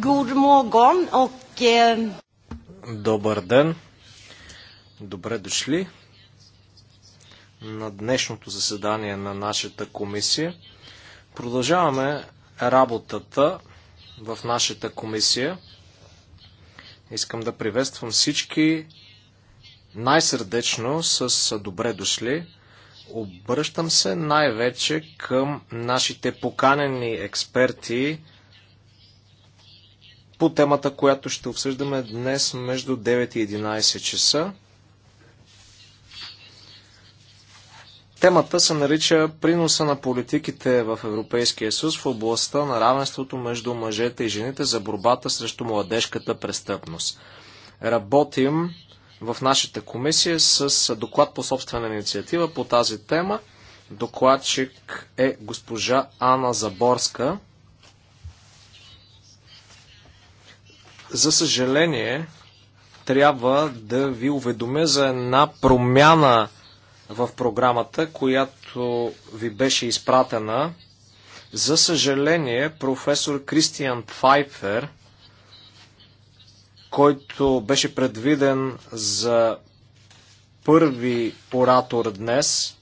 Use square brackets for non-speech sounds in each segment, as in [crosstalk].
God morgon och... Eh, Добър ден! Добре дошли на днешното заседание на нашата комисия. Продължаваме работата в нашата комисия. Искам да приветствам всички най-сърдечно с добре дошли. Обръщам се най-вече към нашите поканени експерти – по темата, която ще обсъждаме днес между 9 и 11 часа. Темата се нарича Приноса на политиките в Европейския съюз в областта на равенството между мъжете и жените за борбата срещу младежката престъпност. Работим в нашата комисия с доклад по собствена инициатива по тази тема. Докладчик е госпожа Ана Заборска. За съжаление, трябва да ви уведомя за една промяна в програмата, която ви беше изпратена. За съжаление, професор Кристиан Пфайфер, който беше предвиден за първи оратор днес,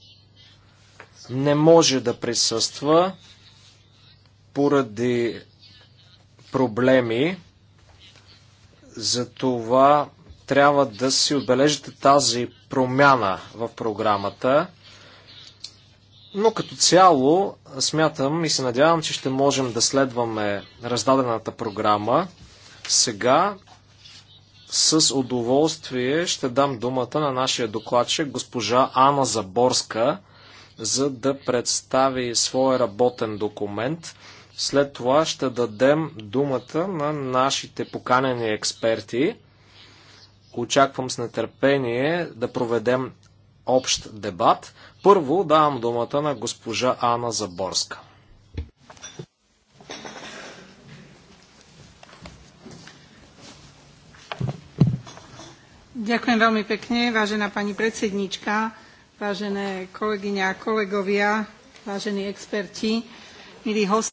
не може да присъства поради проблеми затова трябва да си отбележите тази промяна в програмата. Но като цяло смятам и се надявам, че ще можем да следваме раздадената програма. Сега с удоволствие ще дам думата на нашия докладчик госпожа Ана Заборска, за да представи своя работен документ. След това ще дадем думата на нашите поканени експерти. Очаквам с нетърпение да проведем общ дебат. Първо давам думата на госпожа Ана Заборска. Ďakujem veľmi pekne, vážená pani predsedníčka, vážené kolegyne a kolegovia, vážení experti, milí hosti.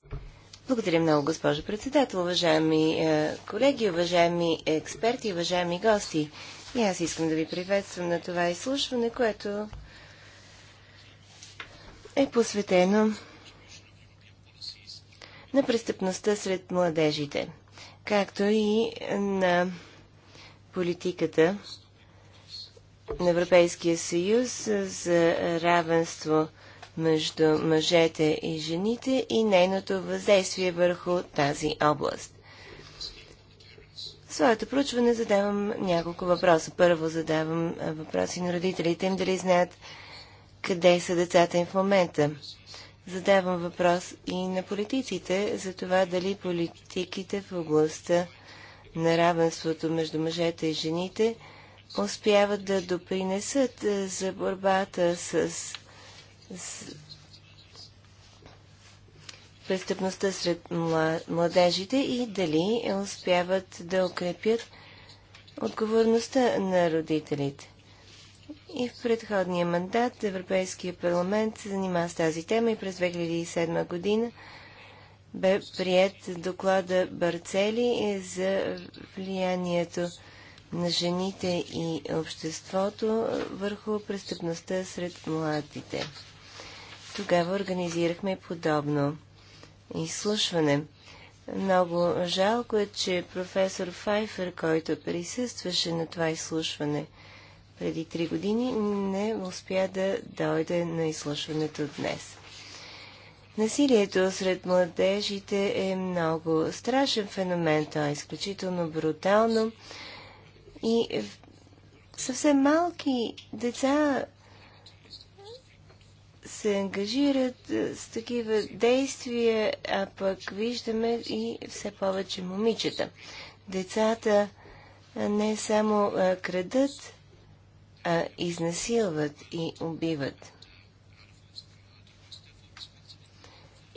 Благодаря много, госпожо председател, уважаеми е, колеги, уважаеми експерти, уважаеми гости. И аз искам да ви приветствам на това изслушване, което е посветено на престъпността сред младежите, както и на политиката на Европейския съюз за равенство между мъжете и жените и нейното въздействие върху тази област. В своето проучване задавам няколко въпроса. Първо задавам въпроси на родителите им, дали знаят къде са децата им в момента. Задавам въпрос и на политиците за това дали политиките в областта на равенството между мъжете и жените успяват да допринесат за борбата с престъпността сред младежите и дали успяват да укрепят отговорността на родителите. И в предходния мандат Европейския парламент се занимава с тази тема и през 2007 година бе прият доклада Барцели за влиянието на жените и обществото върху престъпността сред младите. Тогава организирахме подобно изслушване. Много жалко е, че професор Файфер, който присъстваше на това изслушване преди три години, не успя да дойде на изслушването днес. Насилието сред младежите е много страшен феномен. То е изключително брутално и съвсем малки деца се ангажират с такива действия, а пък виждаме и все повече момичета. Децата не само крадат, а изнасилват и убиват.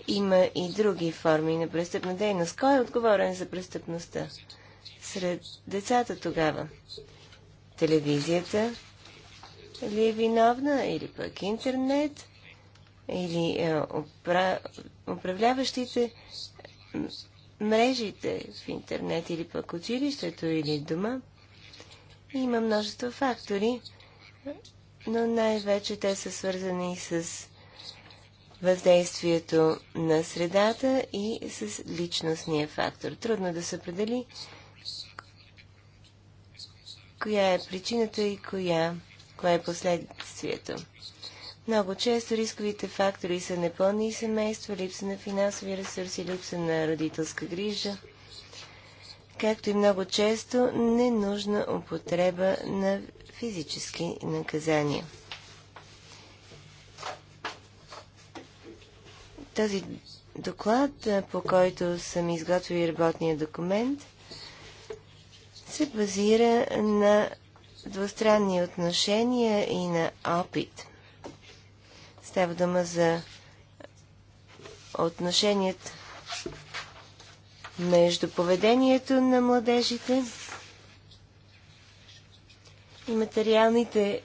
Има и други форми на престъпна дейност. Кой е отговорен за престъпността? Сред децата тогава. Телевизията ли е виновна или пък интернет? или е, опра... управляващите мрежите в интернет или пък училището или дома. Има множество фактори, но най-вече те са свързани с въздействието на средата и с личностния фактор. Трудно да се определи коя е причината и коя, коя е последствието. Много често рисковите фактори са непълни семейства, липса на финансови ресурси, липса на родителска грижа, както и много често ненужна употреба на физически наказания. Този доклад, по който съм изготвил работния документ, се базира на двустранни отношения и на опит – Става дума за отношенията между поведението на младежите и материалните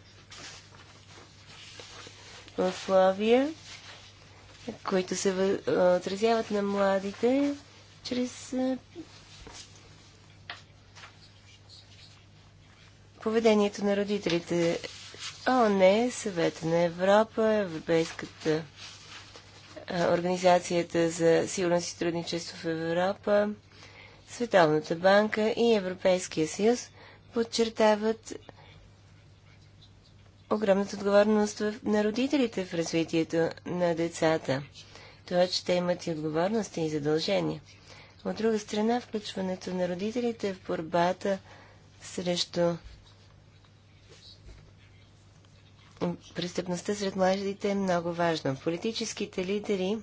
условия, които се отразяват на младите чрез поведението на родителите. ООН, Съвета на Европа, Европейската Организацията за сигурност и сътрудничество в Европа, Световната банка и Европейския съюз подчертават огромната отговорност на родителите в развитието на децата. Това, че те имат и отговорности и задължения. От друга страна, включването на родителите в борбата срещу престъпността сред младите е много важна. Политическите лидери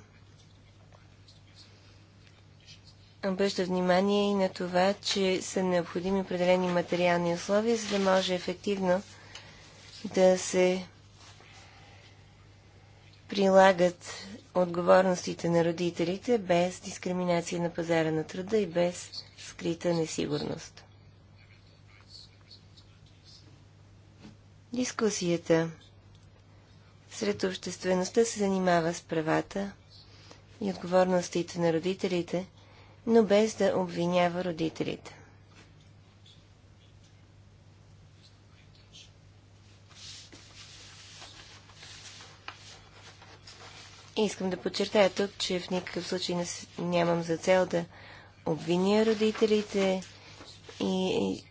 обръща внимание и на това, че са необходими определени материални условия, за да може ефективно да се прилагат отговорностите на родителите без дискриминация на пазара на труда и без скрита несигурност. Дискусията сред обществеността се занимава с правата и отговорностите на родителите, но без да обвинява родителите. Искам да подчертая тук, че в никакъв случай нямам за цел да обвиня родителите и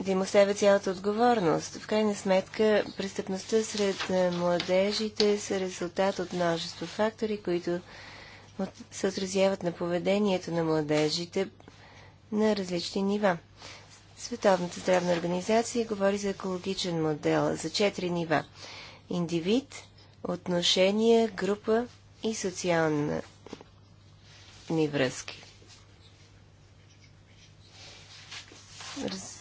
да им е цялата отговорност. В крайна сметка, престъпността сред е, младежите са резултат от множество фактори, които се отразяват на поведението на младежите на различни нива. Световната здравна организация говори за екологичен модел, за четири нива. Индивид, отношения, група и социална ни връзки. Раз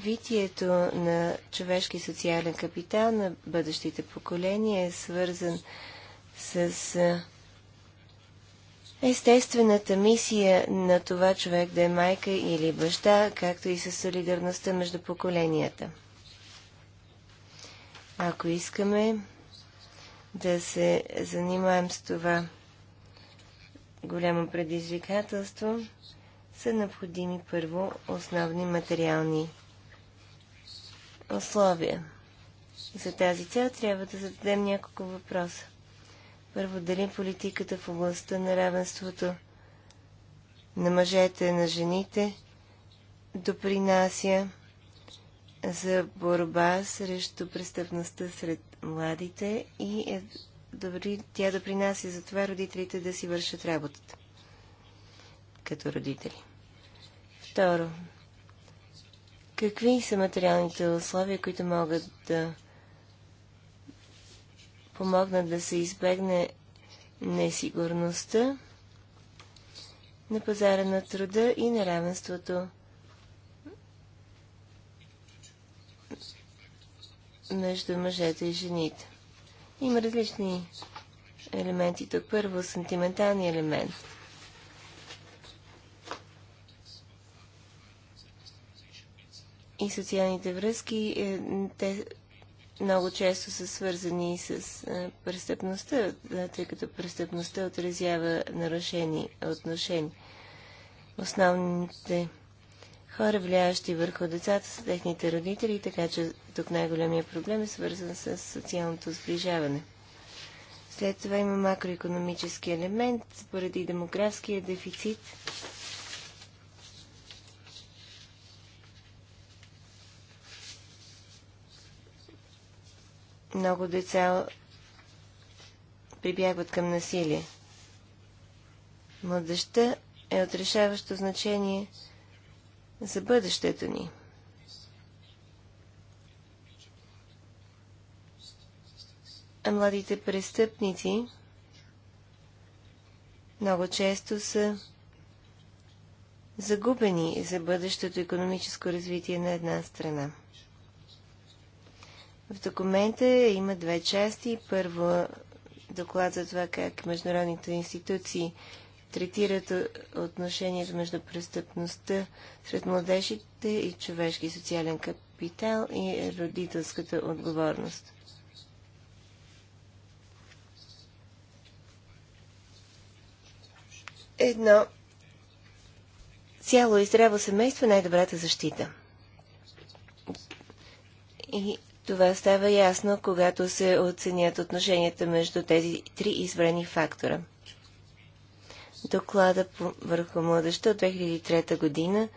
развитието на човешки и социален капитал на бъдещите поколения е свързан с естествената мисия на това човек да е майка или баща, както и с солидарността между поколенията. Ако искаме да се занимаем с това голямо предизвикателство, са необходими първо основни материални условия. За тази цел трябва да зададем няколко въпроса. Първо, дали политиката в областта на равенството на мъжете на жените допринася за борба срещу престъпността сред младите и е добри, тя допринася за това родителите да си вършат работата като родители. Второ, Какви са материалните условия, които могат да помогнат да се избегне несигурността на пазара на труда и неравенството между мъжете и жените. Има различни елементи тук. Първо, сантименталния елемент – и социалните връзки, е, те много често са свързани с е, престъпността, е, тъй като престъпността отразява нарушени отношения. Основните хора, влияещи върху децата, са техните родители, така че тук най-големия проблем е свързан с социалното сближаване. След това има макроекономически елемент, поради демографския дефицит – много деца прибягват към насилие. Младеща е от решаващо значение за бъдещето ни. А младите престъпници много често са загубени за бъдещото економическо развитие на една страна. В документа има две части. Първо доклад за това как международните институции третират отношението между престъпността сред младежите и човешки социален капитал и родителската отговорност. Едно цяло и здраво семейство е най-добрата защита. И това става ясно, когато се оценят отношенията между тези три избрани фактора. Доклада върху младеща от 2003 година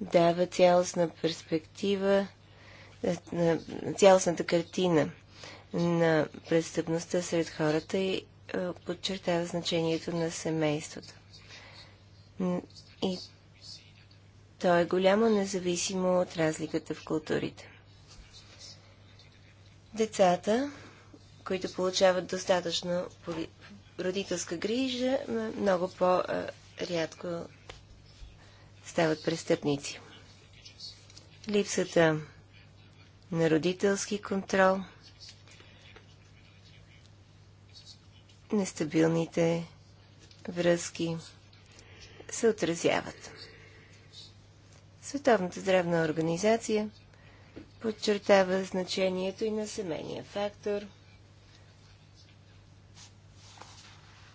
дава цялостна перспектива, е, цялостната картина на престъпността сред хората и е, подчертава значението на семейството. И то е голямо, независимо от разликата в културите. Децата, които получават достатъчно родителска грижа, много по-рядко стават престъпници. Липсата на родителски контрол, нестабилните връзки се отразяват. Световната здравна организация подчертава значението и на семейния фактор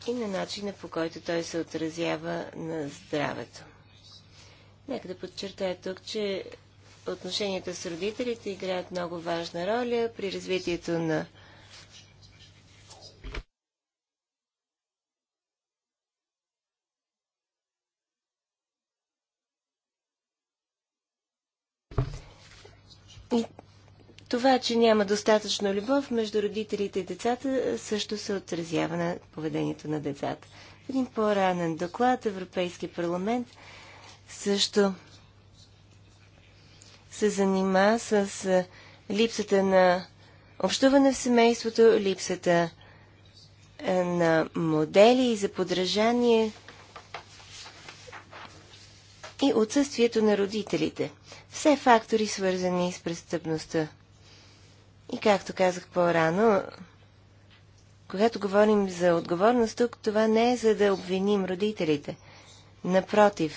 и на начина по който той се отразява на здравето. Нека да подчертая тук, че отношенията с родителите играят много важна роля при развитието на И това, че няма достатъчно любов между родителите и децата, също се отразява на поведението на децата. В един по-ранен доклад Европейски парламент също се занима с липсата на общуване в семейството, липсата на модели за подражание и отсъствието на родителите все фактори, свързани с престъпността. И както казах по-рано, когато говорим за отговорност тук, това не е за да обвиним родителите. Напротив,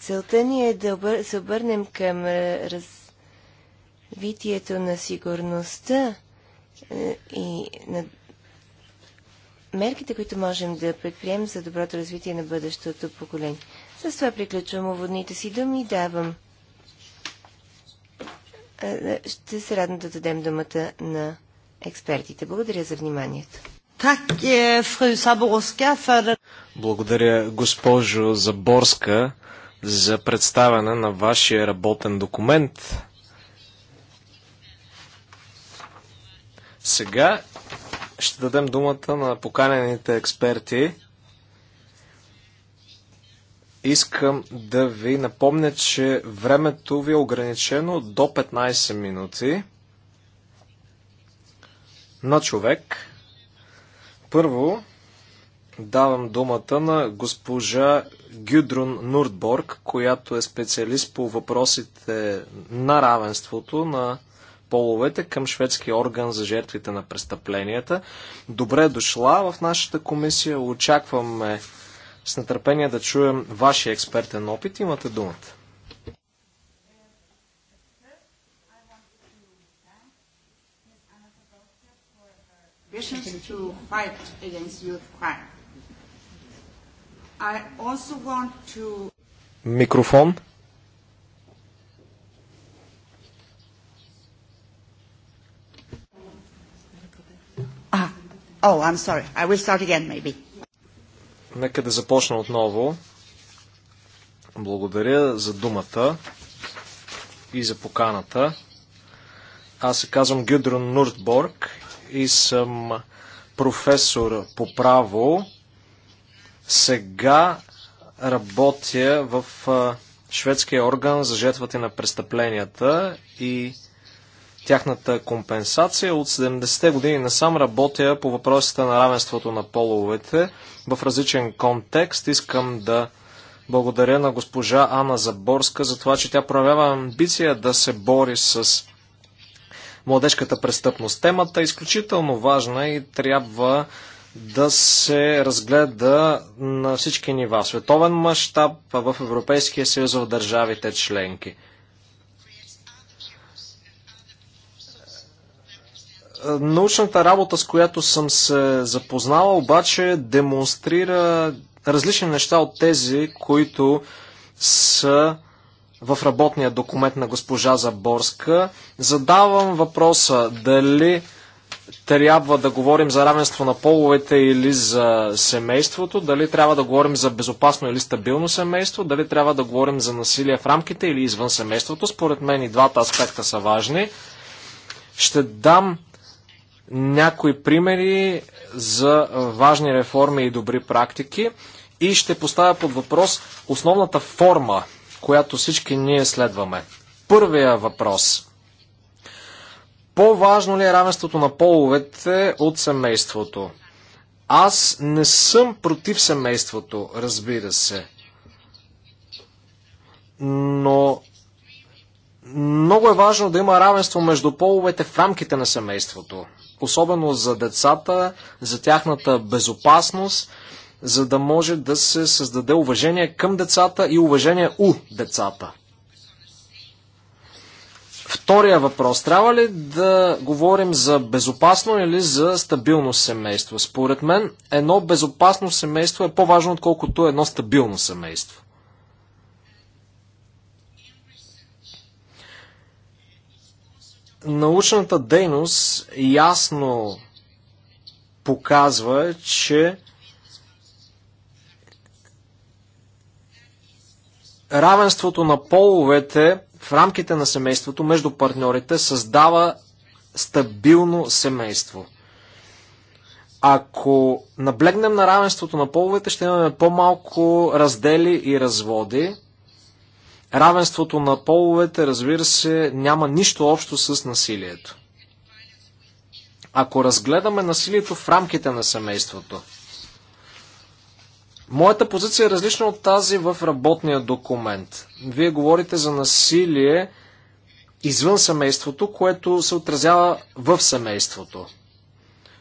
целта ни е да се обърнем към е, развитието на сигурността е, и на мерките, които можем да предприемем за доброто развитие на бъдещото поколение. С това приключвам уводните си думи и давам. Ще се радвам да дадем думата на експертите. Благодаря за вниманието. Е, Благодаря, госпожо Заборска, за представяне на вашия работен документ. Сега ще дадем думата на поканените експерти. Искам да ви напомня, че времето ви е ограничено до 15 минути на човек. Първо давам думата на госпожа Гюдрун Нурдборг, която е специалист по въпросите на равенството на половете към шведския орган за жертвите на престъпленията. Добре дошла в нашата комисия. Очакваме с нетърпение да чуем вашия експертен опит. Имате думата. ambitions to fight against youth crime. I also want to... Микрофон. Ah. Oh, I'm sorry. I will start again, maybe. Нека да започна отново. Благодаря за думата и за поканата. Аз се казвам Гюдрон Нуртборг и съм професор по право. Сега работя в шведския орган за жертвата на престъпленията и тяхната компенсация. От 70-те години насам работя по въпросите на равенството на половете в различен контекст. Искам да благодаря на госпожа Анна Заборска за това, че тя проявява амбиция да се бори с младежката престъпност. Темата е изключително важна и трябва да се разгледа на всички нива. Световен мащаб в Европейския съюз в държавите членки. научната работа, с която съм се запознала, обаче демонстрира различни неща от тези, които са в работния документ на госпожа Заборска. Задавам въпроса дали трябва да говорим за равенство на половете или за семейството, дали трябва да говорим за безопасно или стабилно семейство, дали трябва да говорим за насилие в рамките или извън семейството. Според мен и двата аспекта са важни. Ще дам някои примери за важни реформи и добри практики и ще поставя под въпрос основната форма, която всички ние следваме. Първия въпрос. По-важно ли е равенството на половете от семейството? Аз не съм против семейството, разбира се. Но много е важно да има равенство между половете в рамките на семейството особено за децата, за тяхната безопасност, за да може да се създаде уважение към децата и уважение у децата. Втория въпрос. Трябва ли да говорим за безопасно или за стабилно семейство? Според мен, едно безопасно семейство е по-важно, отколкото едно стабилно семейство. научната дейност ясно показва, че равенството на половете в рамките на семейството между партньорите създава стабилно семейство. Ако наблегнем на равенството на половете, ще имаме по-малко раздели и разводи, Равенството на половете, разбира се, няма нищо общо с насилието. Ако разгледаме насилието в рамките на семейството, моята позиция е различна от тази в работния документ. Вие говорите за насилие извън семейството, което се отразява в семейството.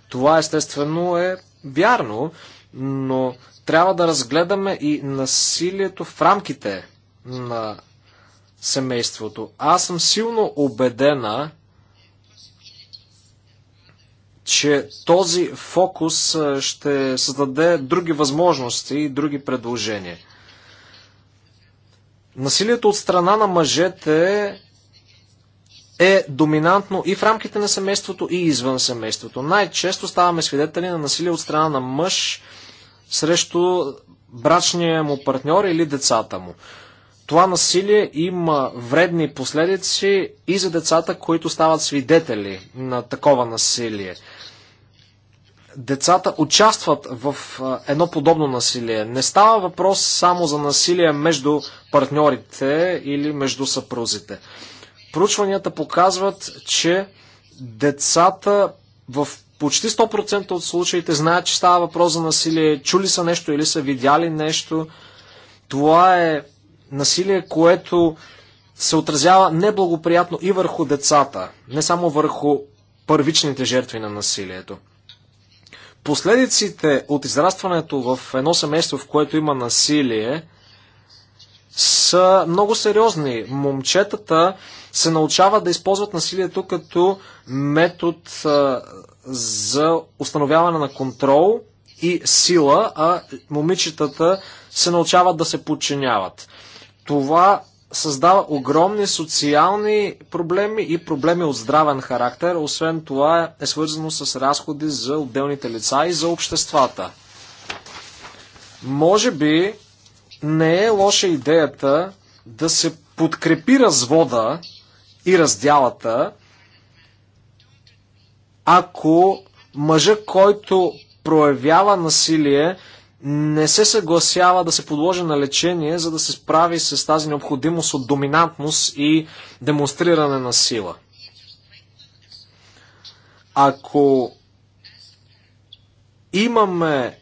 Това естествено е вярно, но трябва да разгледаме и насилието в рамките на семейството. Аз съм силно убедена, че този фокус ще създаде други възможности и други предложения. Насилието от страна на мъжете е доминантно и в рамките на семейството, и извън семейството. Най-често ставаме свидетели на насилие от страна на мъж срещу брачния му партньор или децата му това насилие има вредни последици и за децата, които стават свидетели на такова насилие. Децата участват в едно подобно насилие. Не става въпрос само за насилие между партньорите или между съпрузите. Проучванията показват, че децата в почти 100% от случаите знаят, че става въпрос за насилие, чули са нещо или са видяли нещо. Това е насилие, което се отразява неблагоприятно и върху децата, не само върху първичните жертви на насилието. Последиците от израстването в едно семейство, в което има насилие, са много сериозни. Момчетата се научават да използват насилието като метод а, за установяване на контрол и сила, а момичетата се научават да се подчиняват. Това създава огромни социални проблеми и проблеми от здравен характер. Освен това е свързано с разходи за отделните лица и за обществата. Може би не е лоша идеята да се подкрепи развода и раздялата, ако мъжа, който проявява насилие, не се съгласява да се подложи на лечение, за да се справи с тази необходимост от доминантност и демонстриране на сила. Ако имаме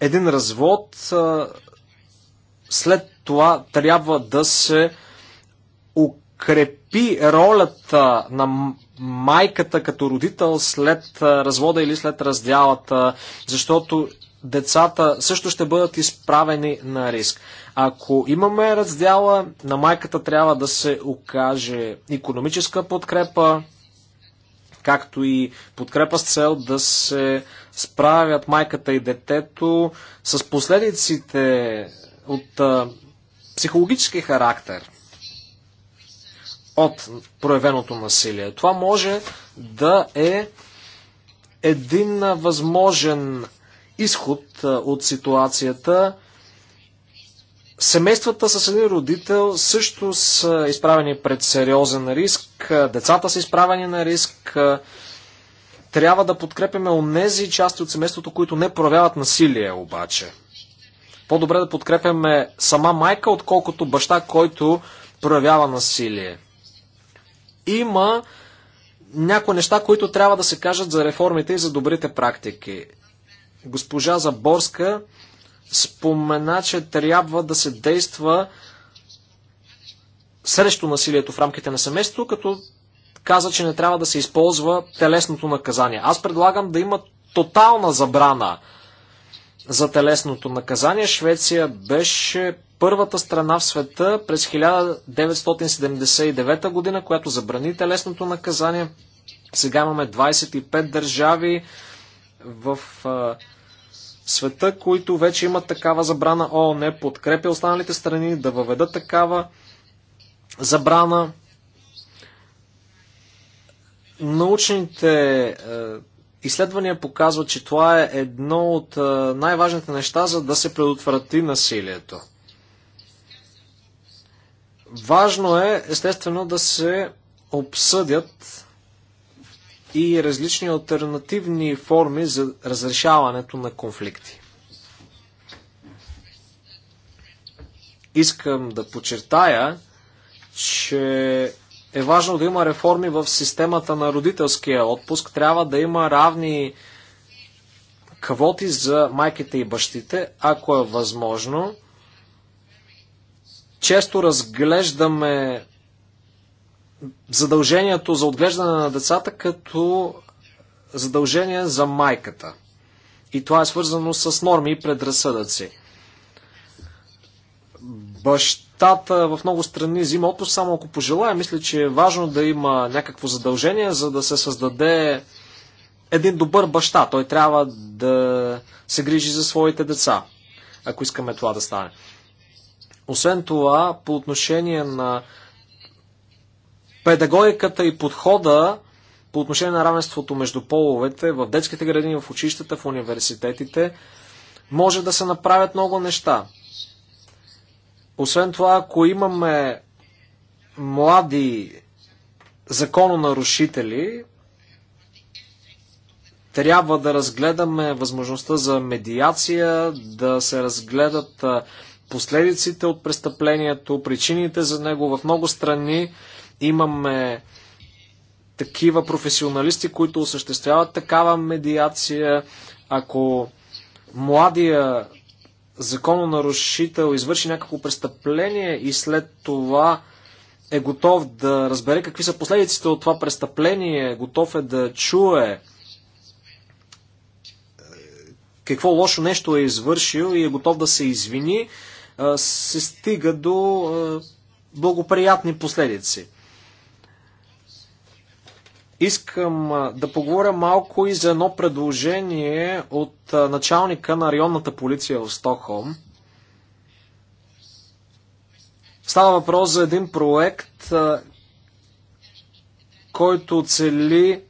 един развод, след това трябва да се укрепи ролята на майката като родител след развода или след раздялата, защото децата също ще бъдат изправени на риск. Ако имаме раздяла, на майката трябва да се окаже економическа подкрепа, както и подкрепа с цел да се справят майката и детето с последиците от а, психологически характер от проявеното насилие. Това може да е един възможен изход от ситуацията. Семействата с един родител също са изправени пред сериозен риск, децата са изправени на риск. Трябва да подкрепяме онези части от семейството, които не проявяват насилие обаче. По-добре да подкрепяме сама майка, отколкото баща, който проявява насилие. Има някои неща, които трябва да се кажат за реформите и за добрите практики. Госпожа Заборска спомена, че трябва да се действа срещу насилието в рамките на семейството, като каза, че не трябва да се използва телесното наказание. Аз предлагам да има тотална забрана за телесното наказание. Швеция беше първата страна в света през 1979 година, която забрани телесното наказание. Сега имаме 25 държави в света, които вече имат такава забрана. О не подкрепя останалите страни да въведат такава забрана. Научните е, изследвания показват, че това е едно от е, най-важните неща, за да се предотврати насилието. Важно е, естествено, да се обсъдят и различни альтернативни форми за разрешаването на конфликти. Искам да подчертая, че е важно да има реформи в системата на родителския отпуск. Трябва да има равни квоти за майките и бащите, ако е възможно. Често разглеждаме задължението за отглеждане на децата като задължение за майката. И това е свързано с норми и предразсъдъци. Бащата в много страни взима отпуск, само ако пожелая. Мисля, че е важно да има някакво задължение, за да се създаде един добър баща. Той трябва да се грижи за своите деца, ако искаме това да стане. Освен това, по отношение на Педагогиката и подхода по отношение на равенството между половете в детските градини, в училищата, в университетите, може да се направят много неща. Освен това, ако имаме млади закононарушители, трябва да разгледаме възможността за медиация, да се разгледат последиците от престъплението, причините за него в много страни Имаме такива професионалисти, които осъществяват такава медиация. Ако младия закононарушител извърши някакво престъпление и след това е готов да разбере какви са последиците от това престъпление, готов е да чуе е, какво лошо нещо е извършил и е готов да се извини, е, се стига до е, благоприятни последици. Искам да поговоря малко и за едно предложение от началника на районната полиция в Стокхолм. Става въпрос за един проект, който цели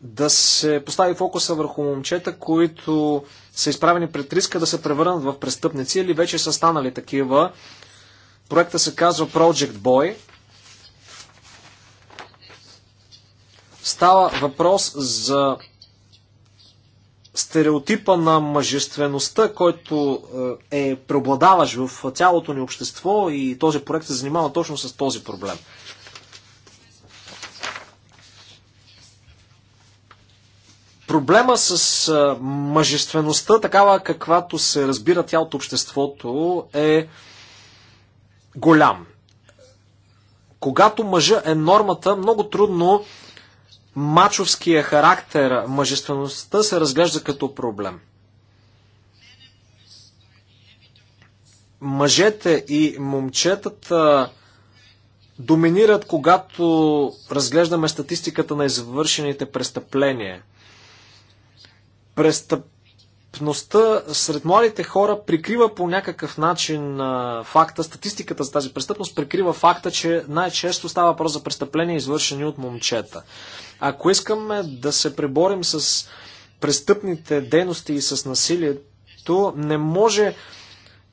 да се постави фокуса върху момчета, които са изправени пред риска да се превърнат в престъпници или вече са станали такива. Проекта се казва Project Boy. Става въпрос за стереотипа на мъжествеността, който е, е преобладаващ в цялото ни общество и този проект се занимава точно с този проблем. Проблема с е, мъжествеността, такава каквато се разбира тя от обществото, е голям. Когато мъжа е нормата, много трудно мачовския характер, мъжествеността се разглежда като проблем. Мъжете и момчетата доминират, когато разглеждаме статистиката на извършените престъпления. Престъпността сред младите хора прикрива по някакъв начин факта, статистиката за тази престъпност прикрива факта, че най-често става въпрос за престъпления, извършени от момчета. Ако искаме да се преборим с престъпните дейности и с насилието, не може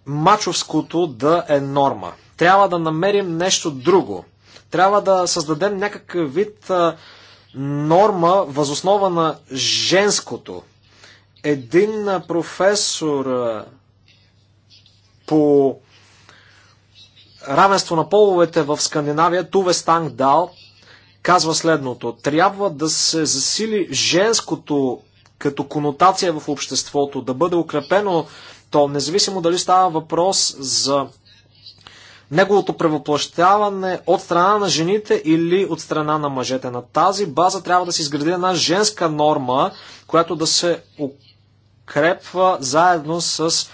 мачовското да е норма. Трябва да намерим нещо друго. Трябва да създадем някакъв вид а, норма възоснова на женското. Един а, професор а, по равенство на половете в Скандинавия, Туве Станг Дал, казва следното. Трябва да се засили женското като конотация в обществото, да бъде укрепено то, независимо дали става въпрос за неговото превъплащаване от страна на жените или от страна на мъжете. На тази база трябва да се изгради една женска норма, която да се укрепва заедно с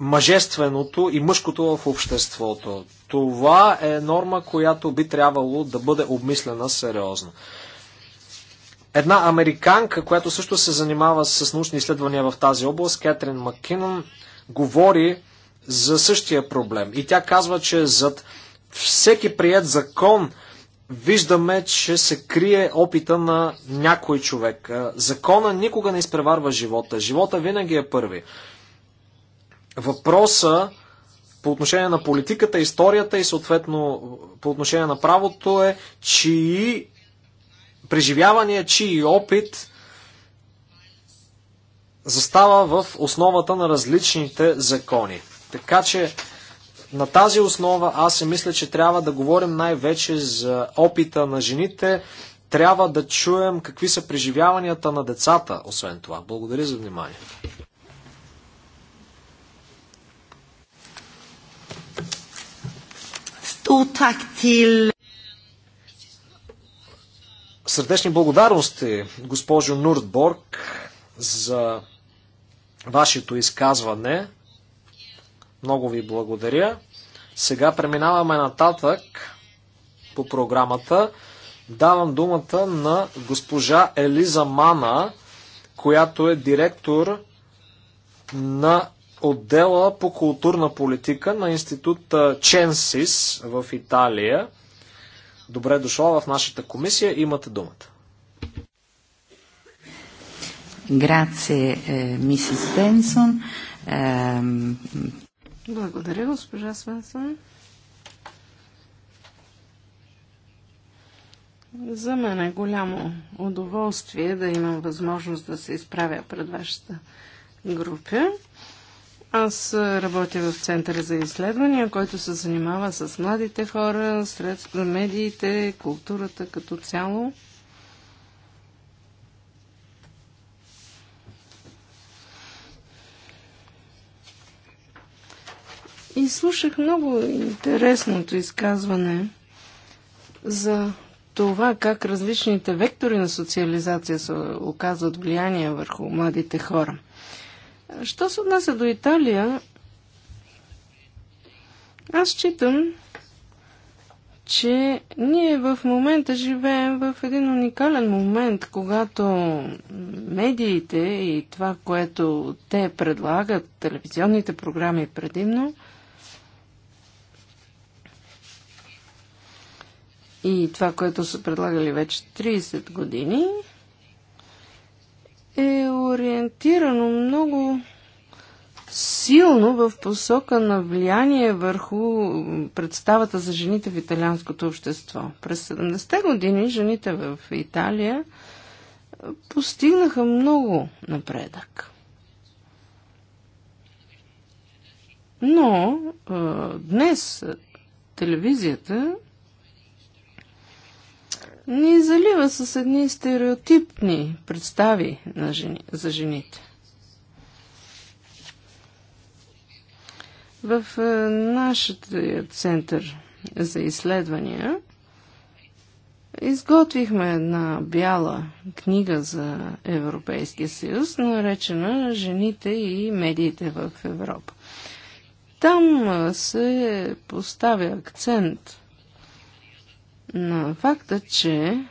мъжественото и мъжкото в обществото. Това е норма, която би трябвало да бъде обмислена сериозно. Една американка, която също се занимава с научни изследвания в тази област, Кетрин Маккинън, говори за същия проблем. И тя казва, че зад всеки прият закон виждаме, че се крие опита на някой човек. Закона никога не изпреварва живота. Живота винаги е първи въпроса по отношение на политиката, историята и съответно по отношение на правото е, чии преживявания, чии опит застава в основата на различните закони. Така че на тази основа аз се мисля, че трябва да говорим най-вече за опита на жените, трябва да чуем какви са преживяванията на децата, освен това. Благодаря за вниманието. Stort tack till... Сърдечни благодарности, госпожо Нуртборг, за вашето изказване. Много ви благодаря. Сега преминаваме нататък по програмата. Давам думата на госпожа Елиза Мана, която е директор на отдела по културна политика на института Ченсис в Италия. Добре дошла в нашата комисия. Имате думата. Грация, е, мисис Бенсон. Е, Благодаря, госпожа Свенсон. За мен е голямо удоволствие да имам възможност да се изправя пред вашата група. Аз работя в Центъра за изследвания, който се занимава с младите хора, средства, медиите, културата като цяло. И слушах много интересното изказване за това как различните вектори на социализация се оказват влияние върху младите хора. Що се отнася до Италия, аз считам, че ние в момента живеем в един уникален момент, когато медиите и това, което те предлагат, телевизионните програми предимно, и това, което са предлагали вече 30 години, е ориентирано много силно в посока на влияние върху представата за жените в италианското общество. През 70-те години жените в Италия постигнаха много напредък. Но днес телевизията ни залива с едни стереотипни представи на жени, за жените. В е, нашия център за изследвания изготвихме една бяла книга за Европейския съюз, наречена Жените и медиите в Европа. Там е, се поставя акцент на факта, че е,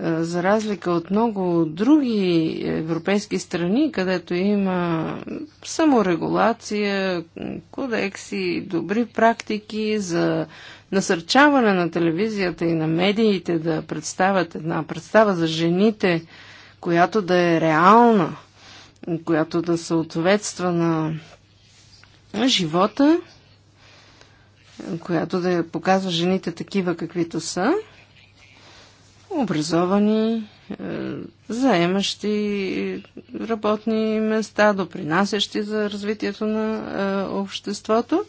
за разлика от много други европейски страни, където има саморегулация, кодекси, добри практики за насърчаване на телевизията и на медиите да представят една представа за жените, която да е реална, която да съответства на живота, която да показва жените такива каквито са, образовани, е, заемащи работни места, допринасящи за развитието на е, обществото.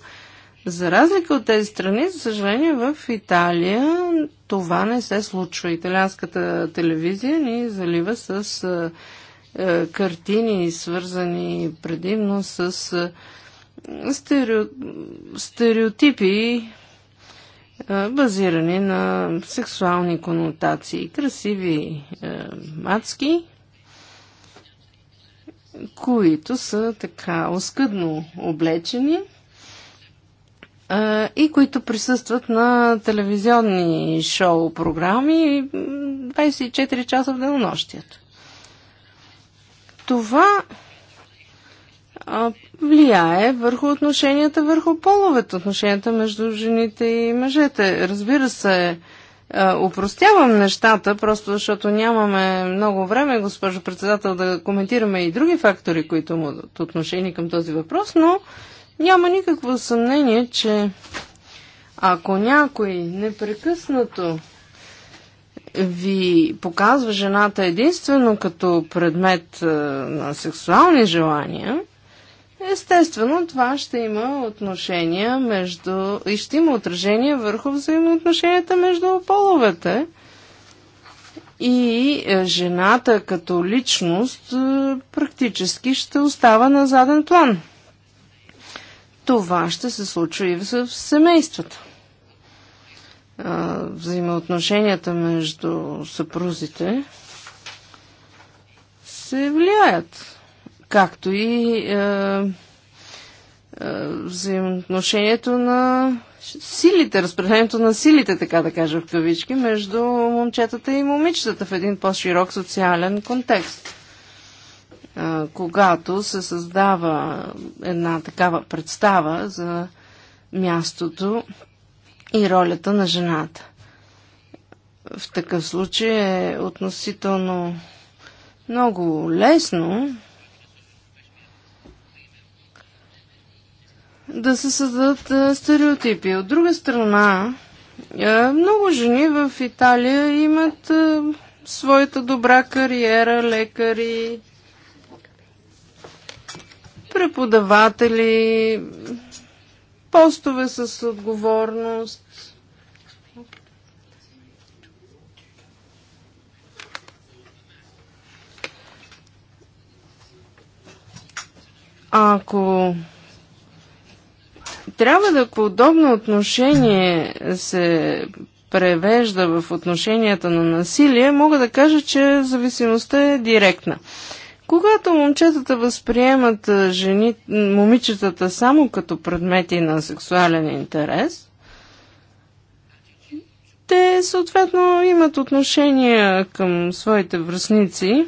За разлика от тези страни, за съжаление, в Италия това не се случва. Италианската телевизия ни залива с е, картини, свързани предимно с стерео... стереотипи, базирани на сексуални конотации. Красиви мацки, които са така оскъдно облечени и които присъстват на телевизионни шоу програми 24 часа в денонощието. Това влияе върху отношенията, върху половете, отношенията между жените и мъжете. Разбира се, е, упростявам нещата, просто защото нямаме много време, госпожо председател, да коментираме и други фактори, които имат отношение към този въпрос, но няма никакво съмнение, че ако някой непрекъснато ви показва жената единствено като предмет е, на сексуални желания, Естествено, това ще има отношения между... и ще има отражение върху взаимоотношенията между половете. И е, жената като личност е, практически ще остава на заден план. Това ще се случва и в семействата. Е, взаимоотношенията между съпрузите се влияят както и е, е, взаимоотношението на силите, разпределението на силите, така да кажа в кавички, между момчетата и момичетата в един по-широк социален контекст. Е, когато се създава една такава представа за мястото и ролята на жената. В такъв случай е относително много лесно да се създадат е, стереотипи. От друга страна, е, много жени в Италия имат е, своята добра кариера, лекари, преподаватели, постове с отговорност. Ако трябва да подобно отношение се превежда в отношенията на насилие, мога да кажа, че зависимостта е директна. Когато момчетата възприемат жени, момичетата само като предмети на сексуален интерес, те съответно имат отношения към своите връзници,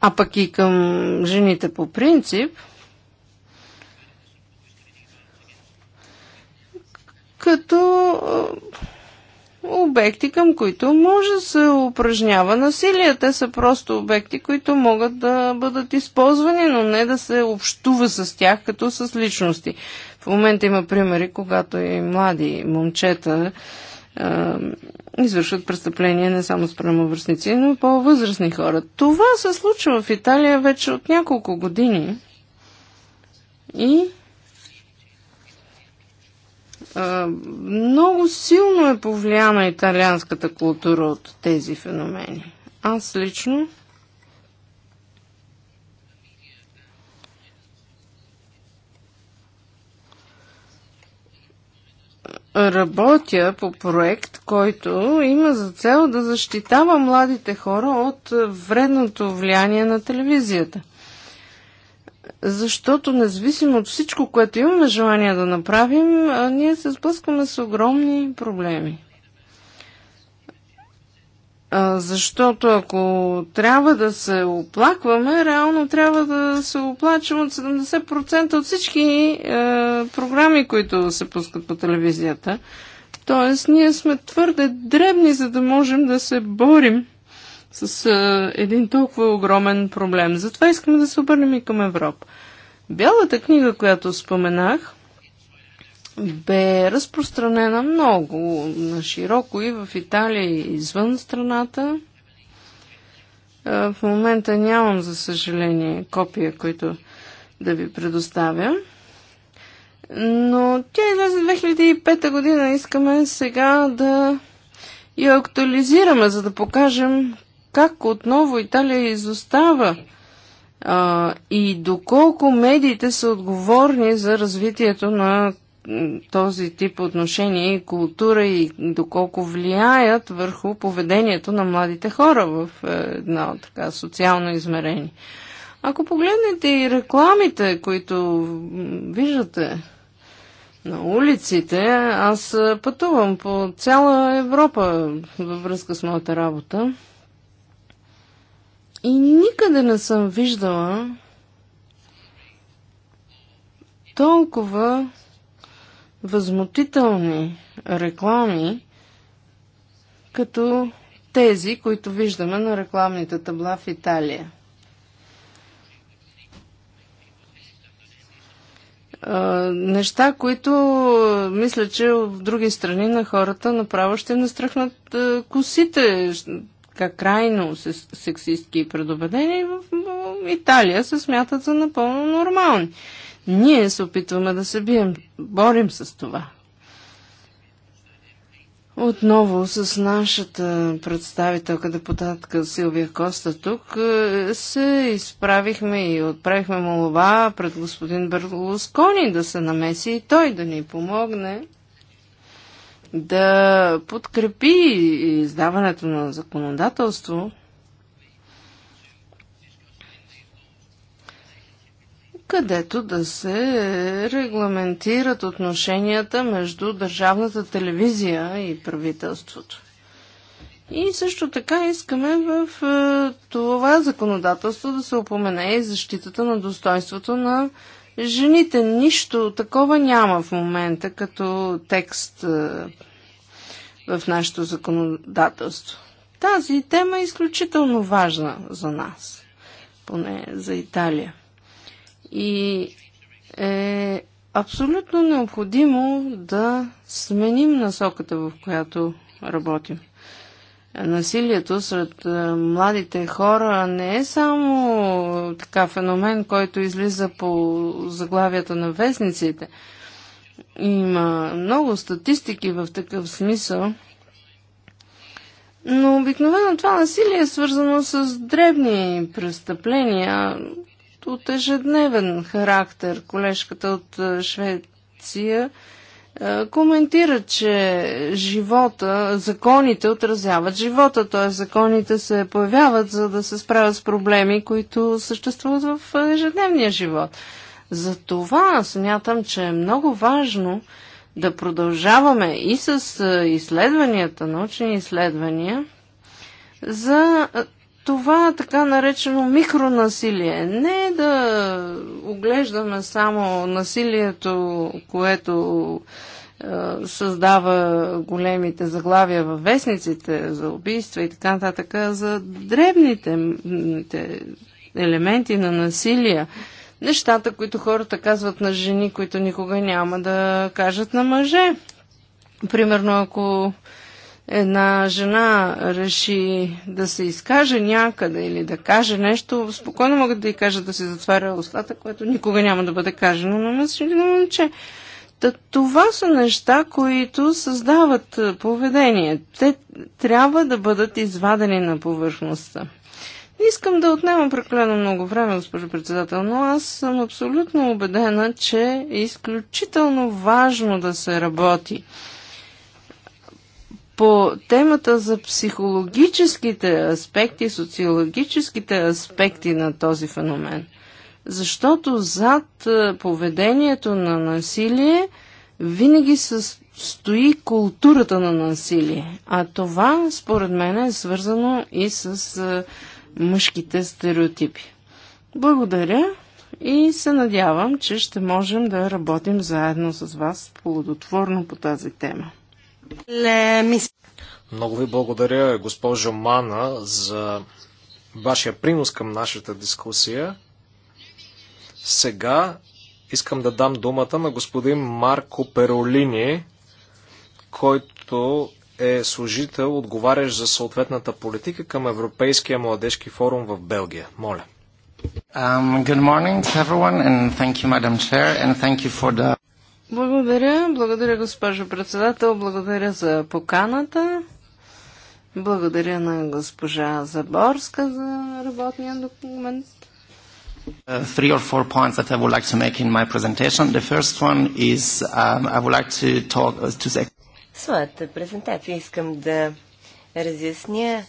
а пък и към жените по принцип – като обекти, към които може да се упражнява насилие. Те са просто обекти, които могат да бъдат използвани, но не да се общува с тях като с личности. В момента има примери, когато и млади момчета е, извършват престъпления не само спрямо връзници, но и по-възрастни хора. Това се случва в Италия вече от няколко години. И много силно е повлияна италианската култура от тези феномени. Аз лично работя по проект, който има за цел да защитава младите хора от вредното влияние на телевизията – защото независимо от всичко, което имаме желание да направим, ние се сблъскваме с огромни проблеми. Защото ако трябва да се оплакваме, реално трябва да се оплачем от 70% от всички е, програми, които се пускат по телевизията. Тоест, ние сме твърде дребни, за да можем да се борим с а, един толкова огромен проблем. Затова искаме да се обърнем и към Европа. Бялата книга, която споменах, бе разпространена много на широко и в Италия и извън страната. в момента нямам, за съжаление, копия, които да ви предоставя. Но тя излезе 2005 година. Искаме сега да я актуализираме, за да покажем как отново Италия изостава а, и доколко медиите са отговорни за развитието на този тип отношения и култура и доколко влияят върху поведението на младите хора в е, едно така социално измерение. Ако погледнете и рекламите, които виждате на улиците, аз пътувам по цяла Европа във връзка с моята работа. И никъде не съм виждала толкова възмутителни реклами, като тези, които виждаме на рекламните табла в Италия. неща, които мисля, че в други страни на хората направо ще настръхнат косите така крайно сексистки предубедения в Италия се смятат за напълно нормални. Ние се опитваме да се бием, борим с това. Отново с нашата представителка, депутатка Силвия Коста тук, е, се изправихме и отправихме молова пред господин Берлускони да се намеси и той да ни помогне да подкрепи издаването на законодателство, където да се регламентират отношенията между държавната телевизия и правителството. И също така искаме в е, това законодателство да се опомене и защитата на достоинството на жените. Нищо такова няма в момента като текст е, в нашето законодателство. Тази тема е изключително важна за нас, поне за Италия. И е абсолютно необходимо да сменим насоката, в която работим насилието сред е, младите хора не е само е, така феномен, който излиза по заглавията на вестниците. Има много статистики в такъв смисъл. Но обикновено това насилие е свързано с дребни престъпления от ежедневен характер. Колежката от е, Швеция е, коментира, че живота, законите отразяват живота, т.е. законите се появяват, за да се справят с проблеми, които съществуват в ежедневния живот. Затова смятам, че е много важно да продължаваме и с е, изследванията, научни изследвания, за е, това така наречено микронасилие. Не да оглеждаме само насилието, което е, създава големите заглавия във вестниците за убийства и така нататък, за дребните елементи на насилие. Нещата, които хората казват на жени, които никога няма да кажат на мъже. Примерно, ако една жена реши да се изкаже някъде или да каже нещо, спокойно могат да й кажат да се затваря устата, което никога няма да бъде кажено на мъж момче. Та, това са неща, които създават поведение. Те трябва да бъдат извадени на повърхността. Не искам да отнемам прекалено много време, госпожо председател, но аз съм абсолютно убедена, че е изключително важно да се работи по темата за психологическите аспекти, социологическите аспекти на този феномен. Защото зад е, поведението на насилие винаги стои културата на насилие. А това, според мен, е свързано и с е, мъжките стереотипи. Благодаря и се надявам, че ще можем да работим заедно с вас плодотворно по тази тема. Много ви благодаря, госпожо Мана, за вашия принос към нашата дискусия. Сега искам да дам думата на господин Марко Перолини, който е служител, отговарящ за съответната политика към Европейския младежки форум в Белгия. Моля. Um, morning, everyone, you, Chair, the... Благодаря, благодаря госпожо председател, благодаря за поканата. Благодаря на госпожа Заборска за работния документ. Uh, three or four points that I would like to make in my presentation. The first one is um, I would like to talk uh, to say. Своята презентация искам да разясня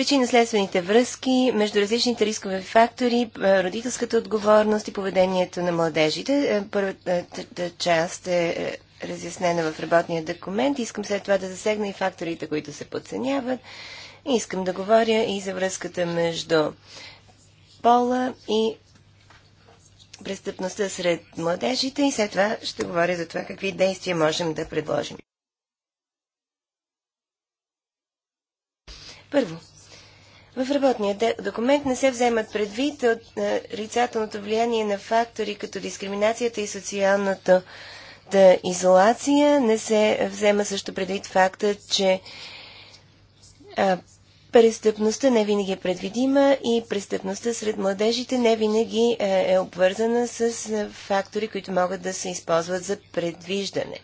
причинно-следствените връзки между различните рискови фактори, е, родителската отговорност и поведението на младежите. Е, първата част е, е разяснена в работния документ. Искам след това да засегна и факторите, които се подценяват. искам да говоря и за връзката между пола и престъпността сред младежите и след това ще говоря за това какви действия можем да предложим. Първо, в работния документ не се вземат предвид от рицателното е, влияние на фактори като дискриминацията и социалната изолация. Не се взема също предвид факта, че а, престъпността не винаги е предвидима и престъпността сред младежите не винаги е, е обвързана с е, фактори, които могат да се използват за предвиждане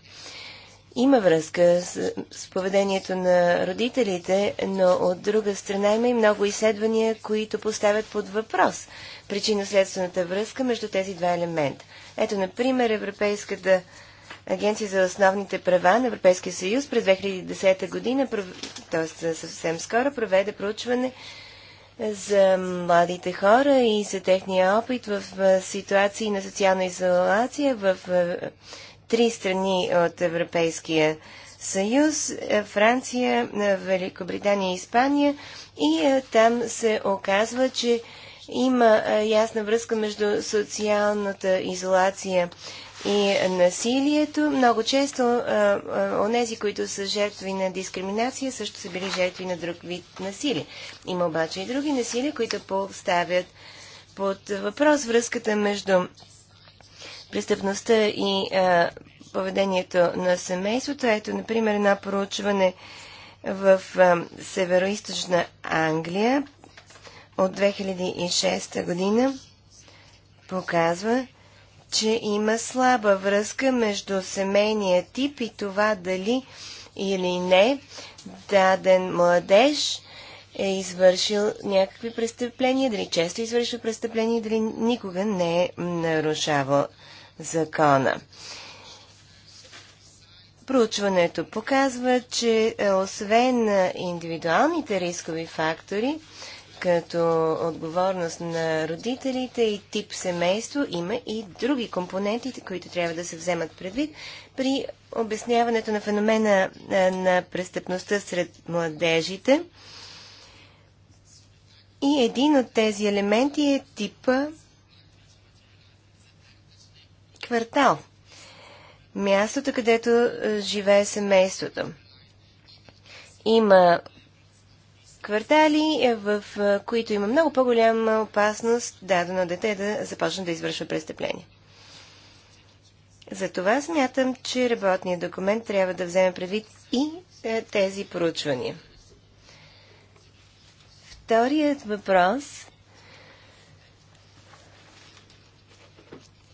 има връзка с, с поведението на родителите, но от друга страна има и много изследвания, които поставят под въпрос причинно-следствената връзка между тези два елемента. Ето, например, Европейската агенция за основните права на Европейския съюз през 2010 година, т.е. съвсем скоро, проведе проучване за младите хора и за техния опит в ситуации на социална изолация в три страни от Европейския съюз е, Франция, е, Великобритания и Испания. И е, там се оказва, че има ясна връзка между социалната изолация и насилието. Много често онези, които са жертви на дискриминация, също са били жертви на друг вид насилие. Има обаче и други насилия, които поставят под въпрос връзката между престъпността и а, поведението на семейството. Ето, например, едно проучване в Североизточна Англия от 2006 година показва, че има слаба връзка между семейния тип и това дали или не даден младеж е извършил някакви престъпления, дали често е извършва престъпления, дали никога не е нарушавал закона. Проучването показва, че е, освен на е, индивидуалните рискови фактори, като отговорност на родителите и тип семейство, има и други компоненти, които трябва да се вземат предвид при обясняването на феномена е, на престъпността сред младежите. И един от тези елементи е типа квартал. Мястото, където е, живее семейството. Има квартали, е, в е, които има много по-голяма опасност дадено дете да започне да извършва престъпление. Затова смятам, че работният документ трябва да вземе предвид и тези поручвания. Вторият въпрос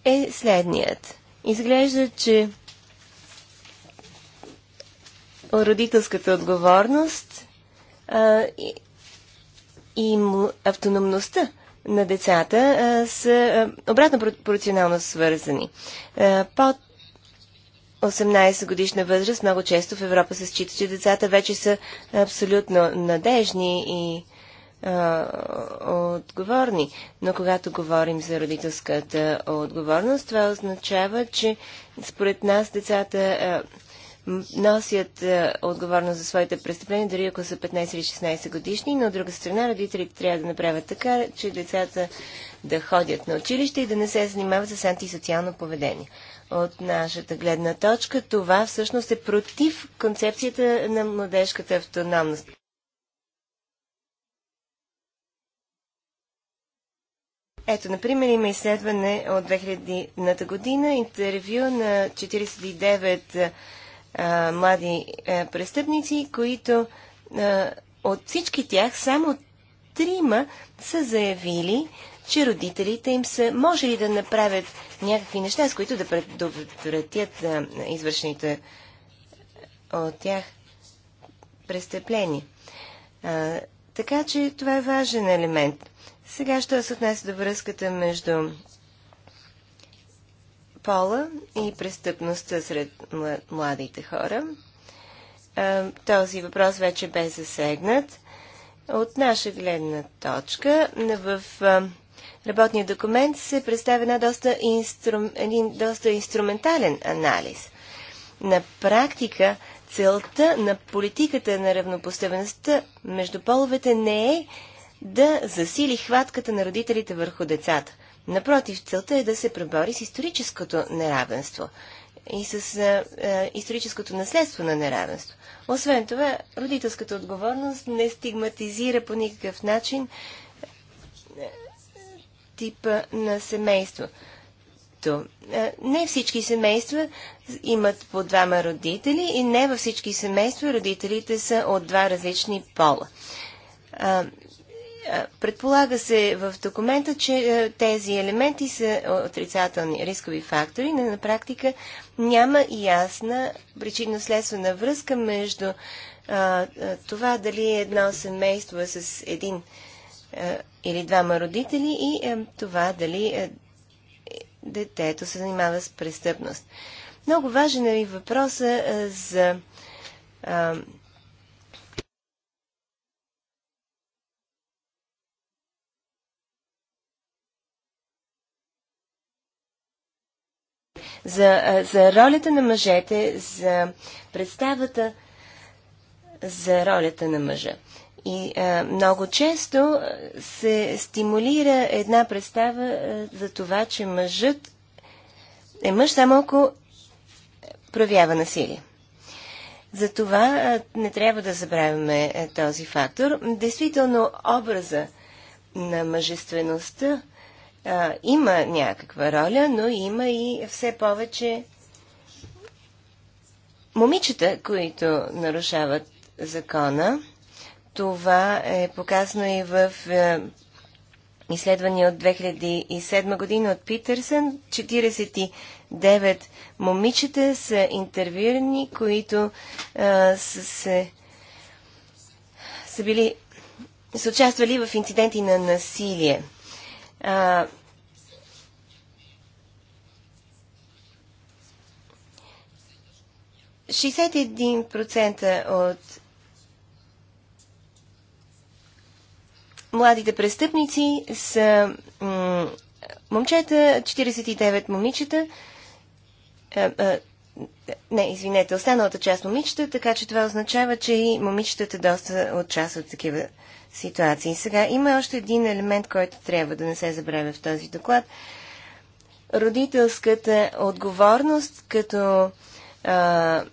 е следният. Изглежда, че родителската отговорност а, и, и автономността на децата а, са а, обратно пропорционално свързани. А, под 18 годишна възраст много често в Европа се счита, че децата вече са абсолютно надежни и а, отговорни. Но когато говорим за родителската отговорност, това означава, че според нас децата а, носят а, отговорност за своите престъпления, дори ако са 15 или 16 годишни, но от друга страна родителите трябва да направят така, че децата да ходят на училище и да не се занимават с антисоциално поведение. От нашата гледна точка това всъщност е против концепцията на младежката автономност. Ето, например, има изследване от 2000-та година, интервю на 49 а, млади а, престъпници, които а, от всички тях само трима са заявили, че родителите им са можели да направят някакви неща, с които да предотвратят извършените от тях престъпления. А, така че това е важен елемент. Сега ще се отнесе до връзката между пола и престъпността сред младите хора. Този въпрос вече бе засегнат. От наша гледна точка в работния документ се представя една доста инстру... един доста инструментален анализ. На практика целта на политиката на равнопоставеността между половете не е да засили хватката на родителите върху децата. Напротив, целта е да се пребори с историческото неравенство и с а, а, историческото наследство на неравенство. Освен това, родителската отговорност не стигматизира по никакъв начин типа на семейство. То, не всички семейства имат по двама родители и не във всички семейства родителите са от два различни пола. А, Предполага се в документа, че тези елементи са отрицателни рискови фактори, но на практика няма ясна причинно-следствена връзка между а, това дали едно семейство е с един а, или двама родители и а, това дали детето се занимава с престъпност. Много важен е и въпроса за за, за ролята на мъжете, за представата за ролята на мъжа. И а, много често се стимулира една представа а, за това, че мъжът е мъж само ако проявява насилие. Затова не трябва да забравяме този фактор. Действително, образа на мъжествеността а, има някаква роля, но има и все повече момичета, които нарушават закона. Това е показано и в е, изследвания от 2007 година от Питърсън. 49 момичета са интервюирани, които а, са, се, са били са участвали в инциденти на насилие. 61% от младите престъпници са момчета, 49 момичета. не, извинете, останалата част момичета, така че това означава, че и момичетата доста от част от такива ситуации. Сега има още един елемент, който трябва да не се забравя в този доклад. Родителската отговорност като а,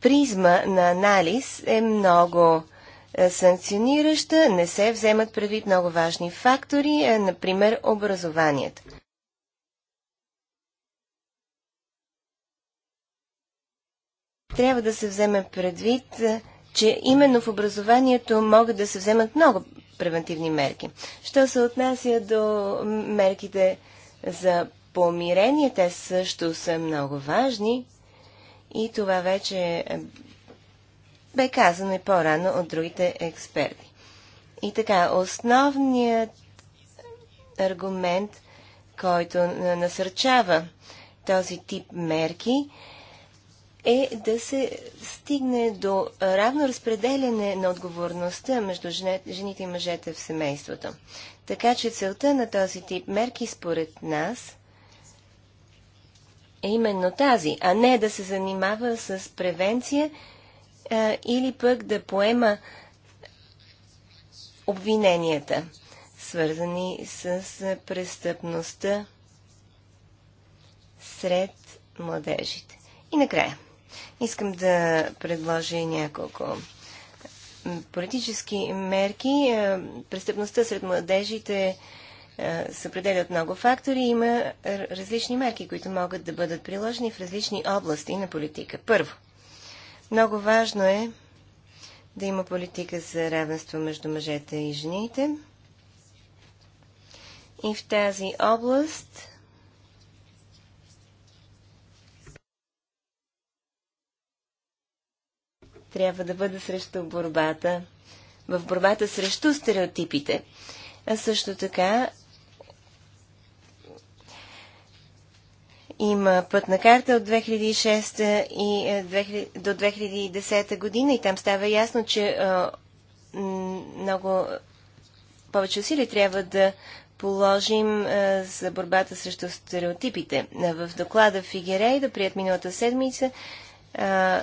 призма на анализ е много санкционираща, не се вземат предвид много важни фактори, например образованието. Трябва да се вземе предвид че именно в образованието могат да се вземат много превентивни мерки. Що се отнася до мерките за помирение, те също са много важни и това вече бе казано и по-рано от другите експерти. И така, основният аргумент, който насърчава този тип мерки, е да се стигне до равно разпределяне на отговорността между жените и мъжете в семейството. Така че целта на този тип мерки според нас е именно тази, а не да се занимава с превенция а, или пък да поема обвиненията, свързани с престъпността сред младежите. И накрая. Искам да предложа и няколко политически мерки. Е, престъпността сред младежите е, се определя от много фактори. Има различни мерки, които могат да бъдат приложени в различни области на политика. Първо, много важно е да има политика за равенство между мъжете и жените. И в тази област трябва да бъде срещу борбата, в борбата срещу стереотипите. А също така има пътна карта от 2006 и 2000, е, до 2010 година и там става ясно, че а, е, много повече усилия трябва да положим а, е, за борбата срещу стереотипите. В доклада Фигерейдо, прият миналата седмица, а,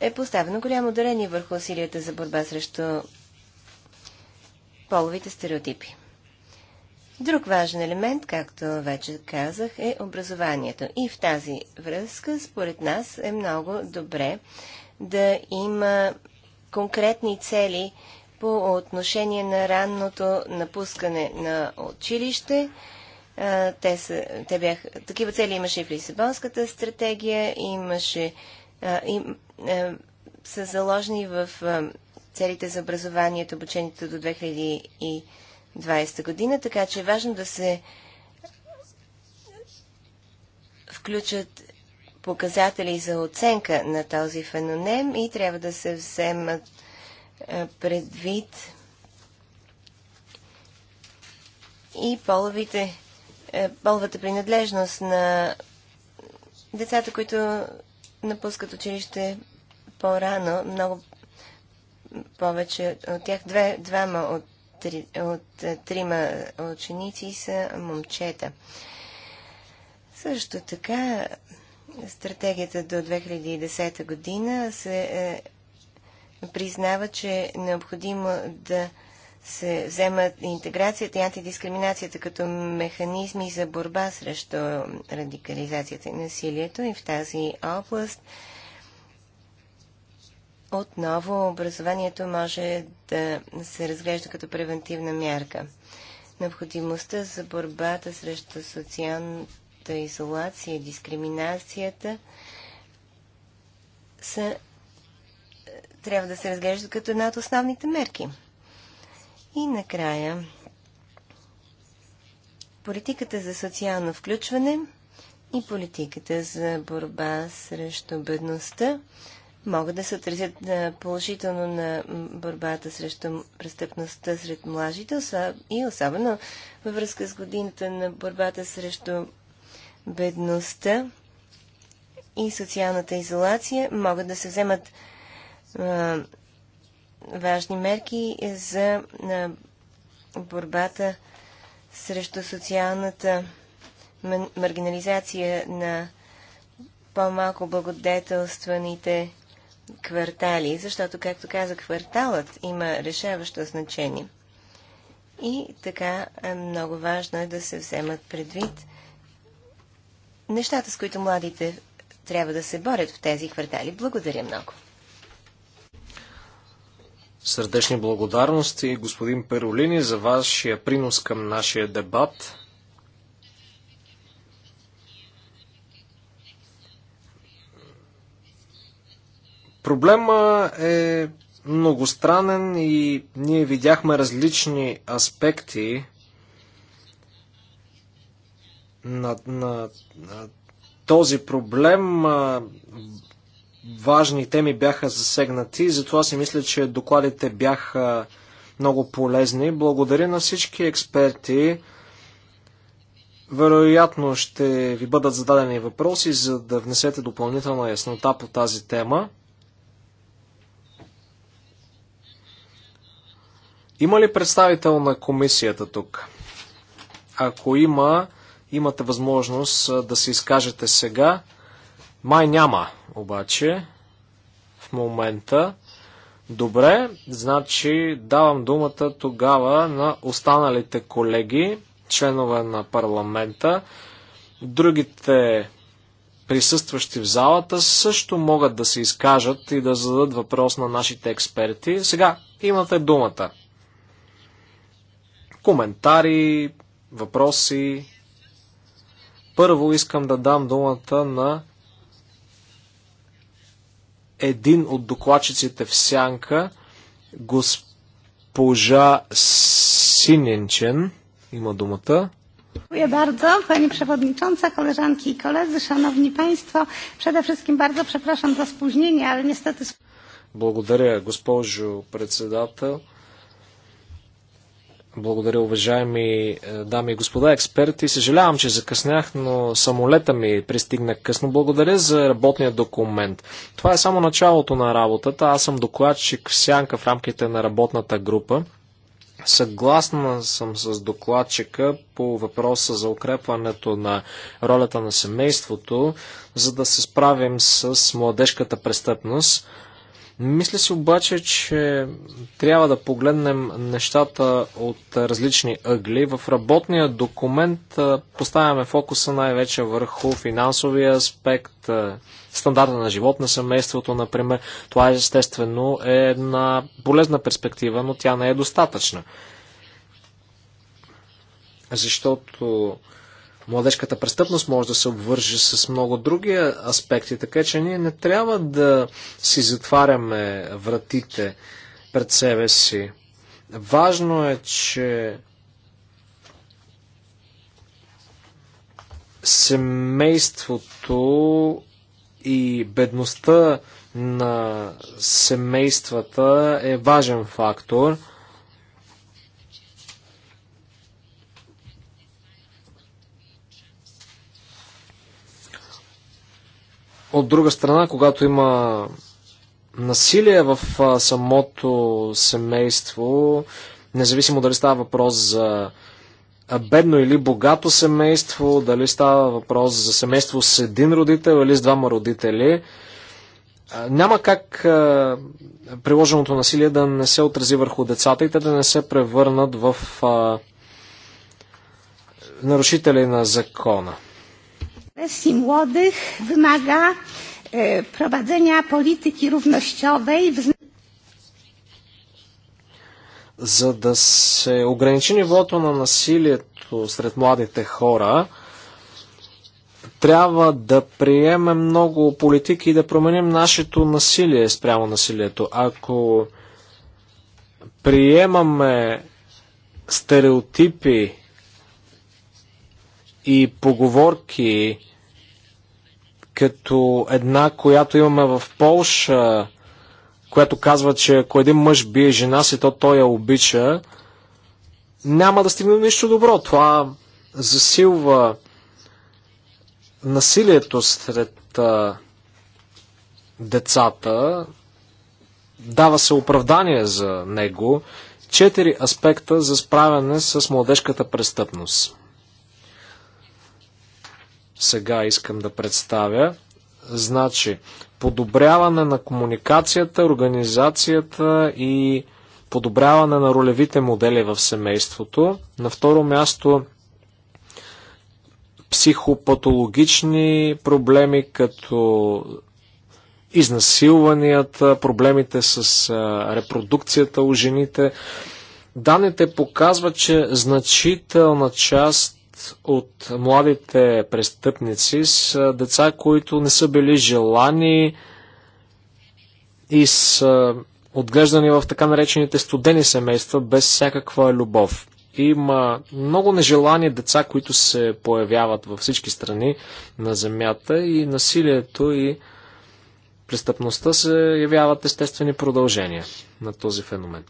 е поставено голямо дарение върху усилията за борба срещу половите стереотипи. Друг важен елемент, както вече казах, е образованието. И в тази връзка, според нас, е много добре да има конкретни цели по отношение на ранното напускане на училище. Те, са, те бях, такива цели имаше и в Лисабонската стратегия, имаше им, са заложени в целите за образованието, обучението до 2020 година, така че е важно да се включат показатели за оценка на този фенонем и трябва да се вземат предвид и половите, половата принадлежност на децата, които напускат училище по-рано, много повече от тях, две, двама от, три, от е, трима ученици са момчета. Също така, стратегията до 2010 година се е, признава, че е необходимо да се вземат интеграцията и антидискриминацията като механизми за борба срещу радикализацията и насилието. И в тази област отново образованието може да се разглежда като превентивна мярка. Необходимостта за борбата срещу социалната изолация и дискриминацията са, трябва да се разглежда като една от основните мерки – и накрая, политиката за социално включване и политиката за борба срещу бедността могат да се отразят положително на борбата срещу престъпността сред младите и особено във връзка с годината на борбата срещу бедността и социалната изолация могат да се вземат а, важни мерки за борбата срещу социалната маргинализация на по-малко благодетелстваните квартали, защото, както каза, кварталът има решаващо значение. И така е много важно е да се вземат предвид нещата, с които младите трябва да се борят в тези квартали. Благодаря много. Сърдечни благодарности, господин Перолини, за вашия принос към нашия дебат. Проблема е многостранен и ние видяхме различни аспекти на, на, на този проблем важни теми бяха засегнати, затова си мисля, че докладите бяха много полезни. Благодаря на всички експерти. Вероятно ще ви бъдат зададени въпроси, за да внесете допълнителна яснота по тази тема. Има ли представител на комисията тук? Ако има, имате възможност да се изкажете сега. Май няма, обаче, в момента. Добре, значи давам думата тогава на останалите колеги, членове на парламента. Другите присъстващи в залата също могат да се изкажат и да зададат въпрос на нашите експерти. Сега имате думата. Коментари, въпроси. Първо искам да дам думата на един от докладчиците в сянка, госпожа Синенчен, има думата. Dziękuję bardzo Pani Przewodnicząca, koleżanki i koledzy, Szanowni Państwo. Przede wszystkim bardzo przepraszam za spóźnienie, ale niestety... Dziękuję, госпожо председател. Благодаря, уважаеми е, дами и господа експерти. Съжалявам, че закъснях, но самолета ми пристигна късно. Благодаря за работния документ. Това е само началото на работата. Аз съм докладчик в сянка в рамките на работната група. Съгласна съм с докладчика по въпроса за укрепването на ролята на семейството, за да се справим с младежката престъпност. Мисля си обаче, че трябва да погледнем нещата от различни ъгли. В работния документ поставяме фокуса най-вече върху финансовия аспект, стандарта на живот на семейството, например. Това естествено е една полезна перспектива, но тя не е достатъчна. Защото младежката престъпност може да се обвържи с много други аспекти, така че ние не трябва да си затваряме вратите пред себе си. Важно е, че семейството и бедността на семействата е важен фактор – От друга страна, когато има насилие в самото семейство, независимо дали става въпрос за бедно или богато семейство, дали става въпрос за семейство с един родител или с двама родители, няма как приложеното насилие да не се отрази върху децата и те да не се превърнат в нарушители на закона. Kwestii młodych wymaga e, prowadzenia polityki równościowej w за да се ограничи нивото на насилието сред младите хора, трябва да приемем много политики и да променим нашето насилие спрямо насилието. Ако приемаме стереотипи и поговорки, като една, която имаме в Полша, която казва, че ако един мъж бие жена си, то той я обича, няма да стигне нищо добро. Това засилва насилието сред а, децата, дава се оправдание за него. Четири аспекта за справяне с младежката престъпност сега искам да представя. Значи, подобряване на комуникацията, организацията и подобряване на ролевите модели в семейството. На второ място психопатологични проблеми, като изнасилванията, проблемите с репродукцията у жените. Данните показват, че значителна част от младите престъпници са деца, които не са били желани и са отглеждани в така наречените студени семейства без всякаква любов. Има много нежелани деца, които се появяват във всички страни на земята и насилието и престъпността се явяват естествени продължения на този феномен.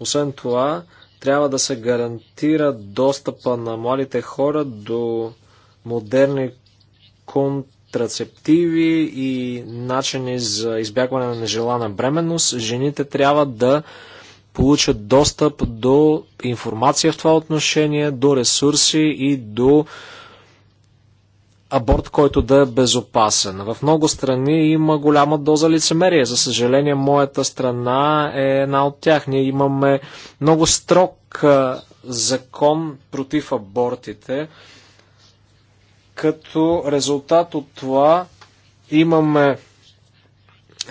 Освен това, трябва да се гарантира достъпа на младите хора до модерни контрацептиви и начини за избягване на нежелана бременност. Жените трябва да получат достъп до информация в това отношение, до ресурси и до аборт, който да е безопасен. В много страни има голяма доза лицемерие. За съжаление, моята страна е една от тях. Ние имаме много строг закон против абортите. Като резултат от това имаме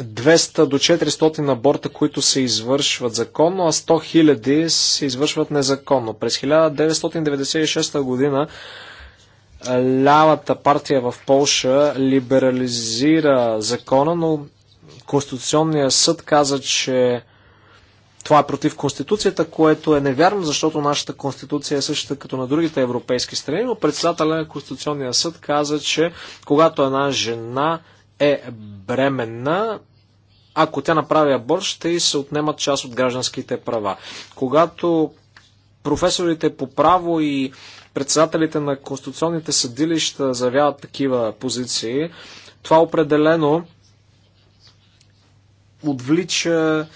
200 до 400 аборта, които се извършват законно, а 100 000 се извършват незаконно. През 1996 година лявата партия в Полша либерализира закона, но Конституционният съд каза, че това е против Конституцията, което е невярно, защото нашата Конституция е същата като на другите европейски страни, но председателя на Конституционния съд каза, че когато една жена е бременна, ако тя направи аборт, ще и се отнемат част от гражданските права. Когато професорите по право и председателите на конституционните съдилища заявяват такива позиции, това определено отвлича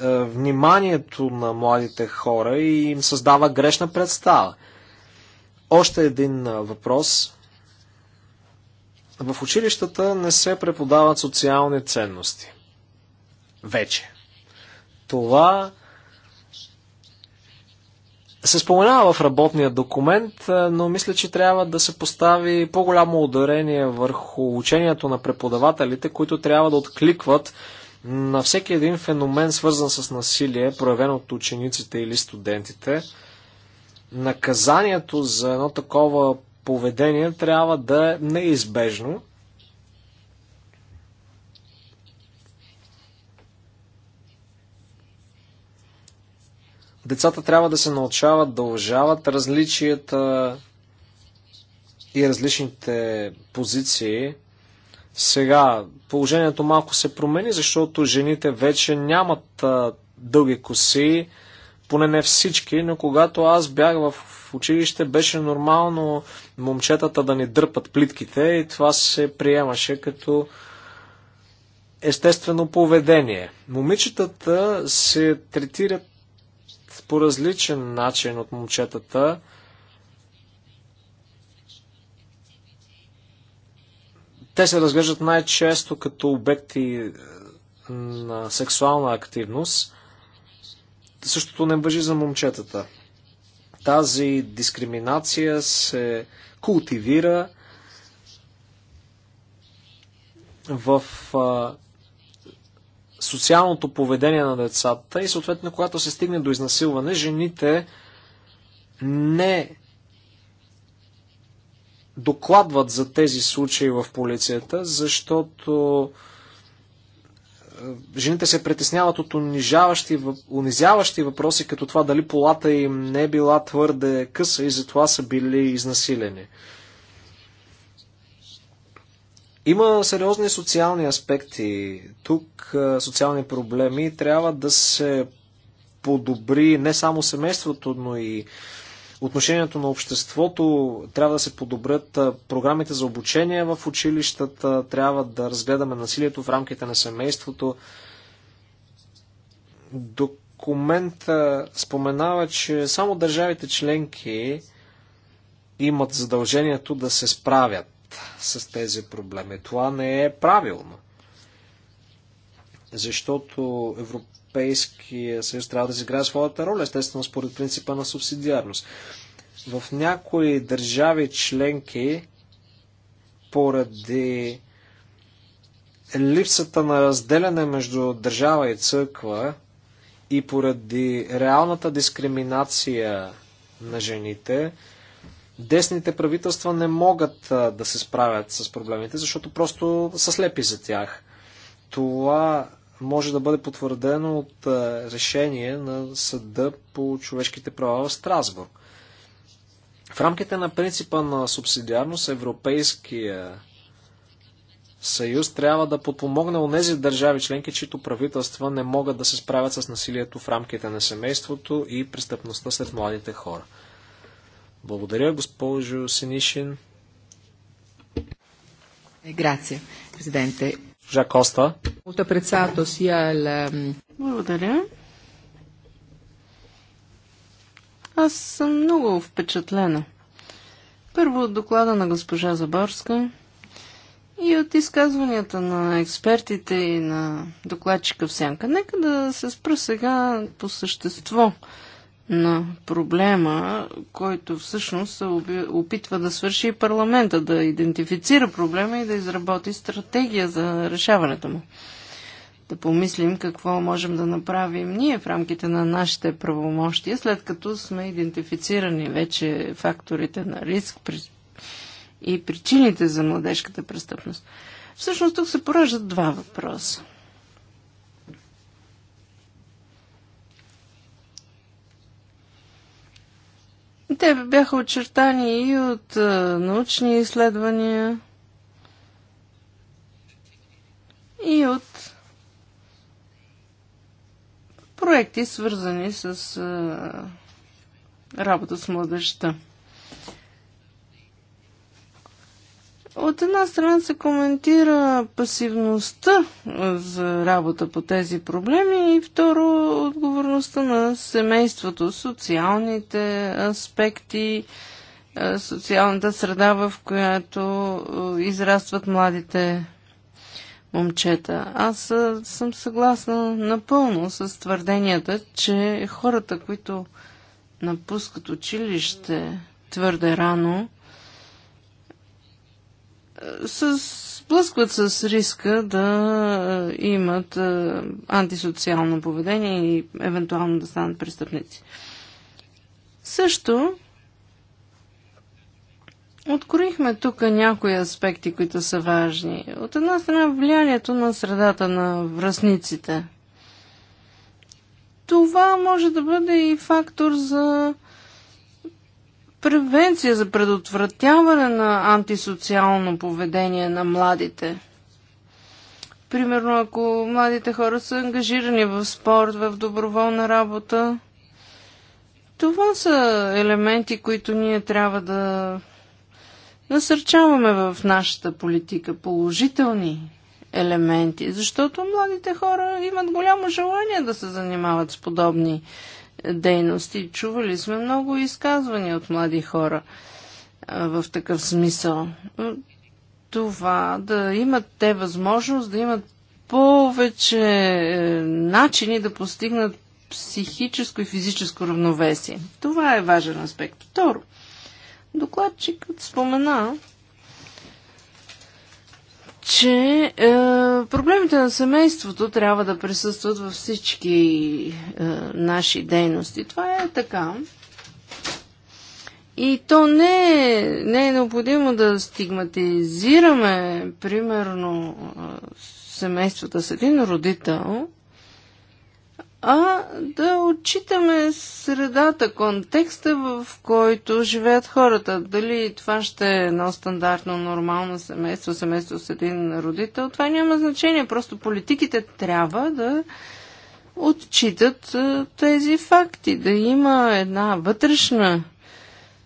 е, вниманието на младите хора и им създава грешна представа. Още един е, въпрос. В училищата не се преподават социални ценности. Вече. Това се споменава в работния документ, но мисля, че трябва да се постави по-голямо ударение върху учението на преподавателите, които трябва да откликват на всеки един феномен, свързан с насилие, проявено от учениците или студентите. Наказанието за едно такова поведение трябва да е неизбежно Децата трябва да се научават да уважават различията и различните позиции. Сега положението малко се промени, защото жените вече нямат а, дълги коси, поне не всички, но когато аз бях в училище, беше нормално момчетата да ни дърпат плитките и това се приемаше като естествено поведение. Момичетата се третират по различен начин от момчетата. Те се разглеждат най-често като обекти е, на сексуална активност. Същото не бъжи за момчетата. Тази дискриминация се култивира в социалното поведение на децата и съответно, когато се стигне до изнасилване, жените не докладват за тези случаи в полицията, защото е, жените се притесняват от унижаващи, унизяващи въпроси, като това дали полата им не е била твърде къса и затова са били изнасилени. Има сериозни социални аспекти. Тук социални проблеми трябва да се подобри не само семейството, но и отношението на обществото, трябва да се подобрят програмите за обучение в училищата, трябва да разгледаме насилието в рамките на семейството. Документа споменава, че само държавите членки имат задължението да се справят с тези проблеми. Това не е правилно. Защото Европейския съюз трябва да изиграе своята роля, естествено според принципа на субсидиарност. В някои държави членки поради липсата на разделяне между държава и църква и поради реалната дискриминация на жените, Десните правителства не могат да се справят с проблемите, защото просто са слепи за тях. Това може да бъде потвърдено от решение на съда по човешките права в Страсбург. В рамките на принципа на субсидиарност Европейския съюз трябва да подпомогне нези държави членки, чието правителства не могат да се справят с насилието в рамките на семейството и престъпността сред младите хора. Благодаря, госпожо Синишин. Е, грация, президенте. Госпожа Коста. Благодаря. Аз съм много впечатлена. Първо от доклада на госпожа Заборска и от изказванията на експертите и на докладчика в сянка. Нека да се спра сега по същество на проблема, който всъщност се опитва да свърши и парламента, да идентифицира проблема и да изработи стратегия за решаването му. Да помислим какво можем да направим ние в рамките на нашите правомощия, след като сме идентифицирани вече факторите на риск и причините за младежката престъпност. Всъщност тук се пораждат два въпроса. Те бяха очертани и от научни изследвания, и от проекти, свързани с работа с младежта. От една страна се коментира пасивността за работа по тези проблеми и второ отговорността на семейството, социалните аспекти, социалната среда, в която израстват младите момчета. Аз съм съгласна напълно с твърденията, че хората, които напускат училище твърде рано, се сблъскват с риска да е, имат е, антисоциално поведение и евентуално да станат престъпници. Също Откорихме тук някои аспекти, които са важни. От една страна влиянието на средата на връзниците. Това може да бъде и фактор за превенция, за предотвратяване на антисоциално поведение на младите. Примерно, ако младите хора са ангажирани в спорт, в доброволна работа, това са елементи, които ние трябва да насърчаваме в нашата политика. Положителни елементи, защото младите хора имат голямо желание да се занимават с подобни дейности. Чували сме много изказвания от млади хора а, в такъв смисъл. Това да имат те възможност да имат повече е, начини да постигнат психическо и физическо равновесие. Това е важен аспект. Второ, докладчикът спомена, че е, проблемите на семейството трябва да присъстват във всички е, наши дейности. Това е така. И то не е, не е необходимо да стигматизираме, примерно, е, семействата с един родител – а да отчитаме средата, контекста, в който живеят хората. Дали това ще е едно стандартно, нормално семейство, семейство с един родител, това няма значение. Просто политиките трябва да отчитат тези факти, да има една вътрешна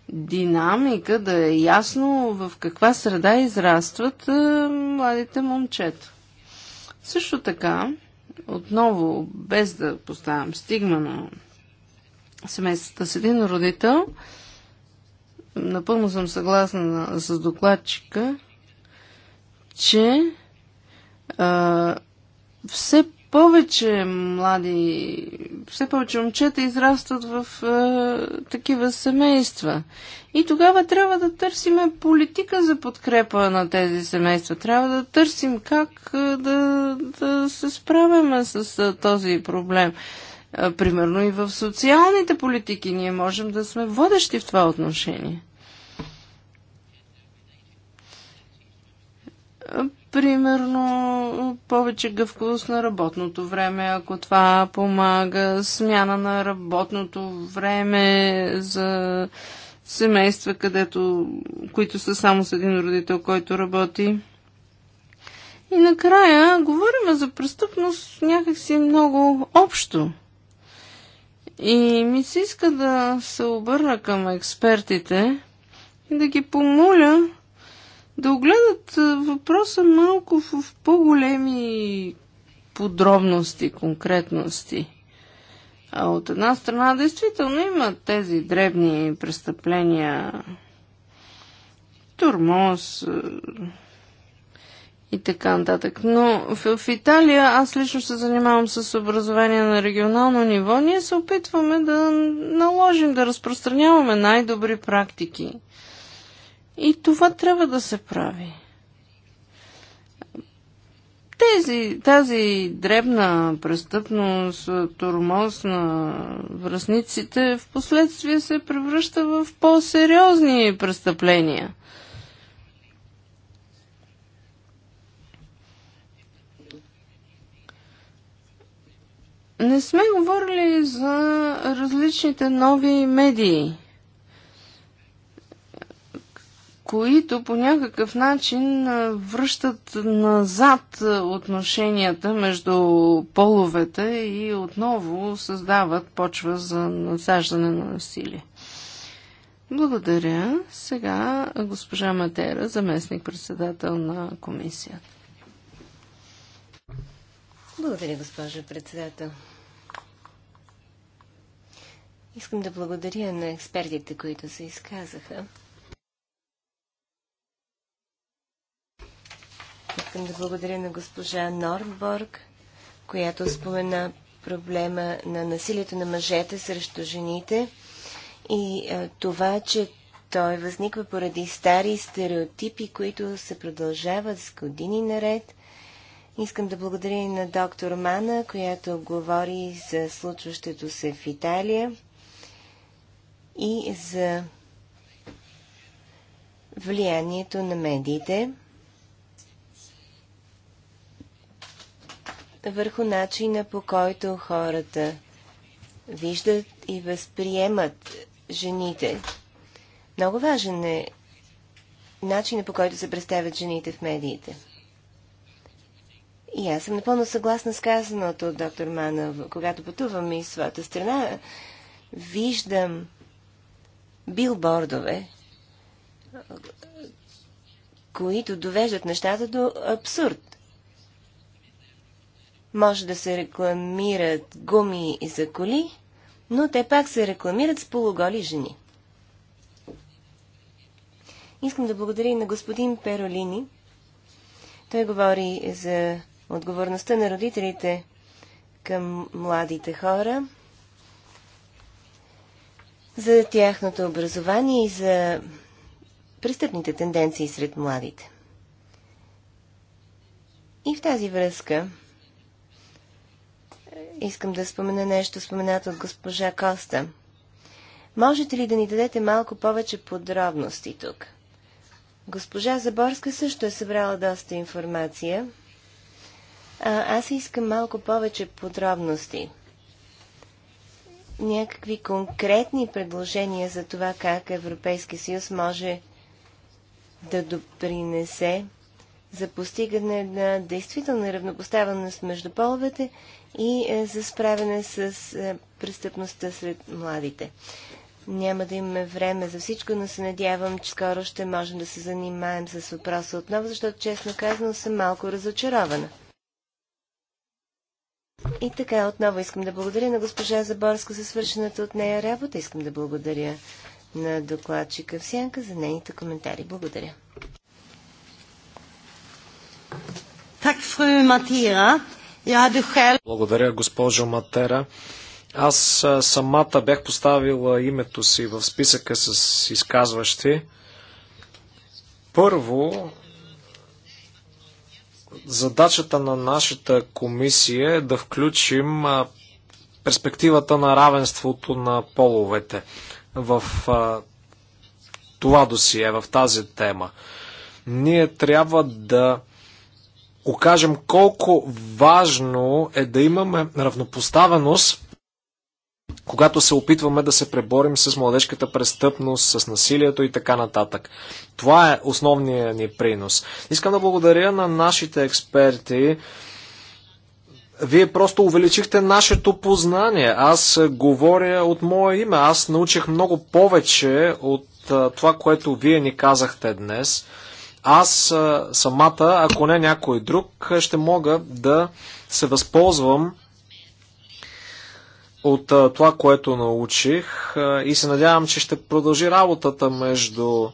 динамика, да е ясно в каква среда израстват младите момчета. Също така, отново, без да поставям стигма на семействата с един родител, напълно съм съгласна с докладчика, че а, все повече млади, все повече момчета израстват в е, такива семейства. И тогава трябва да търсим политика за подкрепа на тези семейства. Трябва да търсим как е, да, да се справяме с е, този проблем. Е, примерно и в социалните политики ние можем да сме водещи в това отношение. Примерно повече гъвкавост на работното време, ако това помага, смяна на работното време за семейства, където, които са само с един родител, който работи. И накрая говорим за престъпност някакси много общо. И ми се иска да се обърна към експертите и да ги помоля да огледат въпроса малко в, в по-големи подробности, конкретности. А от една страна, действително има тези дребни престъпления, турмоз и така нататък. Но в, в Италия, аз лично се занимавам с образование на регионално ниво, ние се опитваме да наложим, да разпространяваме най-добри практики и това трябва да се прави. Тези, тази дребна престъпност, тормоз на връзниците, в последствие се превръща в по-сериозни престъпления. Не сме говорили за различните нови медии – които по някакъв начин връщат назад отношенията между половете и отново създават почва за насаждане на насилие. Благодаря. Сега госпожа Матера, заместник-председател на комисията. Благодаря, госпожа председател. Искам да благодаря на експертите, които се изказаха. Искам да благодаря на госпожа Норборг, която спомена проблема на насилието на мъжете срещу жените и а, е, това, че той възниква поради стари стереотипи, които се продължават с години наред. Искам да благодаря и на доктор Мана, която говори за случващото се в Италия и за влиянието на медиите. върху начина по който хората виждат и възприемат жените. Много важен е начина по който се представят жените в медиите. И аз съм напълно съгласна с казаното от доктор Манов. Когато пътувам из своята страна, виждам билбордове, които довеждат нещата до абсурд. Може да се рекламират гуми за коли, но те пак се рекламират с полуголи жени. Искам да благодаря и на господин Перолини. Той говори за отговорността на родителите към младите хора, за тяхното образование и за престъпните тенденции сред младите. И в тази връзка искам да спомена нещо, споменато от госпожа Коста. Можете ли да ни дадете малко повече подробности тук? Госпожа Заборска също е събрала доста информация. А, аз искам малко повече подробности. Някакви конкретни предложения за това как Европейския съюз може да допринесе за постигане на действителна равнопоставеност между половете и е, за справяне с е, престъпността сред младите. Няма да имаме време за всичко, но се надявам, че скоро ще можем да се занимаем с въпроса отново, защото честно казано съм малко разочарована. И така, отново искам да благодаря на госпожа Заборска за свършената от нея работа. Искам да благодаря на докладчика Всянка Сянка за нейните коментари. Благодаря. Так, фру Матира. Благодаря, госпожо Матера. Аз самата бях поставила името си в списъка с изказващи. Първо, задачата на нашата комисия е да включим перспективата на равенството на половете в това досие, в тази тема. Ние трябва да окажем колко важно е да имаме равнопоставеност, когато се опитваме да се преборим с младежката престъпност, с насилието и така нататък. Това е основният ни принос. Искам да благодаря на нашите експерти. Вие просто увеличихте нашето познание. Аз говоря от мое име. Аз научих много повече от това, което вие ни казахте днес аз самата, ако не някой друг, ще мога да се възползвам от това, което научих и се надявам, че ще продължи работата между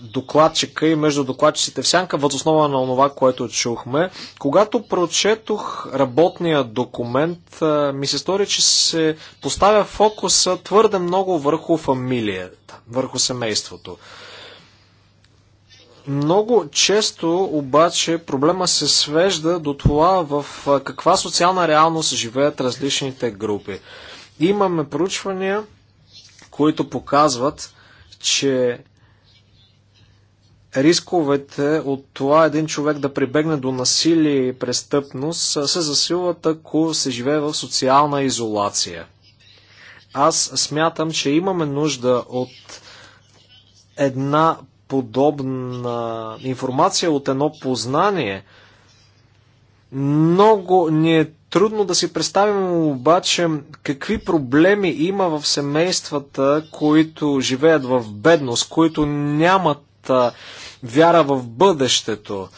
докладчика и между докладчиците в сянка, възоснова основа на това, което чухме. Когато прочетох работния документ, ми се стори, че се поставя фокуса твърде много върху фамилията, върху семейството. Много често обаче проблема се свежда до това в каква социална реалност живеят различните групи. Имаме проучвания, които показват, че рисковете от това един човек да прибегне до насилие и престъпност се засилват, ако се живее в социална изолация. Аз смятам, че имаме нужда от една подобна информация от едно познание. Много ни е трудно да си представим обаче какви проблеми има в семействата, които живеят в бедност, които нямат вяра в бъдещето.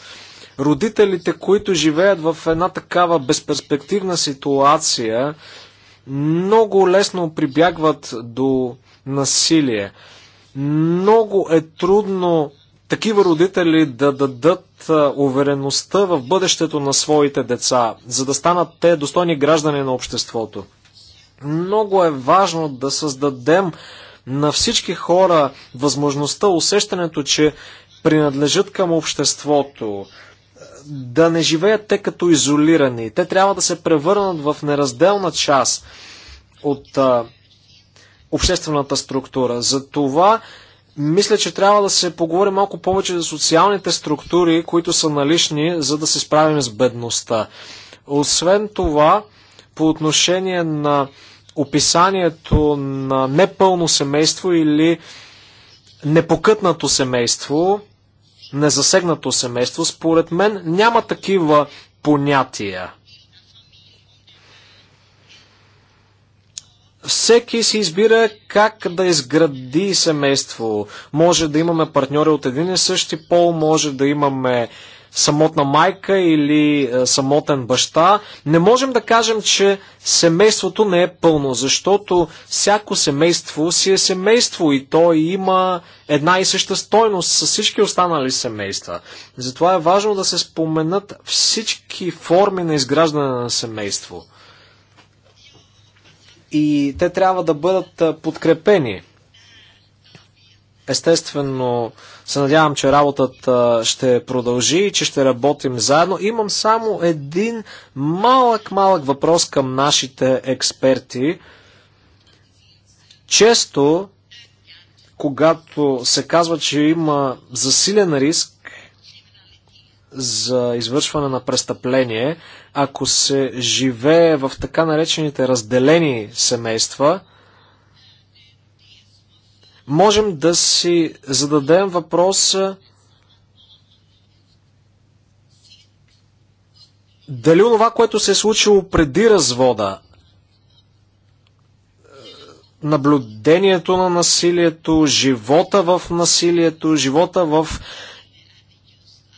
Родителите, които живеят в една такава безперспективна ситуация, много лесно прибягват до насилие. Много е трудно такива родители да дадат увереността в бъдещето на своите деца, за да станат те достойни граждани на обществото. Много е важно да създадем на всички хора възможността, усещането, че принадлежат към обществото, да не живеят те като изолирани. Те трябва да се превърнат в неразделна част от а, обществената структура. За това мисля, че трябва да се поговори малко повече за социалните структури, които са налични, за да се справим с бедността. Освен това, по отношение на описанието на непълно семейство или непокътнато семейство, незасегнато семейство, според мен няма такива понятия. всеки си избира как да изгради семейство. Може да имаме партньори от един и същи пол, може да имаме самотна майка или е, самотен баща. Не можем да кажем, че семейството не е пълно, защото всяко семейство си е семейство и то има една и съща стойност с всички останали семейства. Затова е важно да се споменат всички форми на изграждане на семейство и те трябва да бъдат подкрепени. Естествено, се надявам, че работата ще продължи и че ще работим заедно. Имам само един малък-малък въпрос към нашите експерти. Често, когато се казва, че има засилен риск, за извършване на престъпление, ако се живее в така наречените разделени семейства, можем да си зададем въпроса дали онова, което се е случило преди развода, наблюдението на насилието, живота в насилието, живота в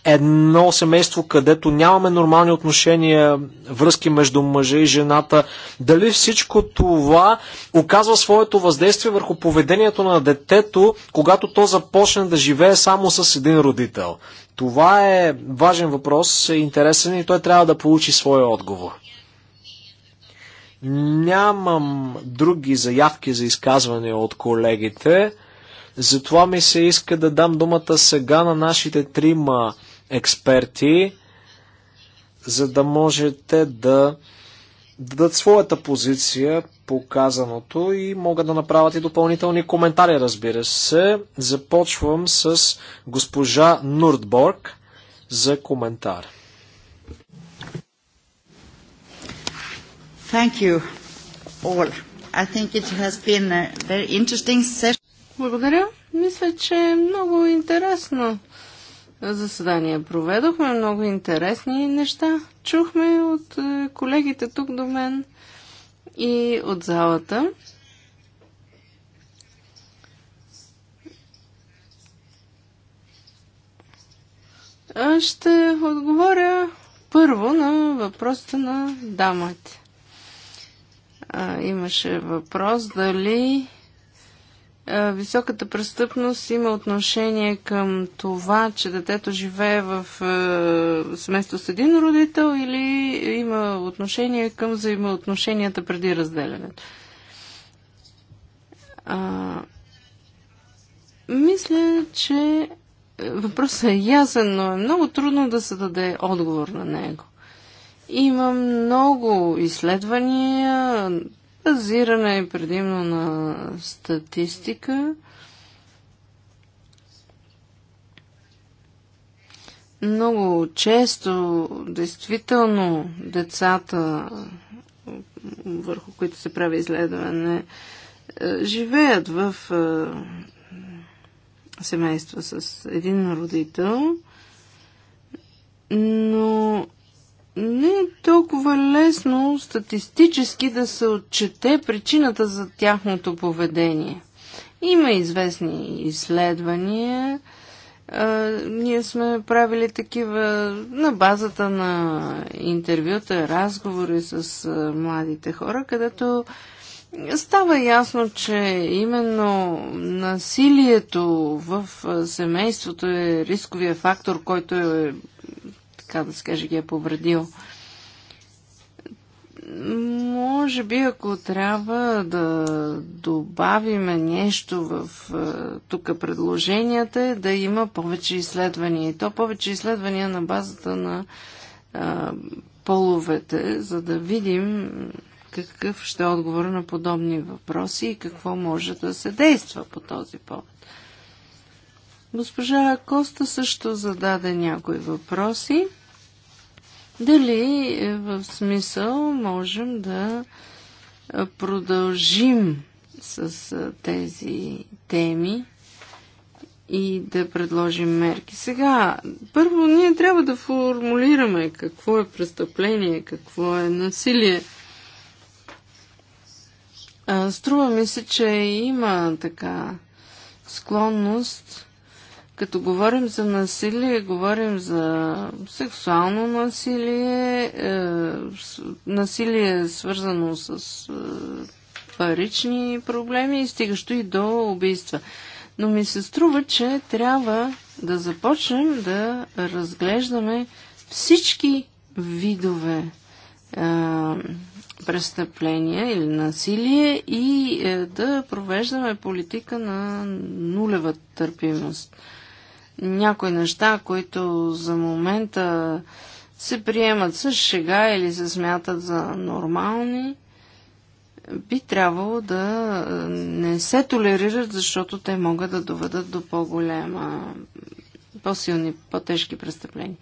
едно семейство, където нямаме нормални отношения, връзки между мъжа и жената, дали всичко това оказва своето въздействие върху поведението на детето, когато то започне да живее само с един родител? Това е важен въпрос, е интересен и той трябва да получи своя отговор. Нямам други заявки за изказване от колегите. Затова ми се иска да дам думата сега на нашите трима експерти, за да можете да дадат своята позиция по казаното и могат да направят и допълнителни коментари, разбира се. Започвам с госпожа Нуртборг за коментар. Thank you all. I think it has been a very interesting session. Благодаря. Мисля, че е много интересно заседания проведохме, много интересни неща. Чухме от е, колегите тук до мен и от залата. Ще отговоря първо на въпросите на дамата. Имаше въпрос дали е, високата престъпност има отношение към това, че детето живее в е, семейство с един родител или има отношение към взаимоотношенията преди разделянето. А, мисля, че въпросът е ясен, но е много трудно да се даде отговор на него. Има много изследвания, базирана е предимно на статистика. Много често, действително, децата, върху които се прави изследване, е, живеят в е, семейства с един родител, но не е толкова лесно статистически да се отчете причината за тяхното поведение. Има известни изследвания. А, ние сме правили такива на базата на интервюта, разговори с а, младите хора, където става ясно, че именно насилието в семейството е рисковия фактор, който е така да се каже, ги е повредил. Може би, ако трябва да добавиме нещо в е, тук предложенията, е да има повече изследвания. И то повече изследвания на базата на а, е, половете, за да видим какъв ще е отговор на подобни въпроси и какво може да се действа по този повод. Госпожа Коста също зададе някои въпроси. Дали в смисъл можем да продължим с тези теми и да предложим мерки. Сега, първо ние трябва да формулираме какво е престъпление, какво е насилие. струва ми се, че има така склонност като говорим за насилие, говорим за сексуално насилие, е, насилие свързано с е, парични проблеми и стигащо и до убийства. Но ми се струва, че трябва да започнем да разглеждаме всички видове е, престъпления или насилие и е, да провеждаме политика на нулева търпимост някои неща, които за момента се приемат с шега или се смятат за нормални, би трябвало да не се толерират, защото те могат да доведат до по-голема, по-силни, по-тежки престъпления.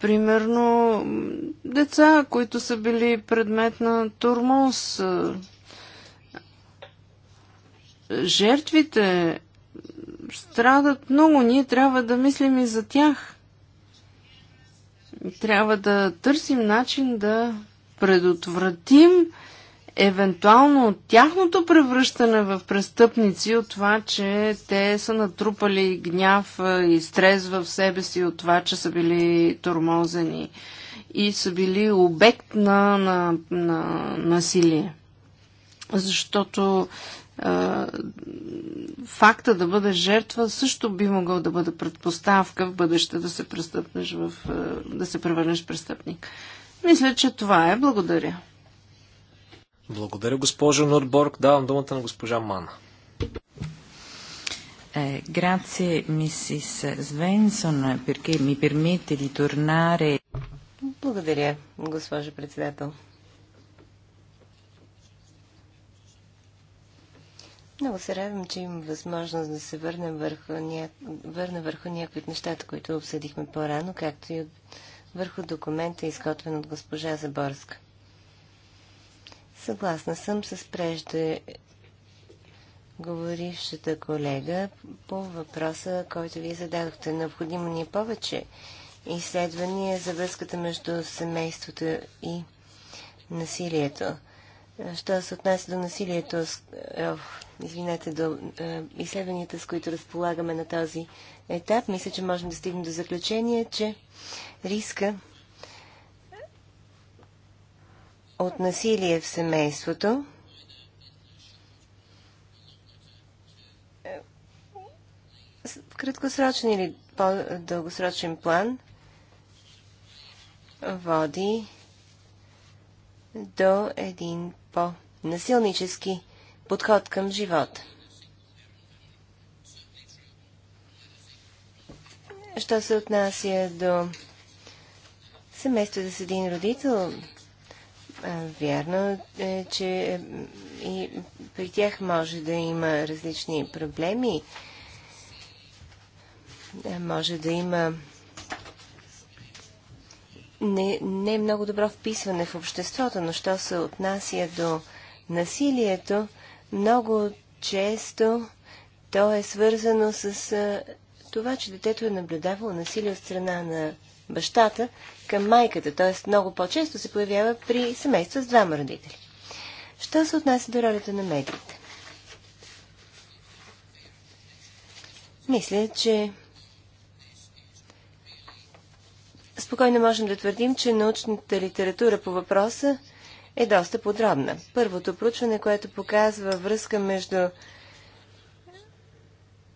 Примерно, деца, които са били предмет на турмоз, жертвите страдат много. Ние трябва да мислим и за тях. Трябва да търсим начин да предотвратим евентуално тяхното превръщане в престъпници от това, че те са натрупали гняв и стрес в себе си от това, че са били тормозени и са били обект на, на, на насилие. Защото факта да бъде жертва също би могъл да бъде предпоставка в бъдеще да се престъпнеш в, да се превърнеш престъпник. Мисля, че това е. Благодаря. Благодаря, госпожо Нурборг. Давам думата на госпожа Мана. grazie Mrs. Svensson perché mi permette di tornare. Благодаря, госпожо председател. Много се радвам, че имам възможност да се върна върху, ня... върна върху някои от нещата, които обсъдихме по-рано, както и от... върху документа, изготвен от госпожа Заборска. Съгласна съм с прежде говорившата колега по въпроса, който вие зададохте. Необходимо ни е повече изследвания за връзката между семейството и насилието. Що се отнася до насилието, е, извинете, до е, изследванията, с които разполагаме на този етап, мисля, че можем да стигнем до заключение, че риска от насилие в семейството в е, краткосрочен или по-дългосрочен план води до един по-насилнически подход към живота. Що се отнася до семейството с един родител, Вярно е, че и при тях може да има различни проблеми. Може да има не, не е много добро вписване в обществото, но що се отнася до насилието, много често то е свързано с а, това, че детето е наблюдавало насилие от страна на бащата към майката, т.е. много по-често се появява при семейства с двама родители. Що се отнася до ролята на медиите? Мисля, че спокойно можем да твърдим, че научната литература по въпроса е доста подробна. Първото проучване, което показва връзка между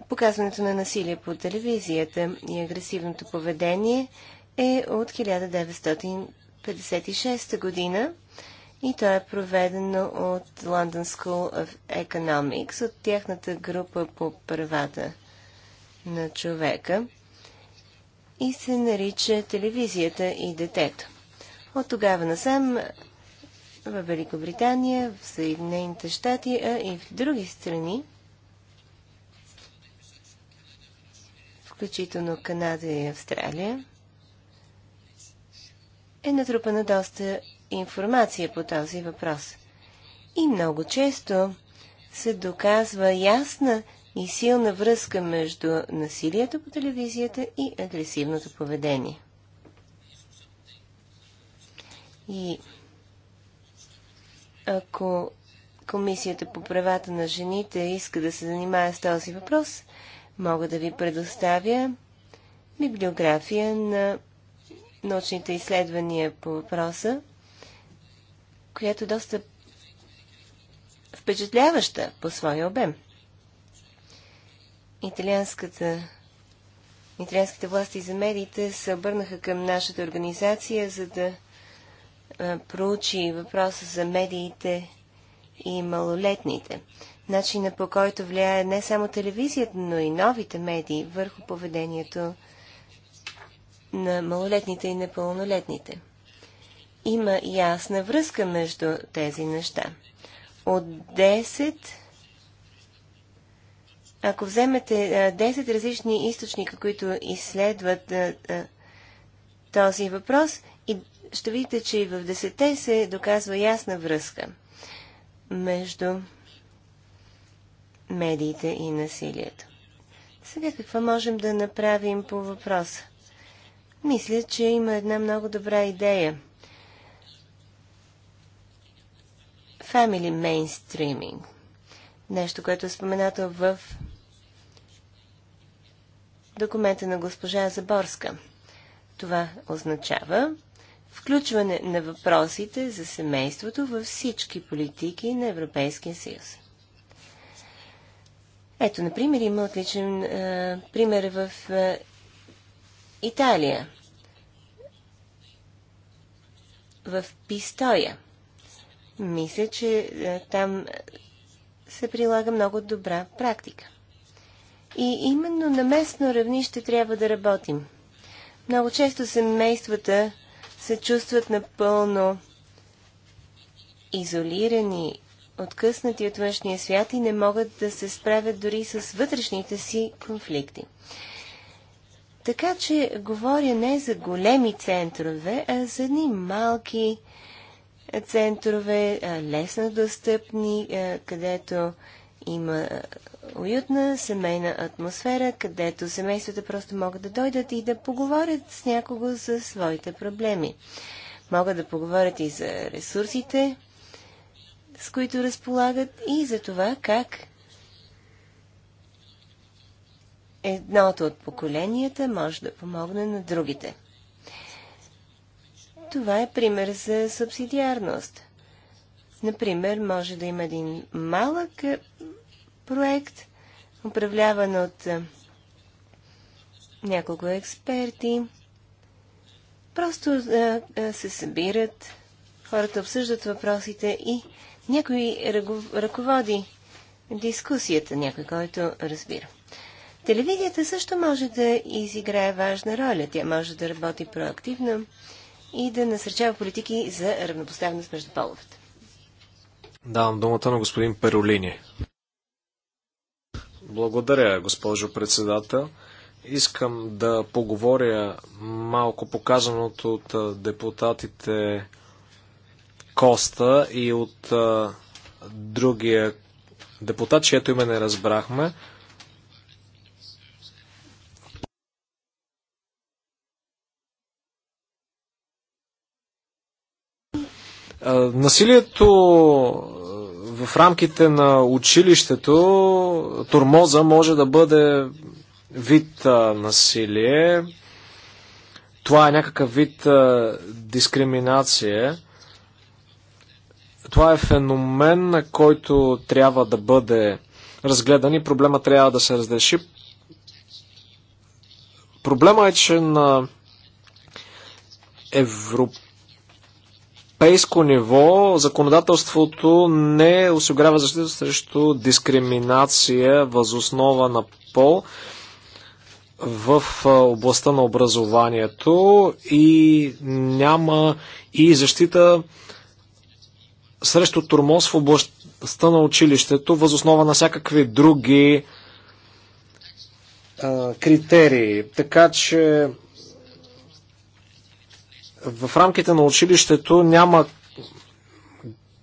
показването на насилие по телевизията и агресивното поведение е от 1956 година и то е проведено от London School of Economics, от тяхната група по правата на човека – и се нарича Телевизията и детето. От тогава насам в Великобритания, в Съединените щати, а и в други страни, включително Канада и Австралия, е натрупана доста информация по този въпрос. И много често се доказва ясна и силна връзка между насилието по телевизията и агресивното поведение. И ако Комисията по правата на жените иска да се занимава с този въпрос, мога да ви предоставя библиография на научните изследвания по въпроса, която е доста впечатляваща по своя обем италианската италианските власти за медиите се обърнаха към нашата организация, за да а, проучи въпроса за медиите и малолетните. Начина по който влияе не само телевизията, но и новите медии върху поведението на малолетните и непълнолетните. Има ясна връзка между тези неща. От 10 ако вземете 10 различни източника, които изследват този въпрос, и ще видите, че и в 10 се доказва ясна връзка между медиите и насилието. Сега какво можем да направим по въпроса? Мисля, че има една много добра идея. Family mainstreaming. Нещо, което е споменато в документа на госпожа Заборска. Това означава включване на въпросите за семейството във всички политики на Европейския съюз. Ето, например, има отличен е, пример в е, Италия. В Пистоя. Мисля, че е, там се прилага много добра практика. И именно на местно равнище трябва да работим. Много често семействата се чувстват напълно изолирани, откъснати от външния свят и не могат да се справят дори с вътрешните си конфликти. Така че говоря не за големи центрове, а за едни малки центрове, лесно достъпни, където има е, уютна семейна атмосфера, където семействата просто могат да дойдат и да поговорят с някого за своите проблеми. Могат да поговорят и за ресурсите, с които разполагат и за това как едното от поколенията може да помогне на другите. Това е пример за субсидиарност – Например, може да има един малък е, проект, управляван от е, няколко експерти. Просто е, се събират, хората обсъждат въпросите и някой ръководи дискусията, някой, който разбира. Телевизията също може да изиграе важна роля. Тя може да работи проактивно и да насърчава политики за равнопоставеност между половете. Давам думата на господин Перолини. Благодаря, госпожо председател. Искам да поговоря малко показаното от депутатите Коста и от другия депутат, чието име не разбрахме. Насилието в рамките на училището, турмоза може да бъде вид насилие. Това е някакъв вид дискриминация. Това е феномен, на който трябва да бъде разгледан и проблема трябва да се разреши. Проблема е, че на европейските европейско ниво законодателството не осигурява защита срещу дискриминация възоснова на пол в областта на образованието и няма и защита срещу турмоз в областта на училището възоснова на всякакви други а, критерии. Така че в рамките на училището няма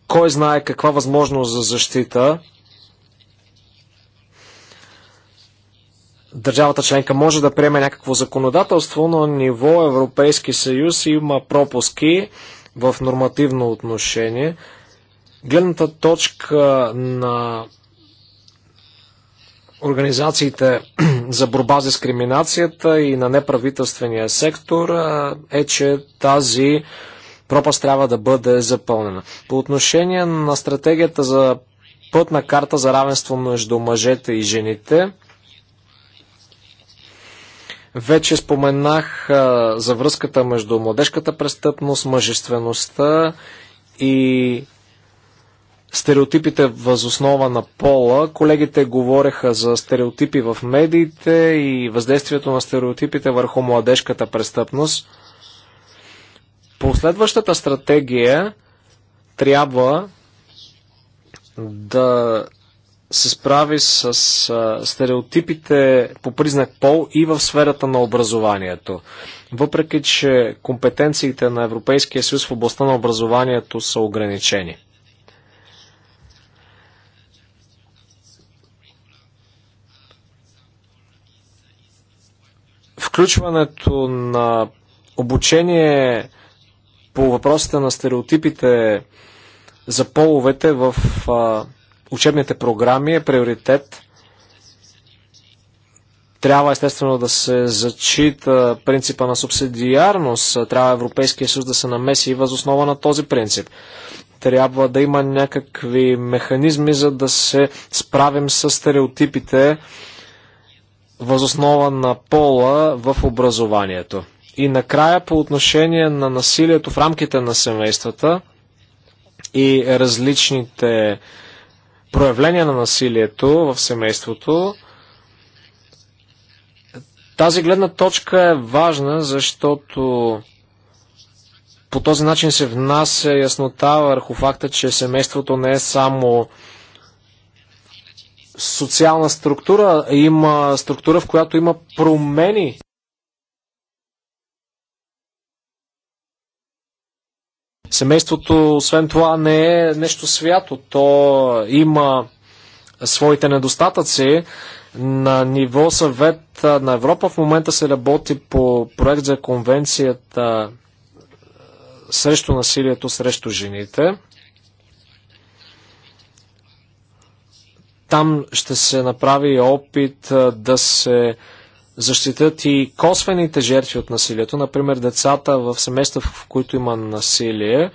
кой знае каква възможност за защита. Държавата членка може да приеме някакво законодателство, но ниво Европейски съюз има пропуски в нормативно отношение. Гледната точка на организациите [clears throat] за борба с дискриминацията и на неправителствения сектор е, че тази пропаст трябва да бъде запълнена. По отношение на стратегията за пътна карта за равенство между мъжете и жените, вече споменах за връзката между младежката престъпност, мъжествеността и стереотипите възоснова на пола. Колегите говореха за стереотипи в медиите и въздействието на стереотипите върху младежката престъпност. Последващата стратегия трябва да се справи с стереотипите по признак пол и в сферата на образованието. Въпреки, че компетенциите на Европейския съюз в областта на образованието са ограничени. Включването на обучение по въпросите на стереотипите за половете в а, учебните програми е приоритет. Трябва естествено да се зачита принципа на субсидиарност. Трябва Европейския съюз да се намеси и възоснова на този принцип. Трябва да има някакви механизми, за да се справим с стереотипите възоснова на пола в образованието. И накрая по отношение на насилието в рамките на семействата и различните проявления на насилието в семейството, тази гледна точка е важна, защото по този начин се внася яснота върху факта, че семейството не е само социална структура, има структура, в която има промени. Семейството, освен това, не е нещо свято. То има своите недостатъци. На ниво съвет на Европа в момента се работи по проект за конвенцията срещу насилието срещу жените. Там ще се направи опит да се защитят и косвените жертви от насилието, например децата в семейства, в които има насилие.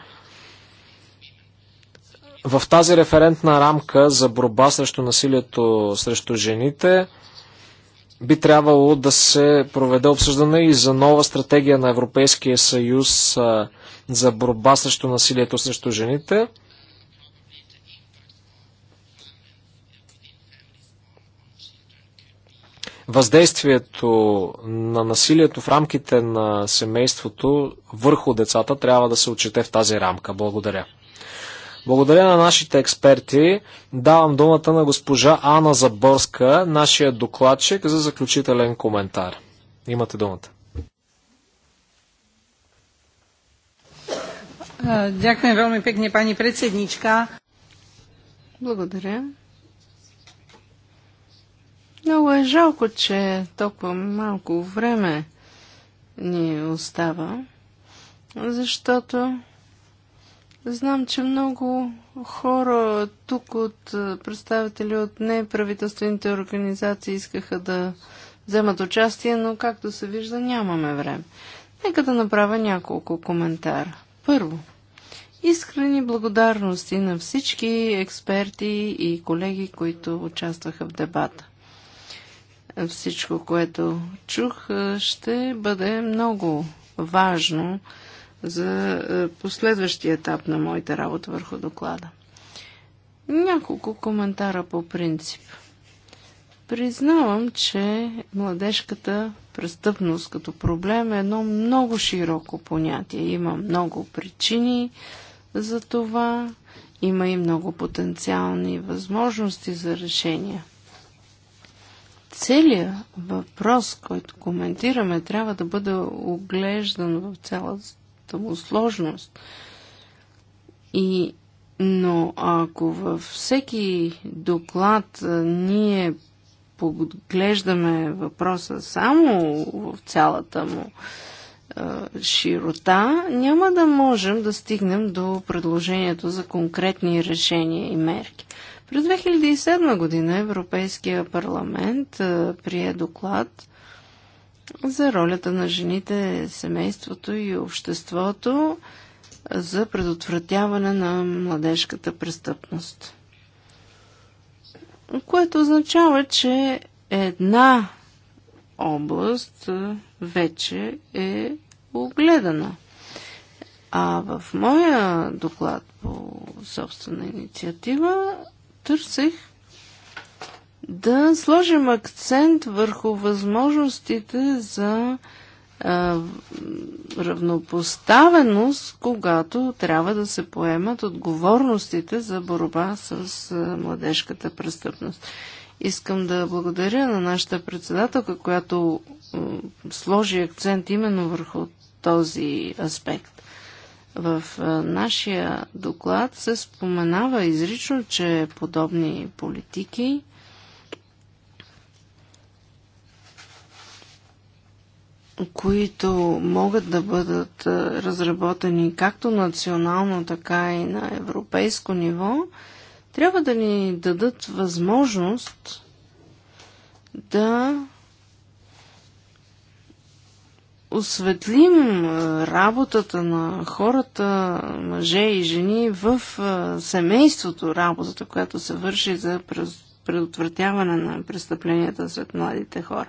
В тази референтна рамка за борба срещу насилието срещу жените би трябвало да се проведе обсъждане и за нова стратегия на Европейския съюз за борба срещу насилието срещу жените – въздействието на насилието в рамките на семейството върху децата трябва да се отчете в тази рамка. Благодаря. Благодаря на нашите експерти. Давам думата на госпожа Ана Заборска, нашия докладчик, за заключителен коментар. Имате думата. Дякуем veľmi pekne, pani Благодаря. Много е жалко, че толкова малко време ни остава, защото знам, че много хора тук от представители от неправителствените организации искаха да вземат участие, но както се вижда нямаме време. Нека да направя няколко коментара. Първо, искрени благодарности на всички експерти и колеги, които участваха в дебата. Всичко, което чух, ще бъде много важно за последващия етап на моята работа върху доклада. Няколко коментара по принцип. Признавам, че младежката престъпност като проблем е едно много широко понятие. Има много причини за това, има и много потенциални възможности за решения целият въпрос, който коментираме, трябва да бъде оглеждан в цялата му сложност. И, но ако във всеки доклад ние подглеждаме въпроса само в цялата му широта, няма да можем да стигнем до предложението за конкретни решения и мерки. През 2007 година Европейския парламент прие доклад за ролята на жените, семейството и обществото за предотвратяване на младежката престъпност. Което означава, че една област вече е огледана. А в моя доклад по собствена инициатива търсех да сложим акцент върху възможностите за а, равнопоставеност, когато трябва да се поемат отговорностите за борба с а, младежката престъпност. Искам да благодаря на нашата председателка, която а, сложи акцент именно върху този аспект. В нашия доклад се споменава изрично, че подобни политики които могат да бъдат разработени както национално, така и на европейско ниво, трябва да ни дадат възможност да осветлим е, работата на хората, мъже и жени в е, семейството, работата, която се върши за предотвратяване на престъпленията сред младите хора.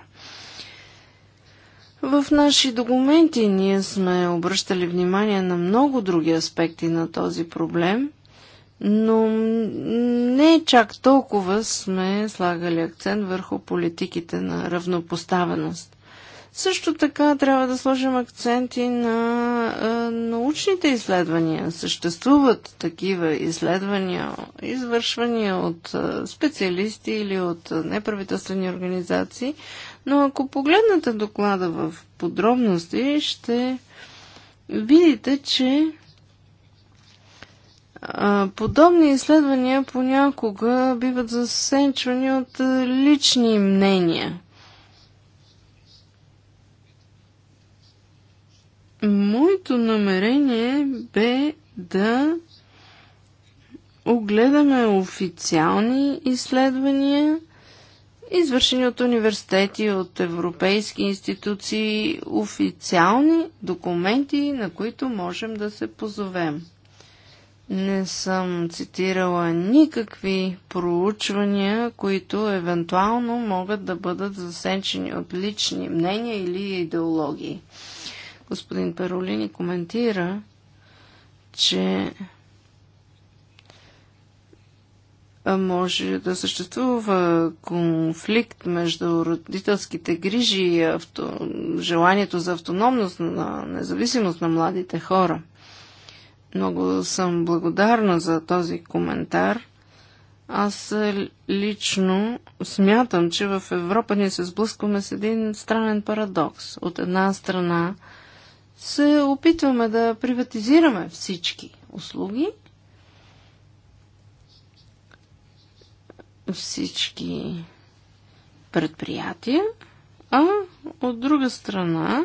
В наши документи ние сме обръщали внимание на много други аспекти на този проблем, но не чак толкова сме слагали акцент върху политиките на равнопоставеност. Също така трябва да сложим акценти на а, научните изследвания. Съществуват такива изследвания, извършвания от а, специалисти или от а, неправителствени организации, но ако погледнете доклада в подробности, ще видите, че подобни изследвания понякога биват засенчвани от лични мнения – Моето намерение бе да огледаме официални изследвания, извършени от университети, от европейски институции, официални документи, на които можем да се позовем. Не съм цитирала никакви проучвания, които евентуално могат да бъдат засенчени от лични мнения или идеологии господин Паролини коментира, че може да съществува конфликт между родителските грижи и авто... желанието за автономност на независимост на младите хора. Много съм благодарна за този коментар. Аз лично смятам, че в Европа ние се сблъскваме с един странен парадокс. От една страна се опитваме да приватизираме всички услуги, всички предприятия, а от друга страна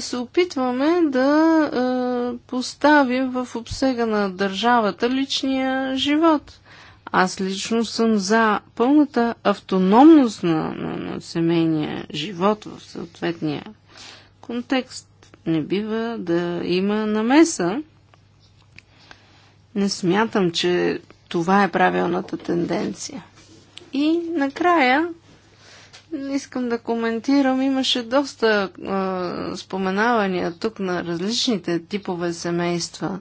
се опитваме да поставим в обсега на държавата личния живот. Аз лично съм за пълната автономност на, на, на семейния живот в съответния контекст не бива да има намеса. Не смятам, че това е правилната тенденция. И накрая искам да коментирам. Имаше доста е, споменавания тук на различните типове семейства.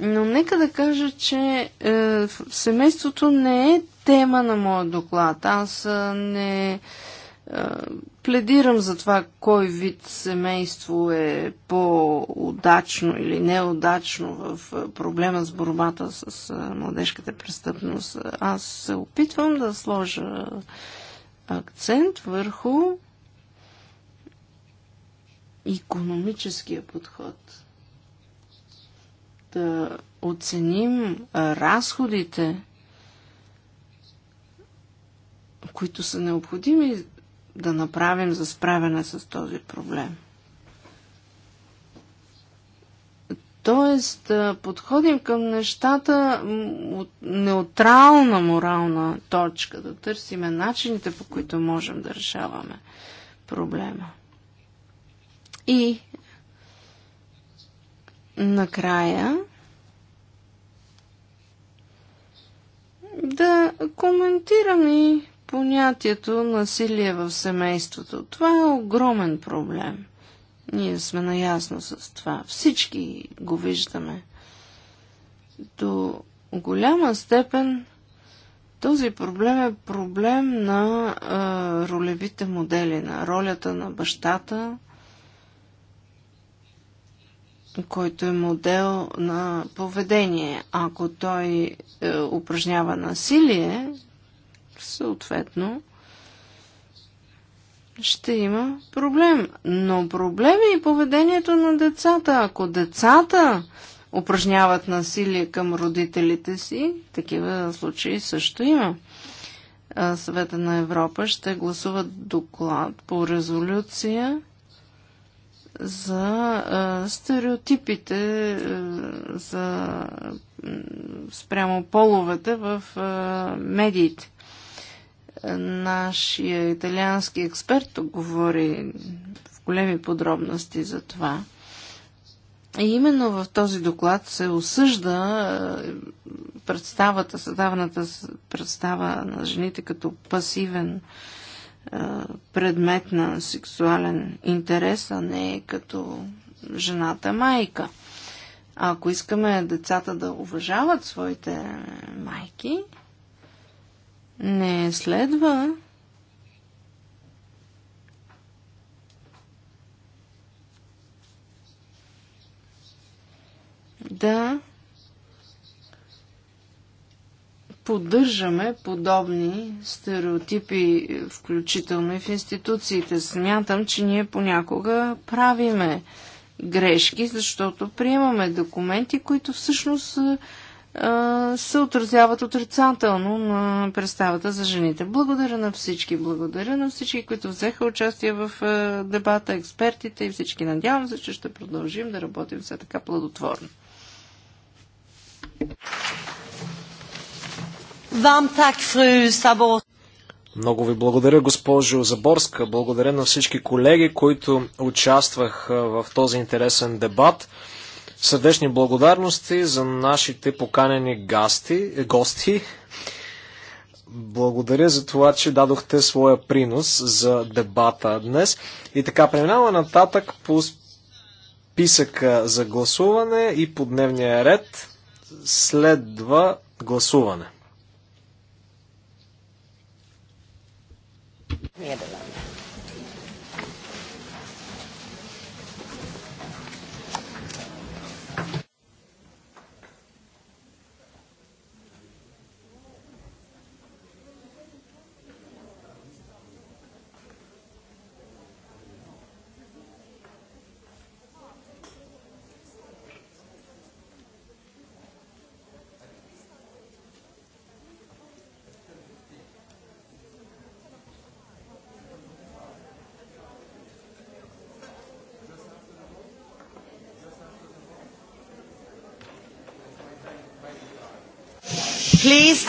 Но нека да кажа, че е, семейството не е тема на моят доклад. Аз не. Е, пледирам за това кой вид семейство е по-удачно или неудачно в проблема с борбата с младежката престъпност. Аз се опитвам да сложа акцент върху економическия подход. Да оценим разходите, които са необходими да направим за справяне с този проблем. Тоест, да подходим към нещата от неутрална морална точка, да търсиме начините, по които можем да решаваме проблема. И накрая да коментирам и понятието насилие в семейството. Това е огромен проблем. Ние сме наясно с това. Всички го виждаме. До голяма степен този проблем е проблем на а, ролевите модели, на ролята на бащата, който е модел на поведение. Ако той е, упражнява насилие, съответно ще има проблем. Но проблем е и поведението на децата. Ако децата упражняват насилие към родителите си, такива случаи също има. Съвета на Европа ще гласуват доклад по резолюция за а, стереотипите а, за, спрямо половете в а, медиите. Нашия италиански експерт говори в големи подробности за това. И именно в този доклад се осъжда е, представата, съдаваната представа на жените като пасивен е, предмет на сексуален интерес, а не като жената майка. А ако искаме децата да уважават своите майки, не следва да поддържаме подобни стереотипи, включително и в институциите. Смятам, че ние понякога правиме грешки, защото приемаме документи, които всъщност се отразяват отрицателно на представата за жените. Благодаря на всички. Благодаря на всички, които взеха участие в дебата, експертите и всички. Надявам се, че ще продължим да работим все така плодотворно. Вам так, фру Сабор. Много ви благодаря, госпожо Заборска. Благодаря на всички колеги, които участвах в този интересен дебат сърдечни благодарности за нашите поканени гости, гости. Благодаря за това, че дадохте своя принос за дебата днес. И така, преминава нататък по списъка за гласуване и по дневния ред следва гласуване. Нидерланд.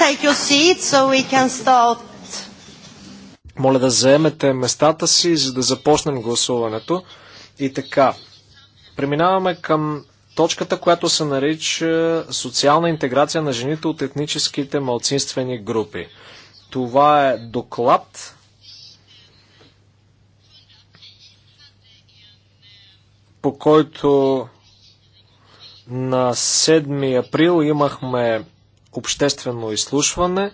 take your seat so we can start. Моля да заемете местата си, за да започнем гласуването. И така, преминаваме към точката, която се нарича социална интеграция на жените от етническите малцинствени групи. Това е доклад. по който на 7 април имахме обществено изслушване.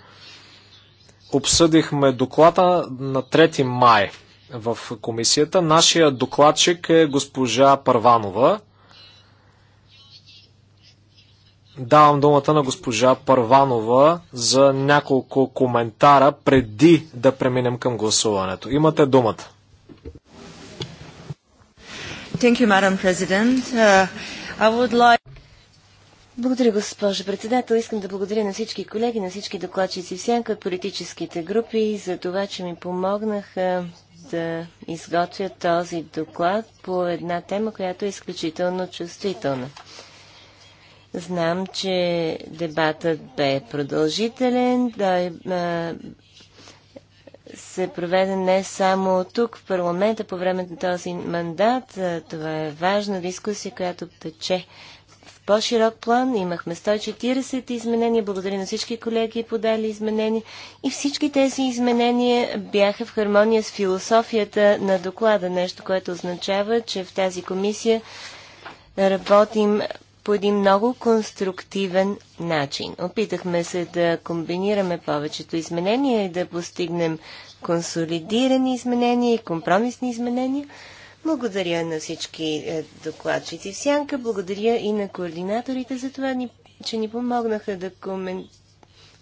Обсъдихме доклада на 3 май в комисията. Нашия докладчик е госпожа Първанова. Давам думата на госпожа Първанова за няколко коментара преди да преминем към гласуването. Имате думата. Thank you, Madam President. Uh, I would like... Благодаря, госпожа председател. Искам да благодаря на всички колеги, на всички докладчици в сянка от политическите групи за това, че ми помогнаха да изготвя този доклад по една тема, която е изключително чувствителна. Знам, че дебатът бе продължителен. да се проведе не само тук в парламента по време на този мандат. това е важна дискусия, която тече по-широк план. Имахме 140 изменения. Благодаря на всички колеги, подали изменения. И всички тези изменения бяха в хармония с философията на доклада. Нещо, което означава, че в тази комисия работим по един много конструктивен начин. Опитахме се да комбинираме повечето изменения и да постигнем консолидирани изменения и компромисни изменения – благодаря на всички е, докладчици в Сянка, благодаря и на координаторите за това, че ни помогнаха да комен...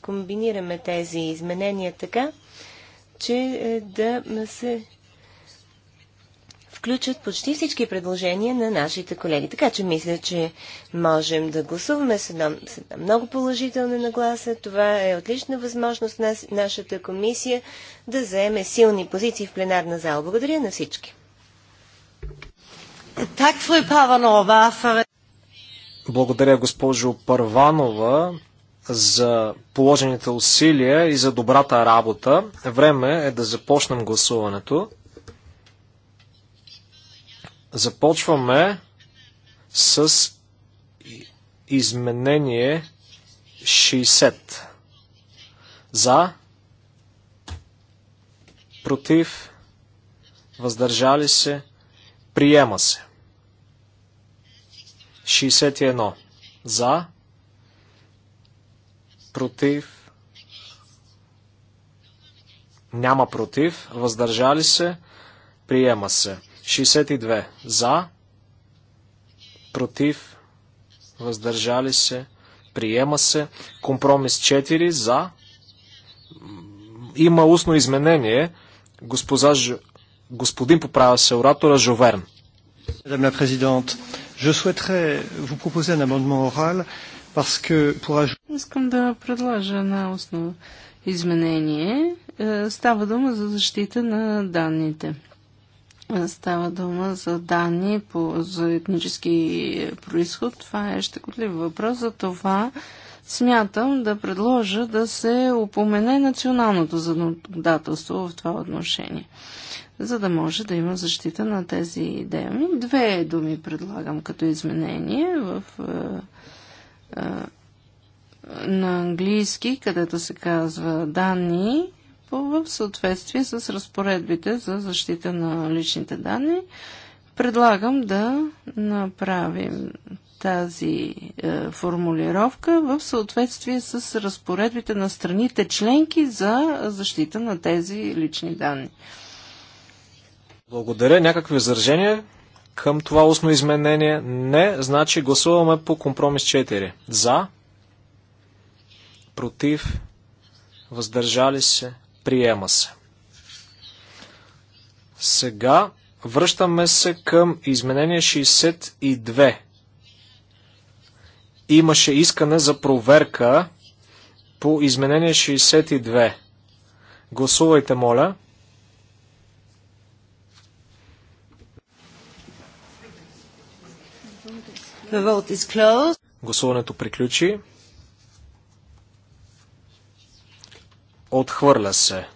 комбинираме тези изменения така, че е, да се включат почти всички предложения на нашите колеги. Така че мисля, че можем да гласуваме с една, с една много положителна нагласа. Това е отлична възможност на нашата комисия да заеме силни позиции в пленарна зала. Благодаря на всички. Благодаря, госпожо Първанова, за положените усилия и за добрата работа. Време е да започнем гласуването. Започваме с изменение 60. За, против, въздържали се, приема се. 61. За. Против. Няма против. Въздържали се. Приема се. 62. За. Против. Въздържали се. Приема се. Компромис 4. За. Има устно изменение. Госпожа, господин поправя се оратора Жоверн. Madame президент, Je souhaiterais vous proposer un amendement oral parce que pour ajouter... Искам да предложа на основно изменение. Е, става дума за защита на данните. Е, става дума за данни по, за етнически происход. Това е щекотлив въпрос. За това смятам да предложа да се упомене националното законодателство в това отношение за да може да има защита на тези идеи. Две думи предлагам като изменение в, а, е, а, е, на английски, където се казва данни в съответствие с разпоредбите за защита на личните данни. Предлагам да направим тази е, формулировка в съответствие с разпоредбите на страните членки за защита на тези лични данни. Благодаря. Някакви възражения към това устно изменение? Не. Значи гласуваме по компромис 4. За. Против. Въздържали се. Приема се. Сега връщаме се към изменение 62. Имаше искане за проверка по изменение 62. Гласувайте, моля. Гласуването приключи. Отхвърля се.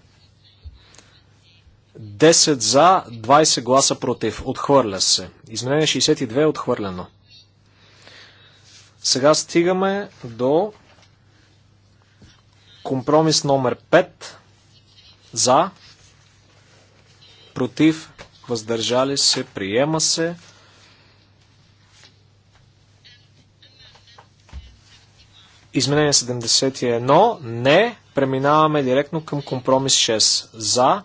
10 за, 20 гласа против. Отхвърля се. Изменение 62 е отхвърлено. Сега стигаме до компромис номер 5 за, против, въздържали се, приема се. Изменение 71. Не. Преминаваме директно към компромис 6. За.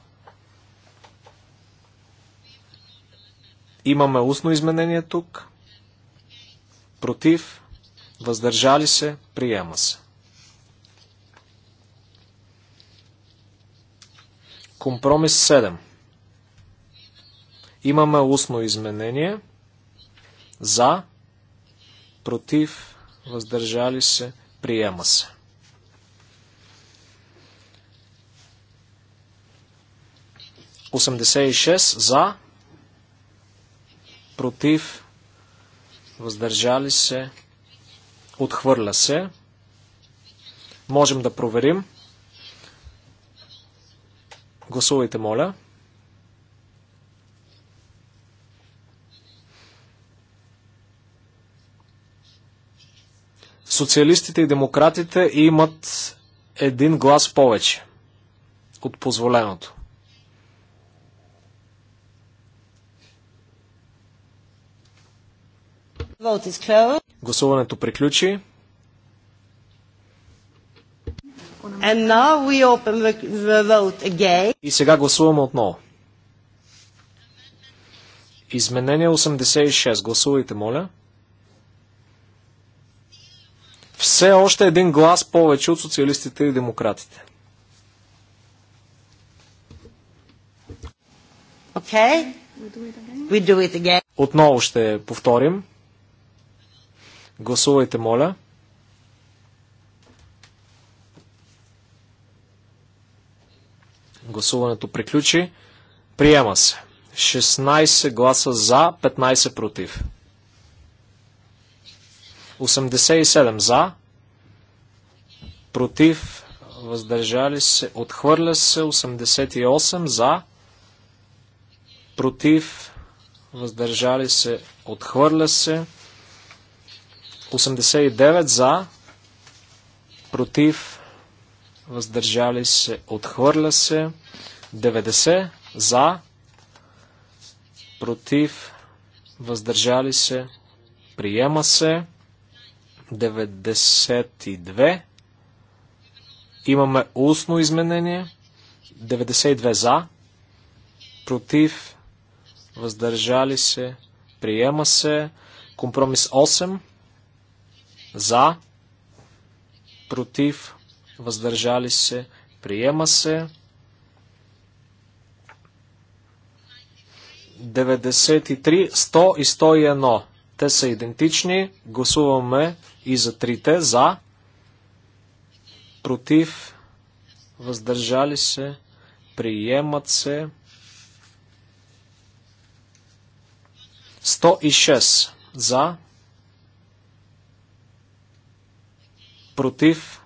Имаме устно изменение тук. Против. Въздържали се. Приема се. Компромис 7. Имаме устно изменение. За. Против. Въздържали се. Приема се Приема се. Осемдесет и шест за. Против. Въздържали се. Отхвърля се. Можем да проверим. Гласувайте, моля. Социалистите и демократите имат един глас повече от позволеното. Гласуването приключи. И сега гласуваме отново. Изменение 86. Гласувайте, моля. Все още един глас повече от социалистите и демократите. Okay. We do it again. Отново ще повторим. Гласувайте, моля. Гласуването приключи. Приема се. 16 гласа за, 15 против. 87 за, против, въздържали се, отхвърля се 88 за, против, въздържали се, отхвърля се 89 за, против, въздържали се, отхвърля се 90 за, против, въздържали се, приема се 92. Имаме устно изменение. 92 за. Против. Въздържали се. Приема се. Компромис 8. За. Против. Въздържали се. Приема се. 93, 100 и 101 те са идентични. Гласуваме и за трите. За, против, въздържали се, приемат се. 106 за, против,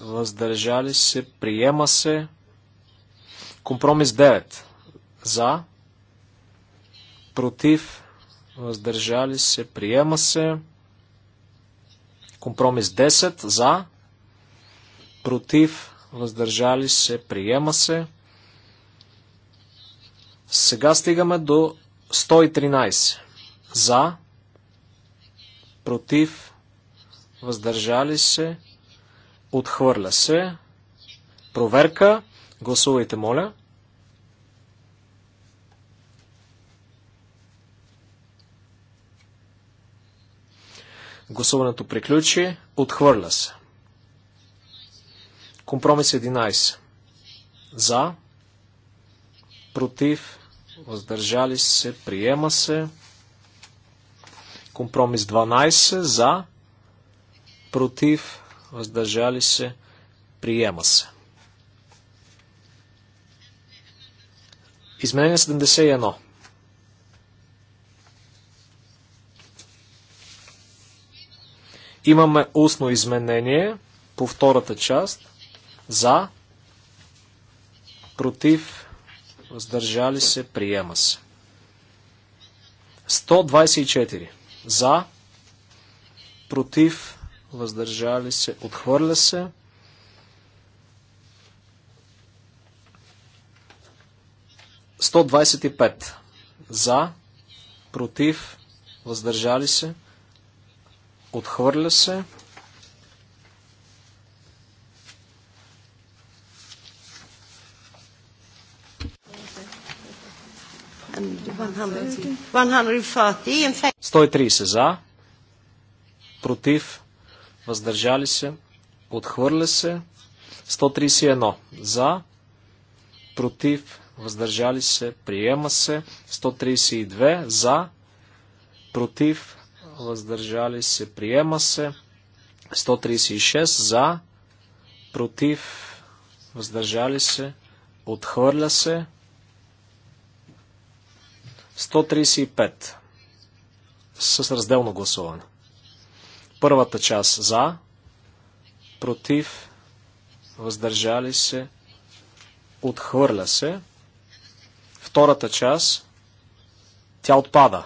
въздържали се, приема се. Компромис 9 за, против, въздържали се, приема се. Компромис 10 за, против, въздържали се, приема се. Сега стигаме до 113 за, против, въздържали се, отхвърля се. Проверка. Гласувайте, моля. Гласуването приключи. Отхвърля се. Компромис 11. За. Против. Въздържали се. Приема се. Компромис 12. За. Против. Въздържали се. Приема се. Изменение 71. Имаме устно изменение по втората част. За, против, въздържали се, приема се. 124. За, против, въздържали се, отхвърля се. Сто двадесет и пет. За, против, въздържали се, Отхвърля се. 130 за. Против. Въздържали се. Отхвърля се. 131 за. Против. Въздържали се. Приема се. 132 за. Против въздържали се, приема се. 136 за, против, въздържали се, отхвърля се. 135 с разделно гласуване. Първата част за, против, въздържали се, отхвърля се. Втората част, тя отпада.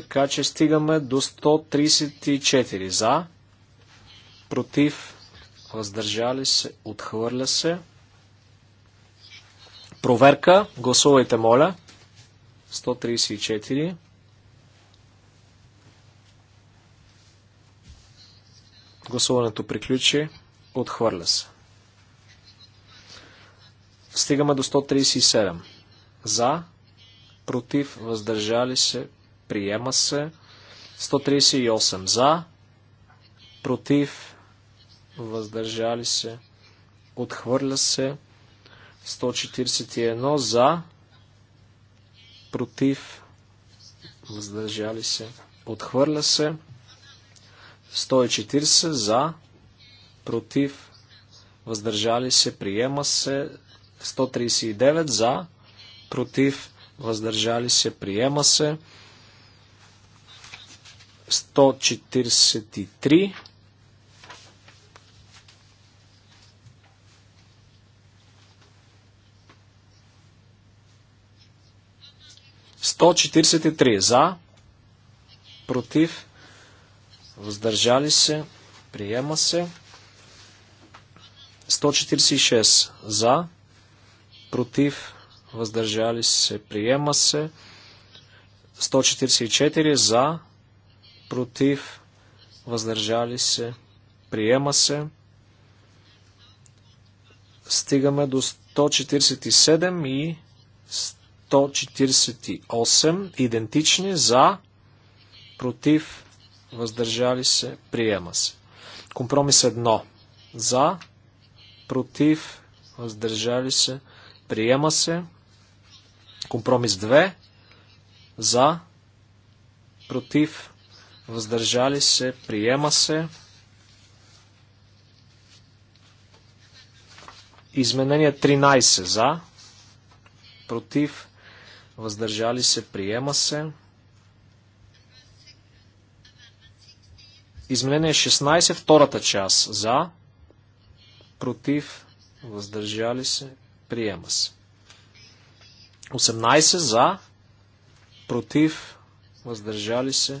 Така че стигаме до 134 за, против, въздържали се, отхвърля се. Проверка, гласувайте, моля. 134. Гласуването приключи. Отхвърля се. Стигаме до 137. За, против, въздържали се, приема се. 138 за, против, въздържали се, отхвърля се. 141 за, против, въздържали се, отхвърля се. 140 за, против, въздържали се, приема се. 139 за, против, въздържали се, приема се. 143. за, против, въздържали се, приема се. 146 за, против, въздържали се, приема се. 144 за, против, въздържали се, приема се. Стигаме до 147 и 148, идентични за, против, въздържали се, приема се. Компромис 1. За, против, въздържали се, приема се. Компромис 2. За, против, въздържали се, приема се. Изменение 13 за, против, въздържали се, приема се. Изменение 16, втората част за, против, въздържали се, приема се. 18 за, против, въздържали се,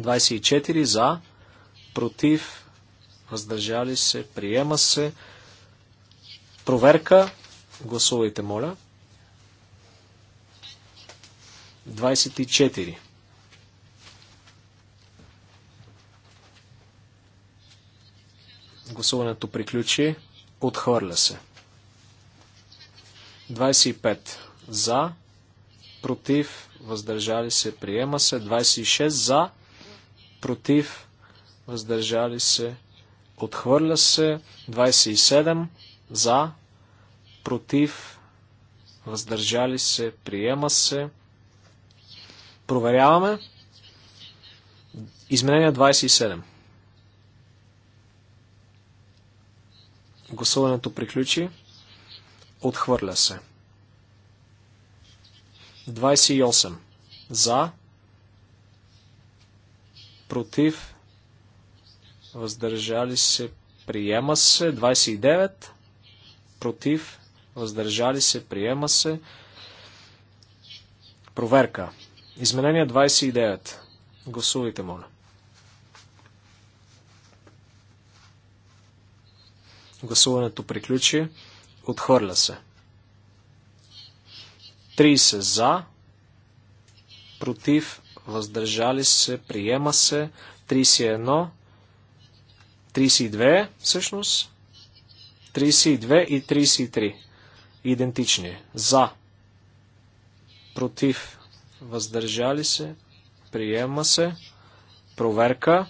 24 за, против, въздържали се, приема се. Проверка. Гласувайте, моля. 24. Гласуването приключи. Отхвърля се. 25. За. Против. Въздържали се. Приема се. 26. За против, въздържали се, отхвърля се, 27 за, против, въздържали се, приема се. Проверяваме. Изменение 27. Гласуването приключи. Отхвърля се. 28. За против, въздържали се, приема се, 29, против, въздържали се, приема се, проверка. Изменение 29. Гласувайте, моля. Гласуването приключи. Отхвърля се. 30 за, против, въздържали се, приема се. 31, 32 всъщност, 32 и 33. Идентични. За, против, въздържали се, приема се. Проверка.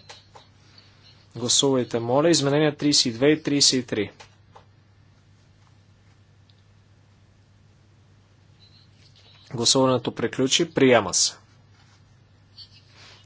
Гласувайте, моля. Изменения 32 и 33. Гласуването приключи. Приема се.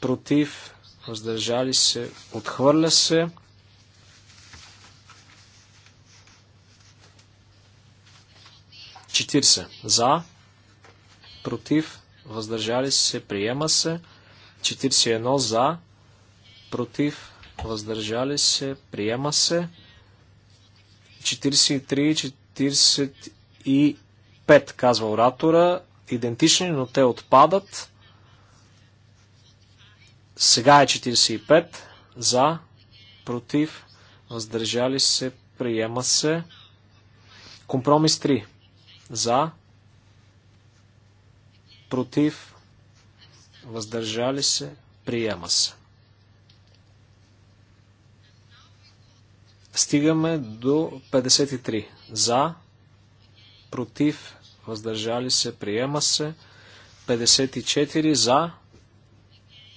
против, въздържали се, отхвърля се. Четирсе. За, против, въздържали се, приема се. 41 за, против, въздържали се, приема се. 43 и 45, казва оратора, идентични, но те отпадат. Сега е 45 за, против, въздържали се, приема се. Компромис 3 за, против, въздържали се, приема се. Стигаме до 53. За, против, въздържали се, приема се. 54 за,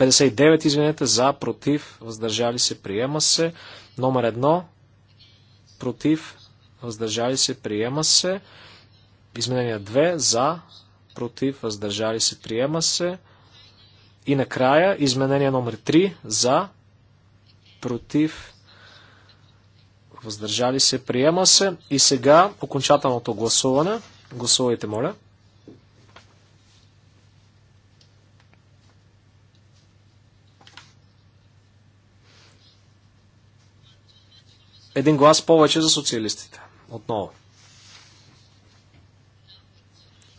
59, извинете, за, против, въздържали се, приема се. Номер 1, против, въздържали се, приема се. Изменение 2, за, против, въздържали се, приема се. И накрая, изменение номер 3, за, против, въздържали се, приема се. И сега окончателното гласуване. Гласувайте, моля. Един глас повече за социалистите. Отново.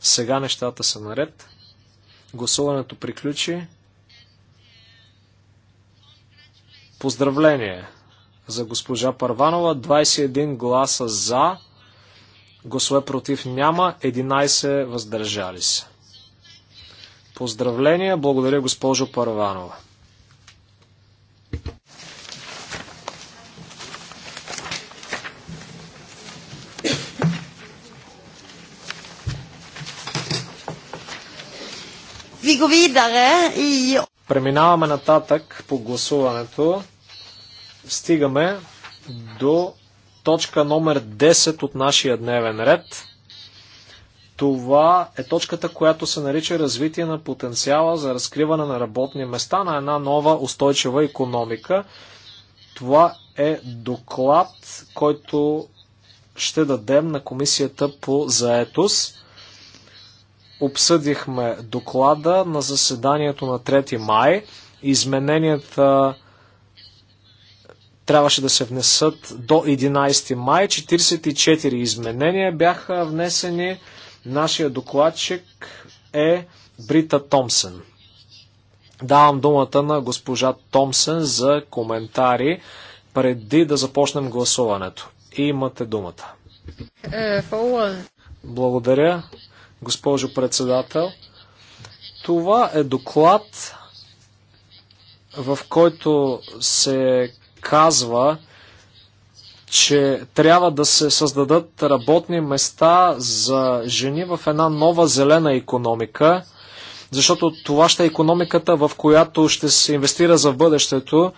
Сега нещата са наред. Гласуването приключи. Поздравление за госпожа Парванова. 21 гласа за, гласове против няма, 11 въздържали се. Поздравления, благодаря госпожо Парванова. ви го видаре и... Преминаваме нататък по гласуването. Стигаме до точка номер 10 от нашия дневен ред. Това е точката, която се нарича развитие на потенциала за разкриване на работни места на една нова устойчива економика. Това е доклад, който ще дадем на комисията по заетост обсъдихме доклада на заседанието на 3 май. Измененията трябваше да се внесат до 11 май. 44 изменения бяха внесени. Нашия докладчик е Брита Томсън. Давам думата на госпожа Томсън за коментари преди да започнем гласуването. И имате думата. Е, Благодаря госпожо председател. Това е доклад, в който се казва, че трябва да се създадат работни места за жени в една нова зелена економика, защото това ще е економиката, в която ще се инвестира за бъдещето.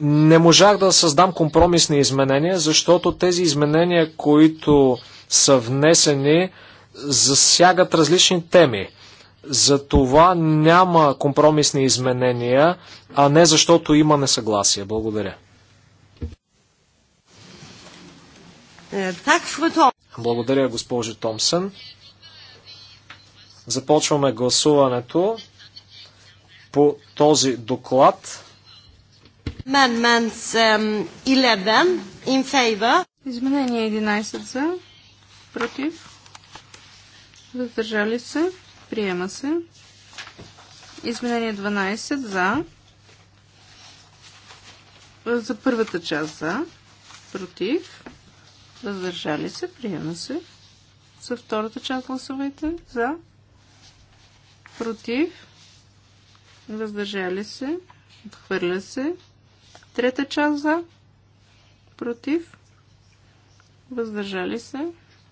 Не можах да създам компромисни изменения, защото тези изменения, които са внесени, засягат различни теми. За това няма компромисни изменения, а не защото има несъгласие. Благодаря. Е, Благодаря, госпожо Томсън. Започваме гласуването по този доклад. Изменение 11 за против, въздържали се, приема се. Изменение 12 за, за първата част за, против, въздържали се, приема се. За втората част гласовете за, против, въздържали се, отхвърля се. Трета част за, против, въздържали се,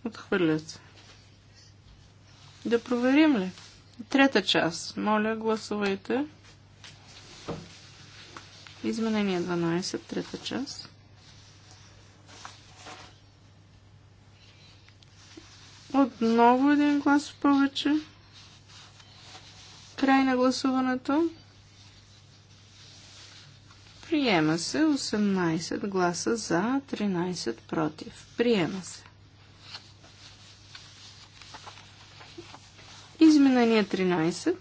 Отхвърлят се. Да проверим ли? Трета част. Моля, гласувайте. Изменение 12, трета част. Отново един глас повече. Край на гласуването. Приема се 18 гласа за, 13 против. Приема се. Изменение 13.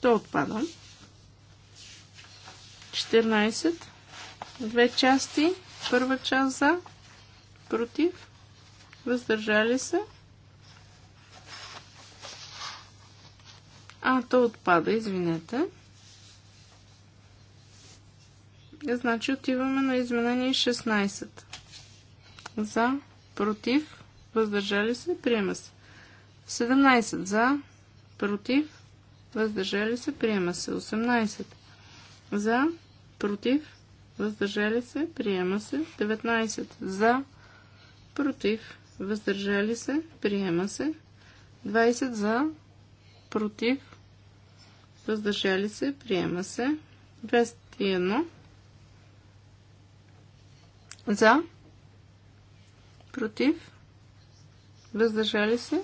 То отпада. 14. Две части. Първа част за. Против. Въздържали се. А, то отпада, извинете. Значи отиваме на изменение 16. За, против, въздържали се, приема се. 17 за, против, въздържали се, приема се. 18 за, против, въздържали се, приема се. 19 за, против, въздържали се, приема се. 20 за, против, въздържали се, приема се. 201 за, против, въздържали се,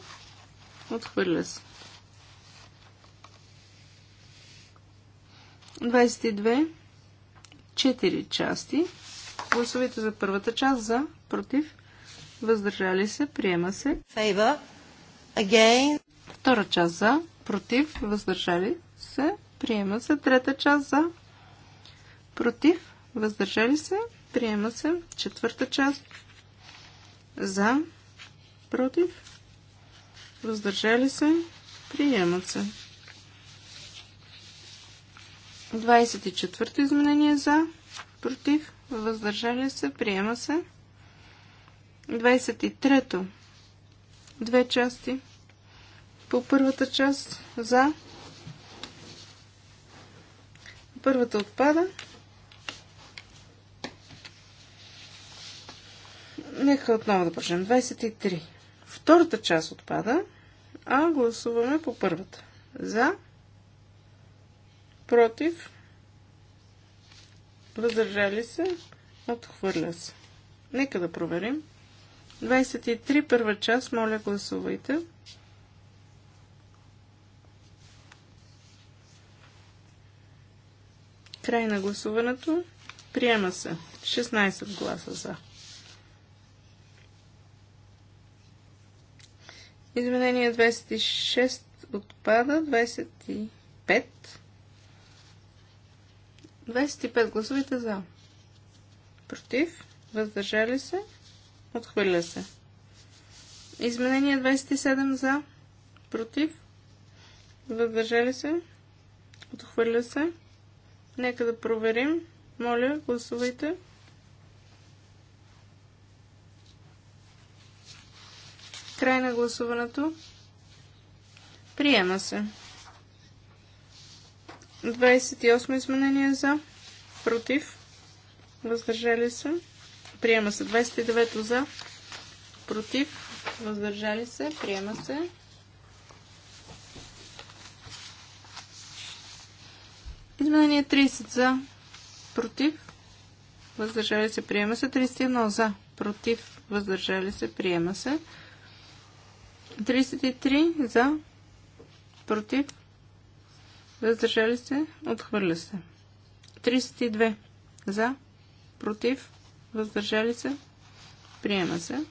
Отхвърля се. 22. 4 части. Гласовете за първата част за, против, въздържали се, приема се. Favor. Again. Втора част за, против, въздържали се, приема се. Трета част за, против, въздържали се, приема се. Четвърта част за, против, въздържали се, приемат се. 24-то изменение за, против, въздържали се, приема се. 23-то, две части. По първата част за, първата отпада. Нека отново да почнем. 23. Втората част отпада, а гласуваме по първата. За, против, въздържали се, отхвърля се. Нека да проверим. 23, първа част, моля гласувайте. Край на гласуването. Приема се. 16 гласа за. Изменение 26 отпада. 25. 25 гласовете за. Против. Въздържали се. Отхвърля се. Изменение 27 за. Против. Въздържали се. Отхвърля се. Нека да проверим. Моля, гласувайте. Край на гласуването. Приема се. 28 изменение за. Против. Въздържали се. Приема се. 29 за. Против. Въздържали се. Приема се. Изменение 30 за. Против. Въздържали се. Приема се. 31 за. Против. Въздържали се. Приема се. 33 за, против, въздържали се, отхвърля се. 32 за, против, въздържали се, приема се.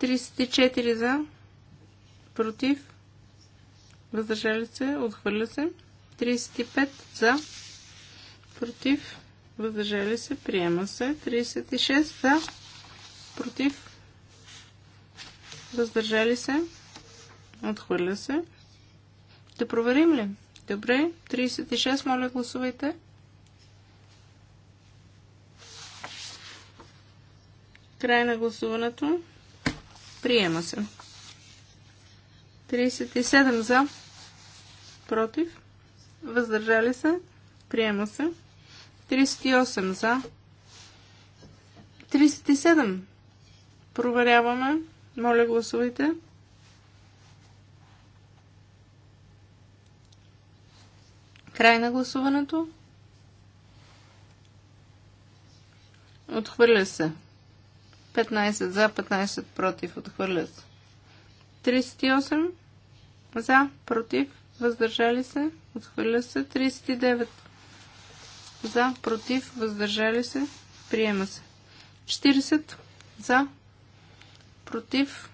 34 за, против, въздържали се, отхвърля се. 35 за, против, въздържали се, приема се. 36 за, против, Въздържали се? Отхвърля се. Да проверим ли? Добре. 36, моля гласувайте. Край на гласуването. Приема се. 37 за. Против. Въздържали се. Приема се. 38 за. 37. Проверяваме. Моля, гласувайте. Край на гласуването. Отхвърля се. 15 за, 15 против. Отхвърля се. 38 за, против. Въздържали се. Отхвърля се. 39 за, против. Въздържали се. Приема се. 40 за, против,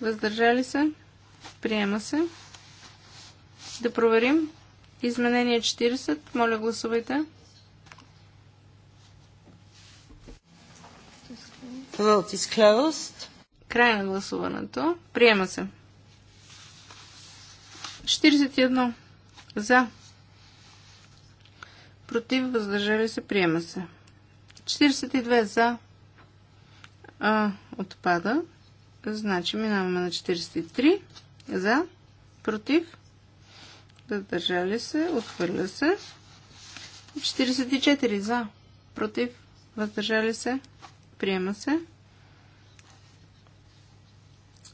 въздържали се, приема се. Да проверим. Изменение 40. Моля, гласувайте. Край на гласуването. Приема се. 41. За. Против, въздържали се, приема се. 42. За а, отпада. Значи минаваме на 43 за, против, въздържали се, отхвърля се. 44 за, против, въздържали се, приема се.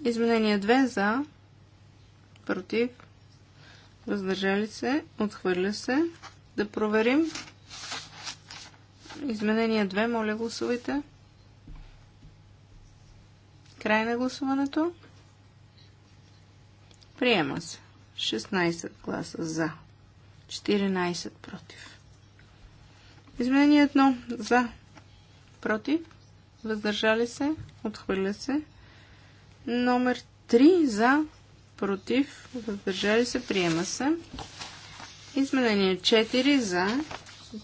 Изменение 2 за, против, въздържали се, отхвърля се. Да проверим. Изменение 2, моля гласувайте. Край на гласуването. Приема се. 16 гласа за. 14 против. Изменение 1 за. Против. Въздържали се. Отхвърля се. Номер 3 за. Против. Въздържали се. Приема се. Изменение 4 за.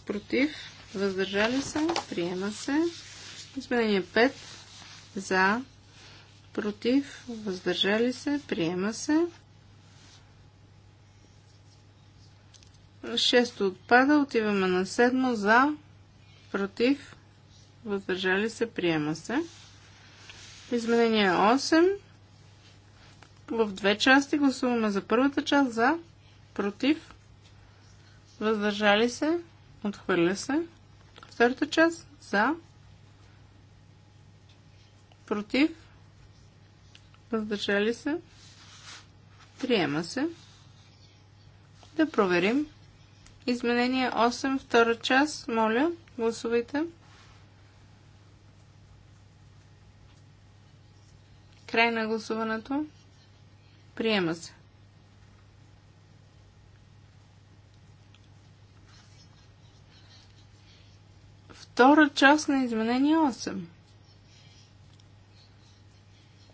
Против. Въздържали се. Приема се. Изменение 5 за против, въздържали се, приема се. Шесто отпада, отиваме на седмо за, против, въздържали се, приема се. Изменение 8. В две части гласуваме за първата част за, против, въздържали се, отхвърля се. Втората част за, против, Въздържали се? Приема се. Да проверим. Изменение 8, втора част. Моля, гласувайте. Край на гласуването. Приема се. Втора част на изменение 8.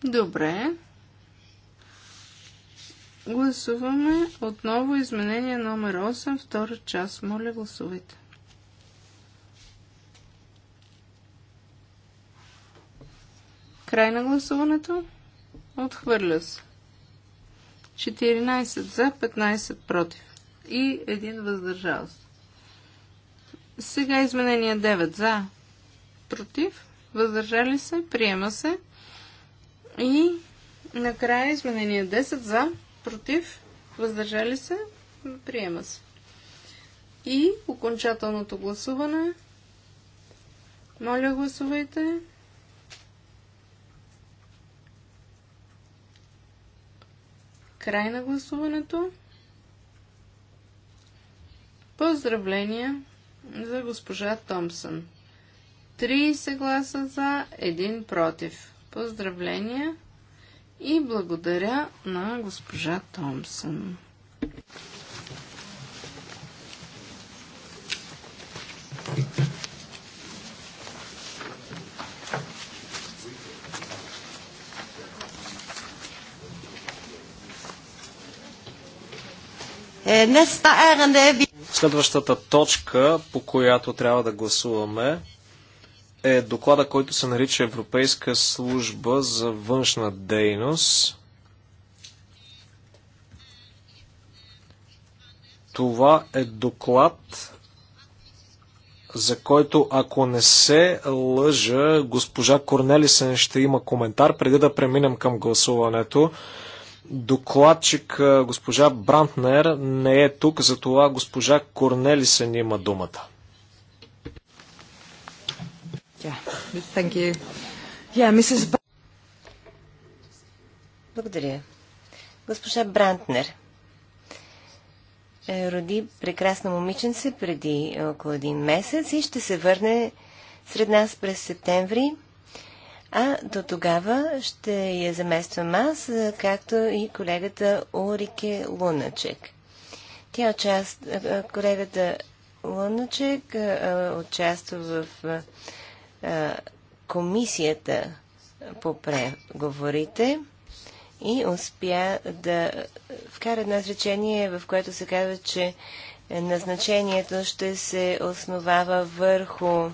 Добре. Гласуваме отново изменение номер 8, втора част. Моля, гласувайте. Край на гласуването. Отхвърля се. 14 за, 15 против. И един въздържал се. Сега изменение 9 за, против, въздържали се, приема се. И накрая изменение 10 за, против, въздържали се, приема се. И окончателното гласуване. Моля, гласувайте. Край на гласуването. Поздравления за госпожа Томпсън. 30 гласа за, 1 против. Поздравления и благодаря на госпожа Томсън. Е, е Следващата точка, по която трябва да гласуваме, е доклада, който се нарича Европейска служба за външна дейност. Това е доклад, за който, ако не се лъжа, госпожа Корнелисен ще има коментар, преди да преминем към гласуването. Докладчик госпожа Брантнер не е тук, затова госпожа Корнелисен има думата. Yeah. Yeah, Mrs... Благодаря. Госпожа Брантнер е, роди прекрасно момиченце преди около един месец и ще се върне сред нас през септември. А до тогава ще я замествам аз, както и колегата Урике Луначек. Тя участ... Колегата Луначек участва в е, комисията по преговорите и успя да вкара едно изречение, в което се казва, че назначението ще се основава върху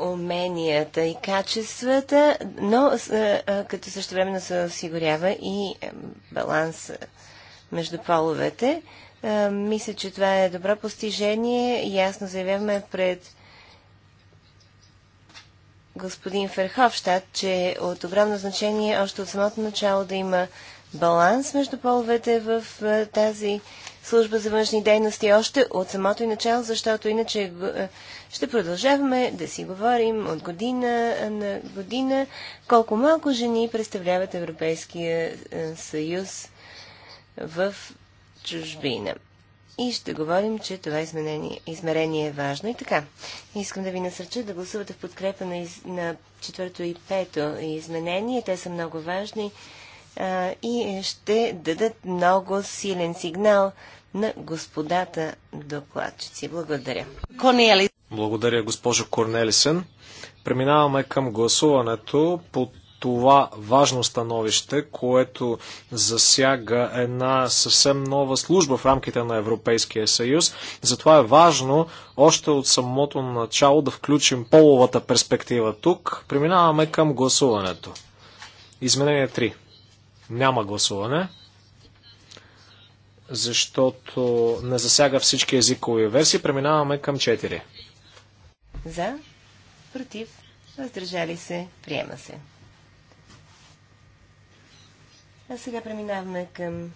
уменията и качествата, но е, е, като същевременно се осигурява и баланс между половете. Е, мисля, че това е добро постижение. Ясно заявяваме пред господин Ферховщад, че е от огромно значение още от самото начало да има баланс между половете в е, тази служба за външни дейности още от самото и начало, защото иначе е, ще продължаваме да си говорим от година на година колко малко жени представляват Европейския съюз в чужбина. И ще говорим, че това изменение, измерение е важно. И така, искам да ви насърча да гласувате в подкрепа на, из, на четвърто и пето изменение. Те са много важни а, и ще дадат много силен сигнал на господата докладчици. Благодаря. Благодаря, госпожо Корнелисен. Преминаваме към гласуването по това важно становище, което засяга една съвсем нова служба в рамките на Европейския съюз. Затова е важно още от самото начало да включим половата перспектива тук. Преминаваме към гласуването. Изменение 3. Няма гласуване защото не засяга всички езикови версии. Преминаваме към 4. За, против, въздържали се, приема се. А сега преминаваме към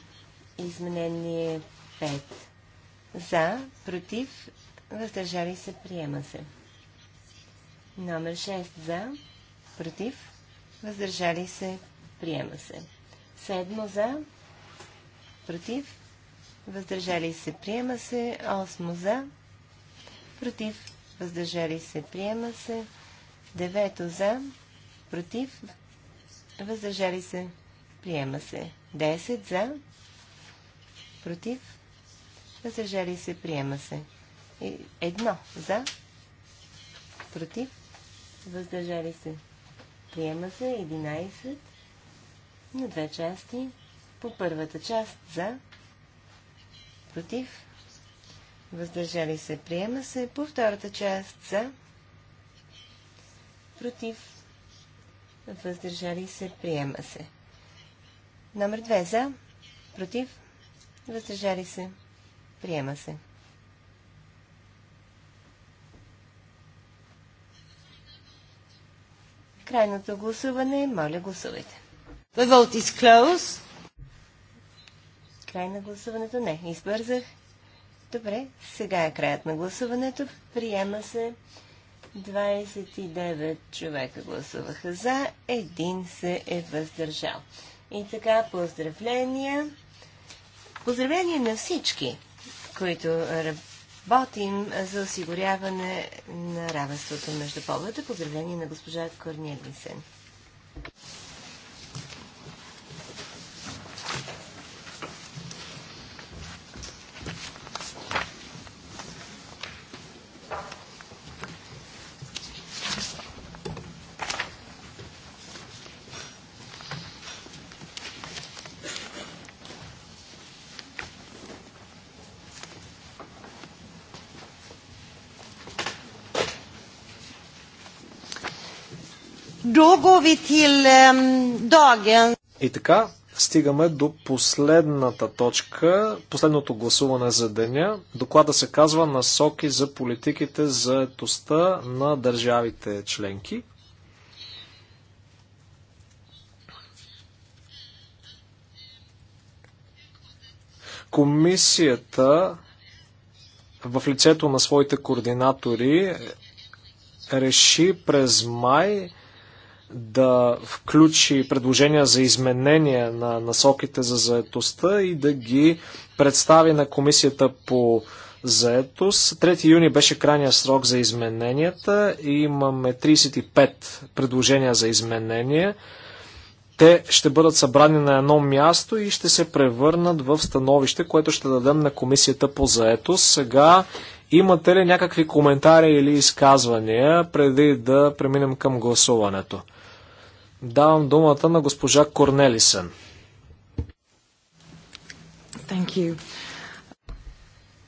изменение 5. За, против, въздържали се, приема се. Номер 6 за, против, въздържали се, приема се. Седмо за, против, въздържали се, приема се. Осмо за, против, въздържали се, приема се. Девето за, против, въздържали се, Приема се. 10 за. Против. Въздържали се. Приема се. Едно за. Против. Въздържали се. Приема се. 11 на две части. По първата част за. Против. Въздържали се. Приема се. По втората част за. Против. Въздържали се. Приема се. Номер 2 за, против, въздържали се, приема се. Крайното гласуване, моля гласувайте. The vote is closed. Край на гласуването? Не, избързах. Добре, сега е краят на гласуването. Приема се 29 човека гласуваха за, един се е въздържал. И така, поздравления. Поздравления на всички, които работим за осигуряване на равенството между половете. Поздравления на госпожа Корнелисен. Ehm, И така, стигаме до последната точка, последното гласуване за деня. Доклада се казва Насоки за политиките за етостта на държавите членки. Комисията в лицето на своите координатори реши през май да включи предложения за изменение на насоките за заетостта и да ги представи на комисията по заедост. 3 юни беше крайния срок за измененията и имаме 35 предложения за изменение. Те ще бъдат събрани на едно място и ще се превърнат в становище, което ще дадем на комисията по заедост. Сега имате ли някакви коментари или изказвания преди да преминем към гласуването? Давам думата на госпожа Корнелисън. Thank you.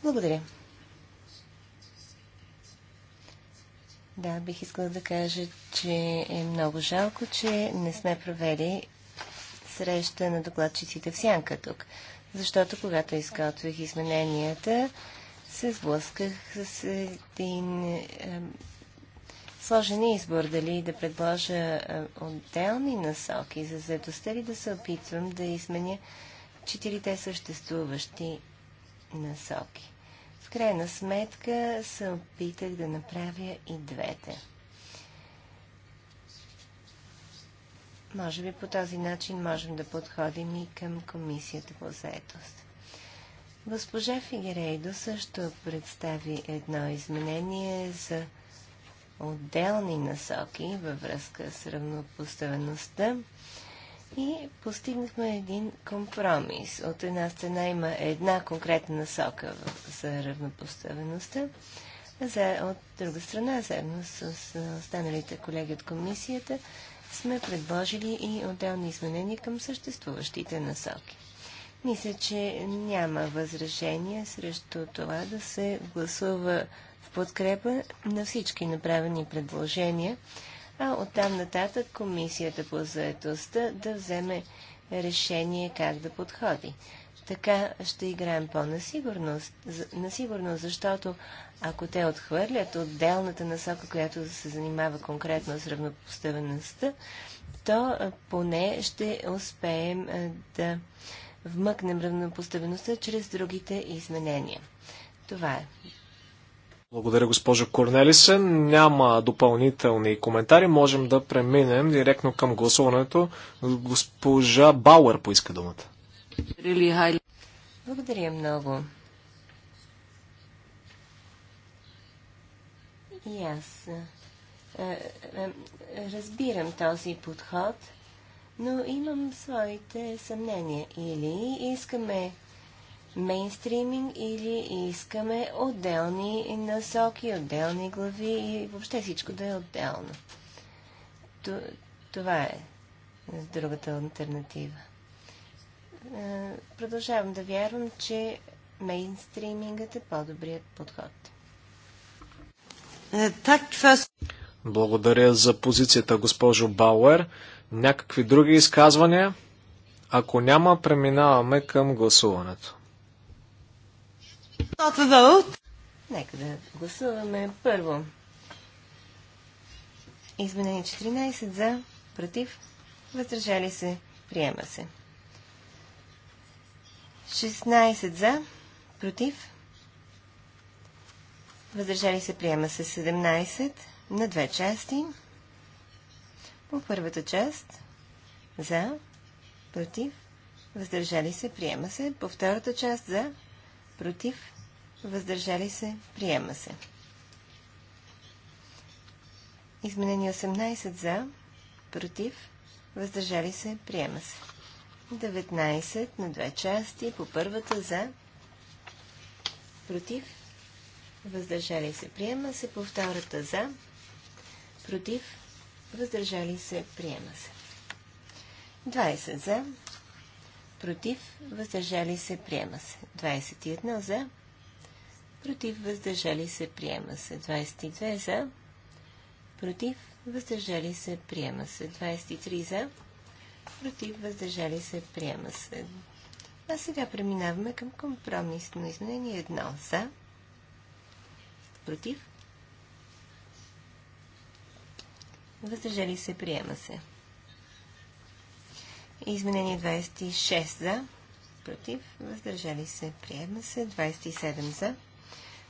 Благодаря. Да, бих искала да кажа, че е много жалко, че не сме провели среща на докладчиците в сянка тук. Защото когато изкатвах измененията, се сблъсках с един е, сложен избор дали да предложа отделни насоки за заедостта или да се опитвам да изменя четирите съществуващи насоки. В крайна сметка се опитах да направя и двете. Може би по този начин можем да подходим и към комисията по заедост. Госпожа Фигерейдо също представи едно изменение за отделни насоки във връзка с равнопоставеността и постигнахме един компромис. От една страна има една конкретна насока за равнопоставеността, а за, от друга страна, заедно с, с останалите колеги от комисията, сме предложили и отделни изменения към съществуващите насоки. Мисля, че няма възражения срещу това да се гласува подкрепа на всички направени предложения, а оттам нататък комисията по заедостта да вземе решение как да подходи. Така ще играем по-насигурност, насигурно, защото ако те отхвърлят отделната насока, която се занимава конкретно с равнопоставеността, то поне ще успеем да вмъкнем равнопоставеността чрез другите изменения. Това е. Благодаря, госпожо Корнелисен. Няма допълнителни коментари. Можем да преминем директно към гласуването. Госпожа Бауер поиска думата. Благодаря много. И аз е, е, е, разбирам този подход, но имам своите съмнения. Или искаме мейнстриминг или искаме отделни насоки, отделни глави и въобще всичко да е отделно. Това е другата альтернатива. Е, продължавам да вярвам, че мейнстримингът е по-добрият подход. Е, Благодаря за позицията, госпожо Бауер. Някакви други изказвания? Ако няма, преминаваме към гласуването. Нека да гласуваме първо. Изменение 14 за, против, въздържали се, приема се. 16 за, против, въздържали се, приема се 17 на две части. По първата част за, против, въздържали се, приема се. По втората част за, против, въздържали се, приема се. Изменение 18 за, против, въздържали се, приема се. 19 на две части, по първата за, против, въздържали се, приема се, по втората за, против, въздържали се, приема се. 20 за, против, въздържали се, приема се. 21 за, против, въздържали се, приема се. 22 за, против, въздържали се, приема се. 23 за, против, въздържали се, приема се. А сега преминаваме към компромисно изменение 1 за, против, въздържали се, приема се. Изменение 26 за, против, въздържали се, приема се, 27 за,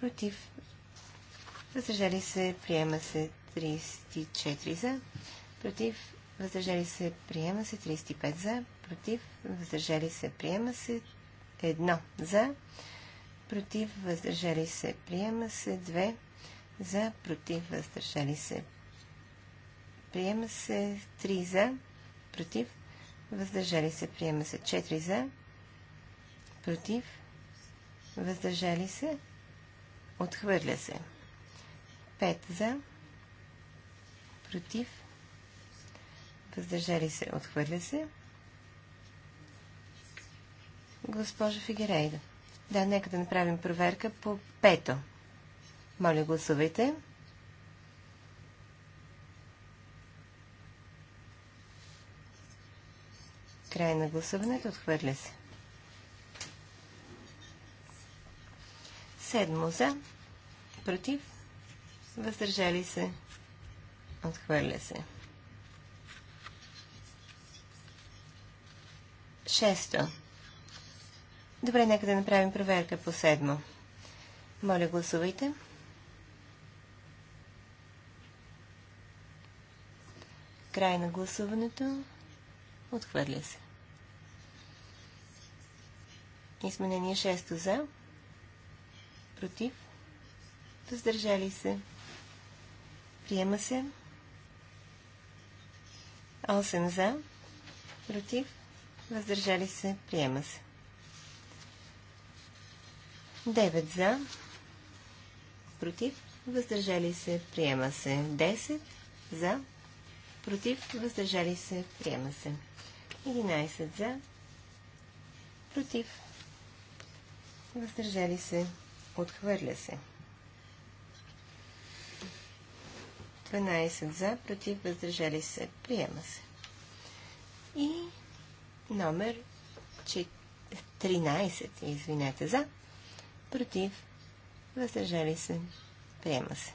против, въздържали се, приема се 34 за, против, въздържали се, приема се 35 за, против, въздържали се, приема се 1 за, против, въздържали се, приема се 2 за, против, въздържали се, приема се 3 за, против, въздържали се, приема се 4 за, против, въздържали се, Отхвърля се. 5 за. Против. Въздържали се. Отхвърля се. Госпожа Фигерейда. Да, нека да направим проверка по пето. Моля, гласувайте. Край на гласуването. Отхвърля се. Седмо за, против, въздържали се, отхвърля се. Шесто. Добре, нека да направим проверка по седмо. Моля, гласувайте. Край на гласуването. Отхвърля се. Изменение 6 за против, въздържали се, приема се. 8 за, против, въздържали се, приема се. 9 за, против, въздържали се, приема се. 10 за, против, въздържали се, приема се. 11 за, против, въздържали се, Отхвърля се. 12 за, против, въздържали се. Приема се. И номер 13, извинете, за, против, въздържали се. Приема се.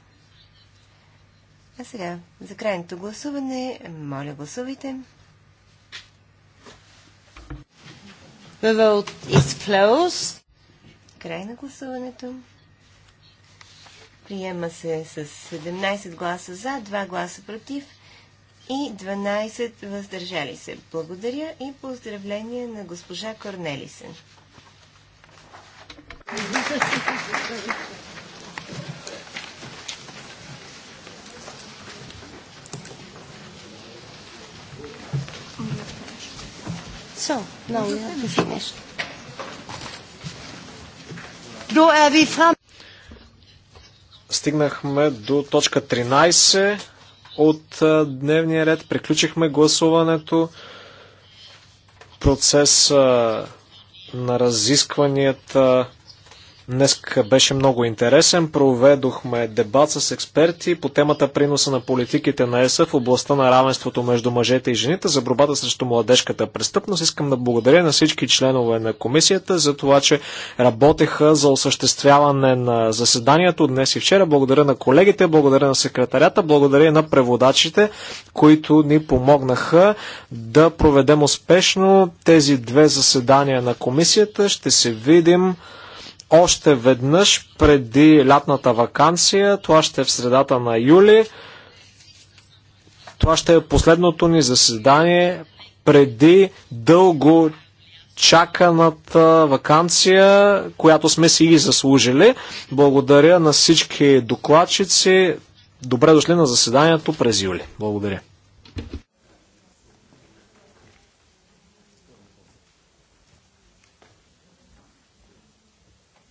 А сега, за крайното гласуване, моля гласувайте. The vote is closed. Край на гласуването. Приема се с 17 гласа за, 2 гласа против и 12 въздържали се. Благодаря и поздравления на госпожа Корнелисен. So, now we have to finish. Стигнахме до точка 13 от дневния ред. Приключихме гласуването. Процес на разискванията Днес беше много интересен. Проведохме дебат с експерти по темата приноса на политиките на ЕСА в областта на равенството между мъжете и жените за борбата срещу младежката престъпност. Искам да благодаря на всички членове на комисията за това, че работеха за осъществяване на заседанието днес и вчера. Благодаря на колегите, благодаря на секретарята, благодаря на преводачите, които ни помогнаха да проведем успешно тези две заседания на комисията. Ще се видим още веднъж преди лятната вакансия. Това ще е в средата на юли. Това ще е последното ни заседание преди дълго чаканата вакансия, която сме си и заслужили. Благодаря на всички докладчици. Добре дошли на заседанието през юли. Благодаря.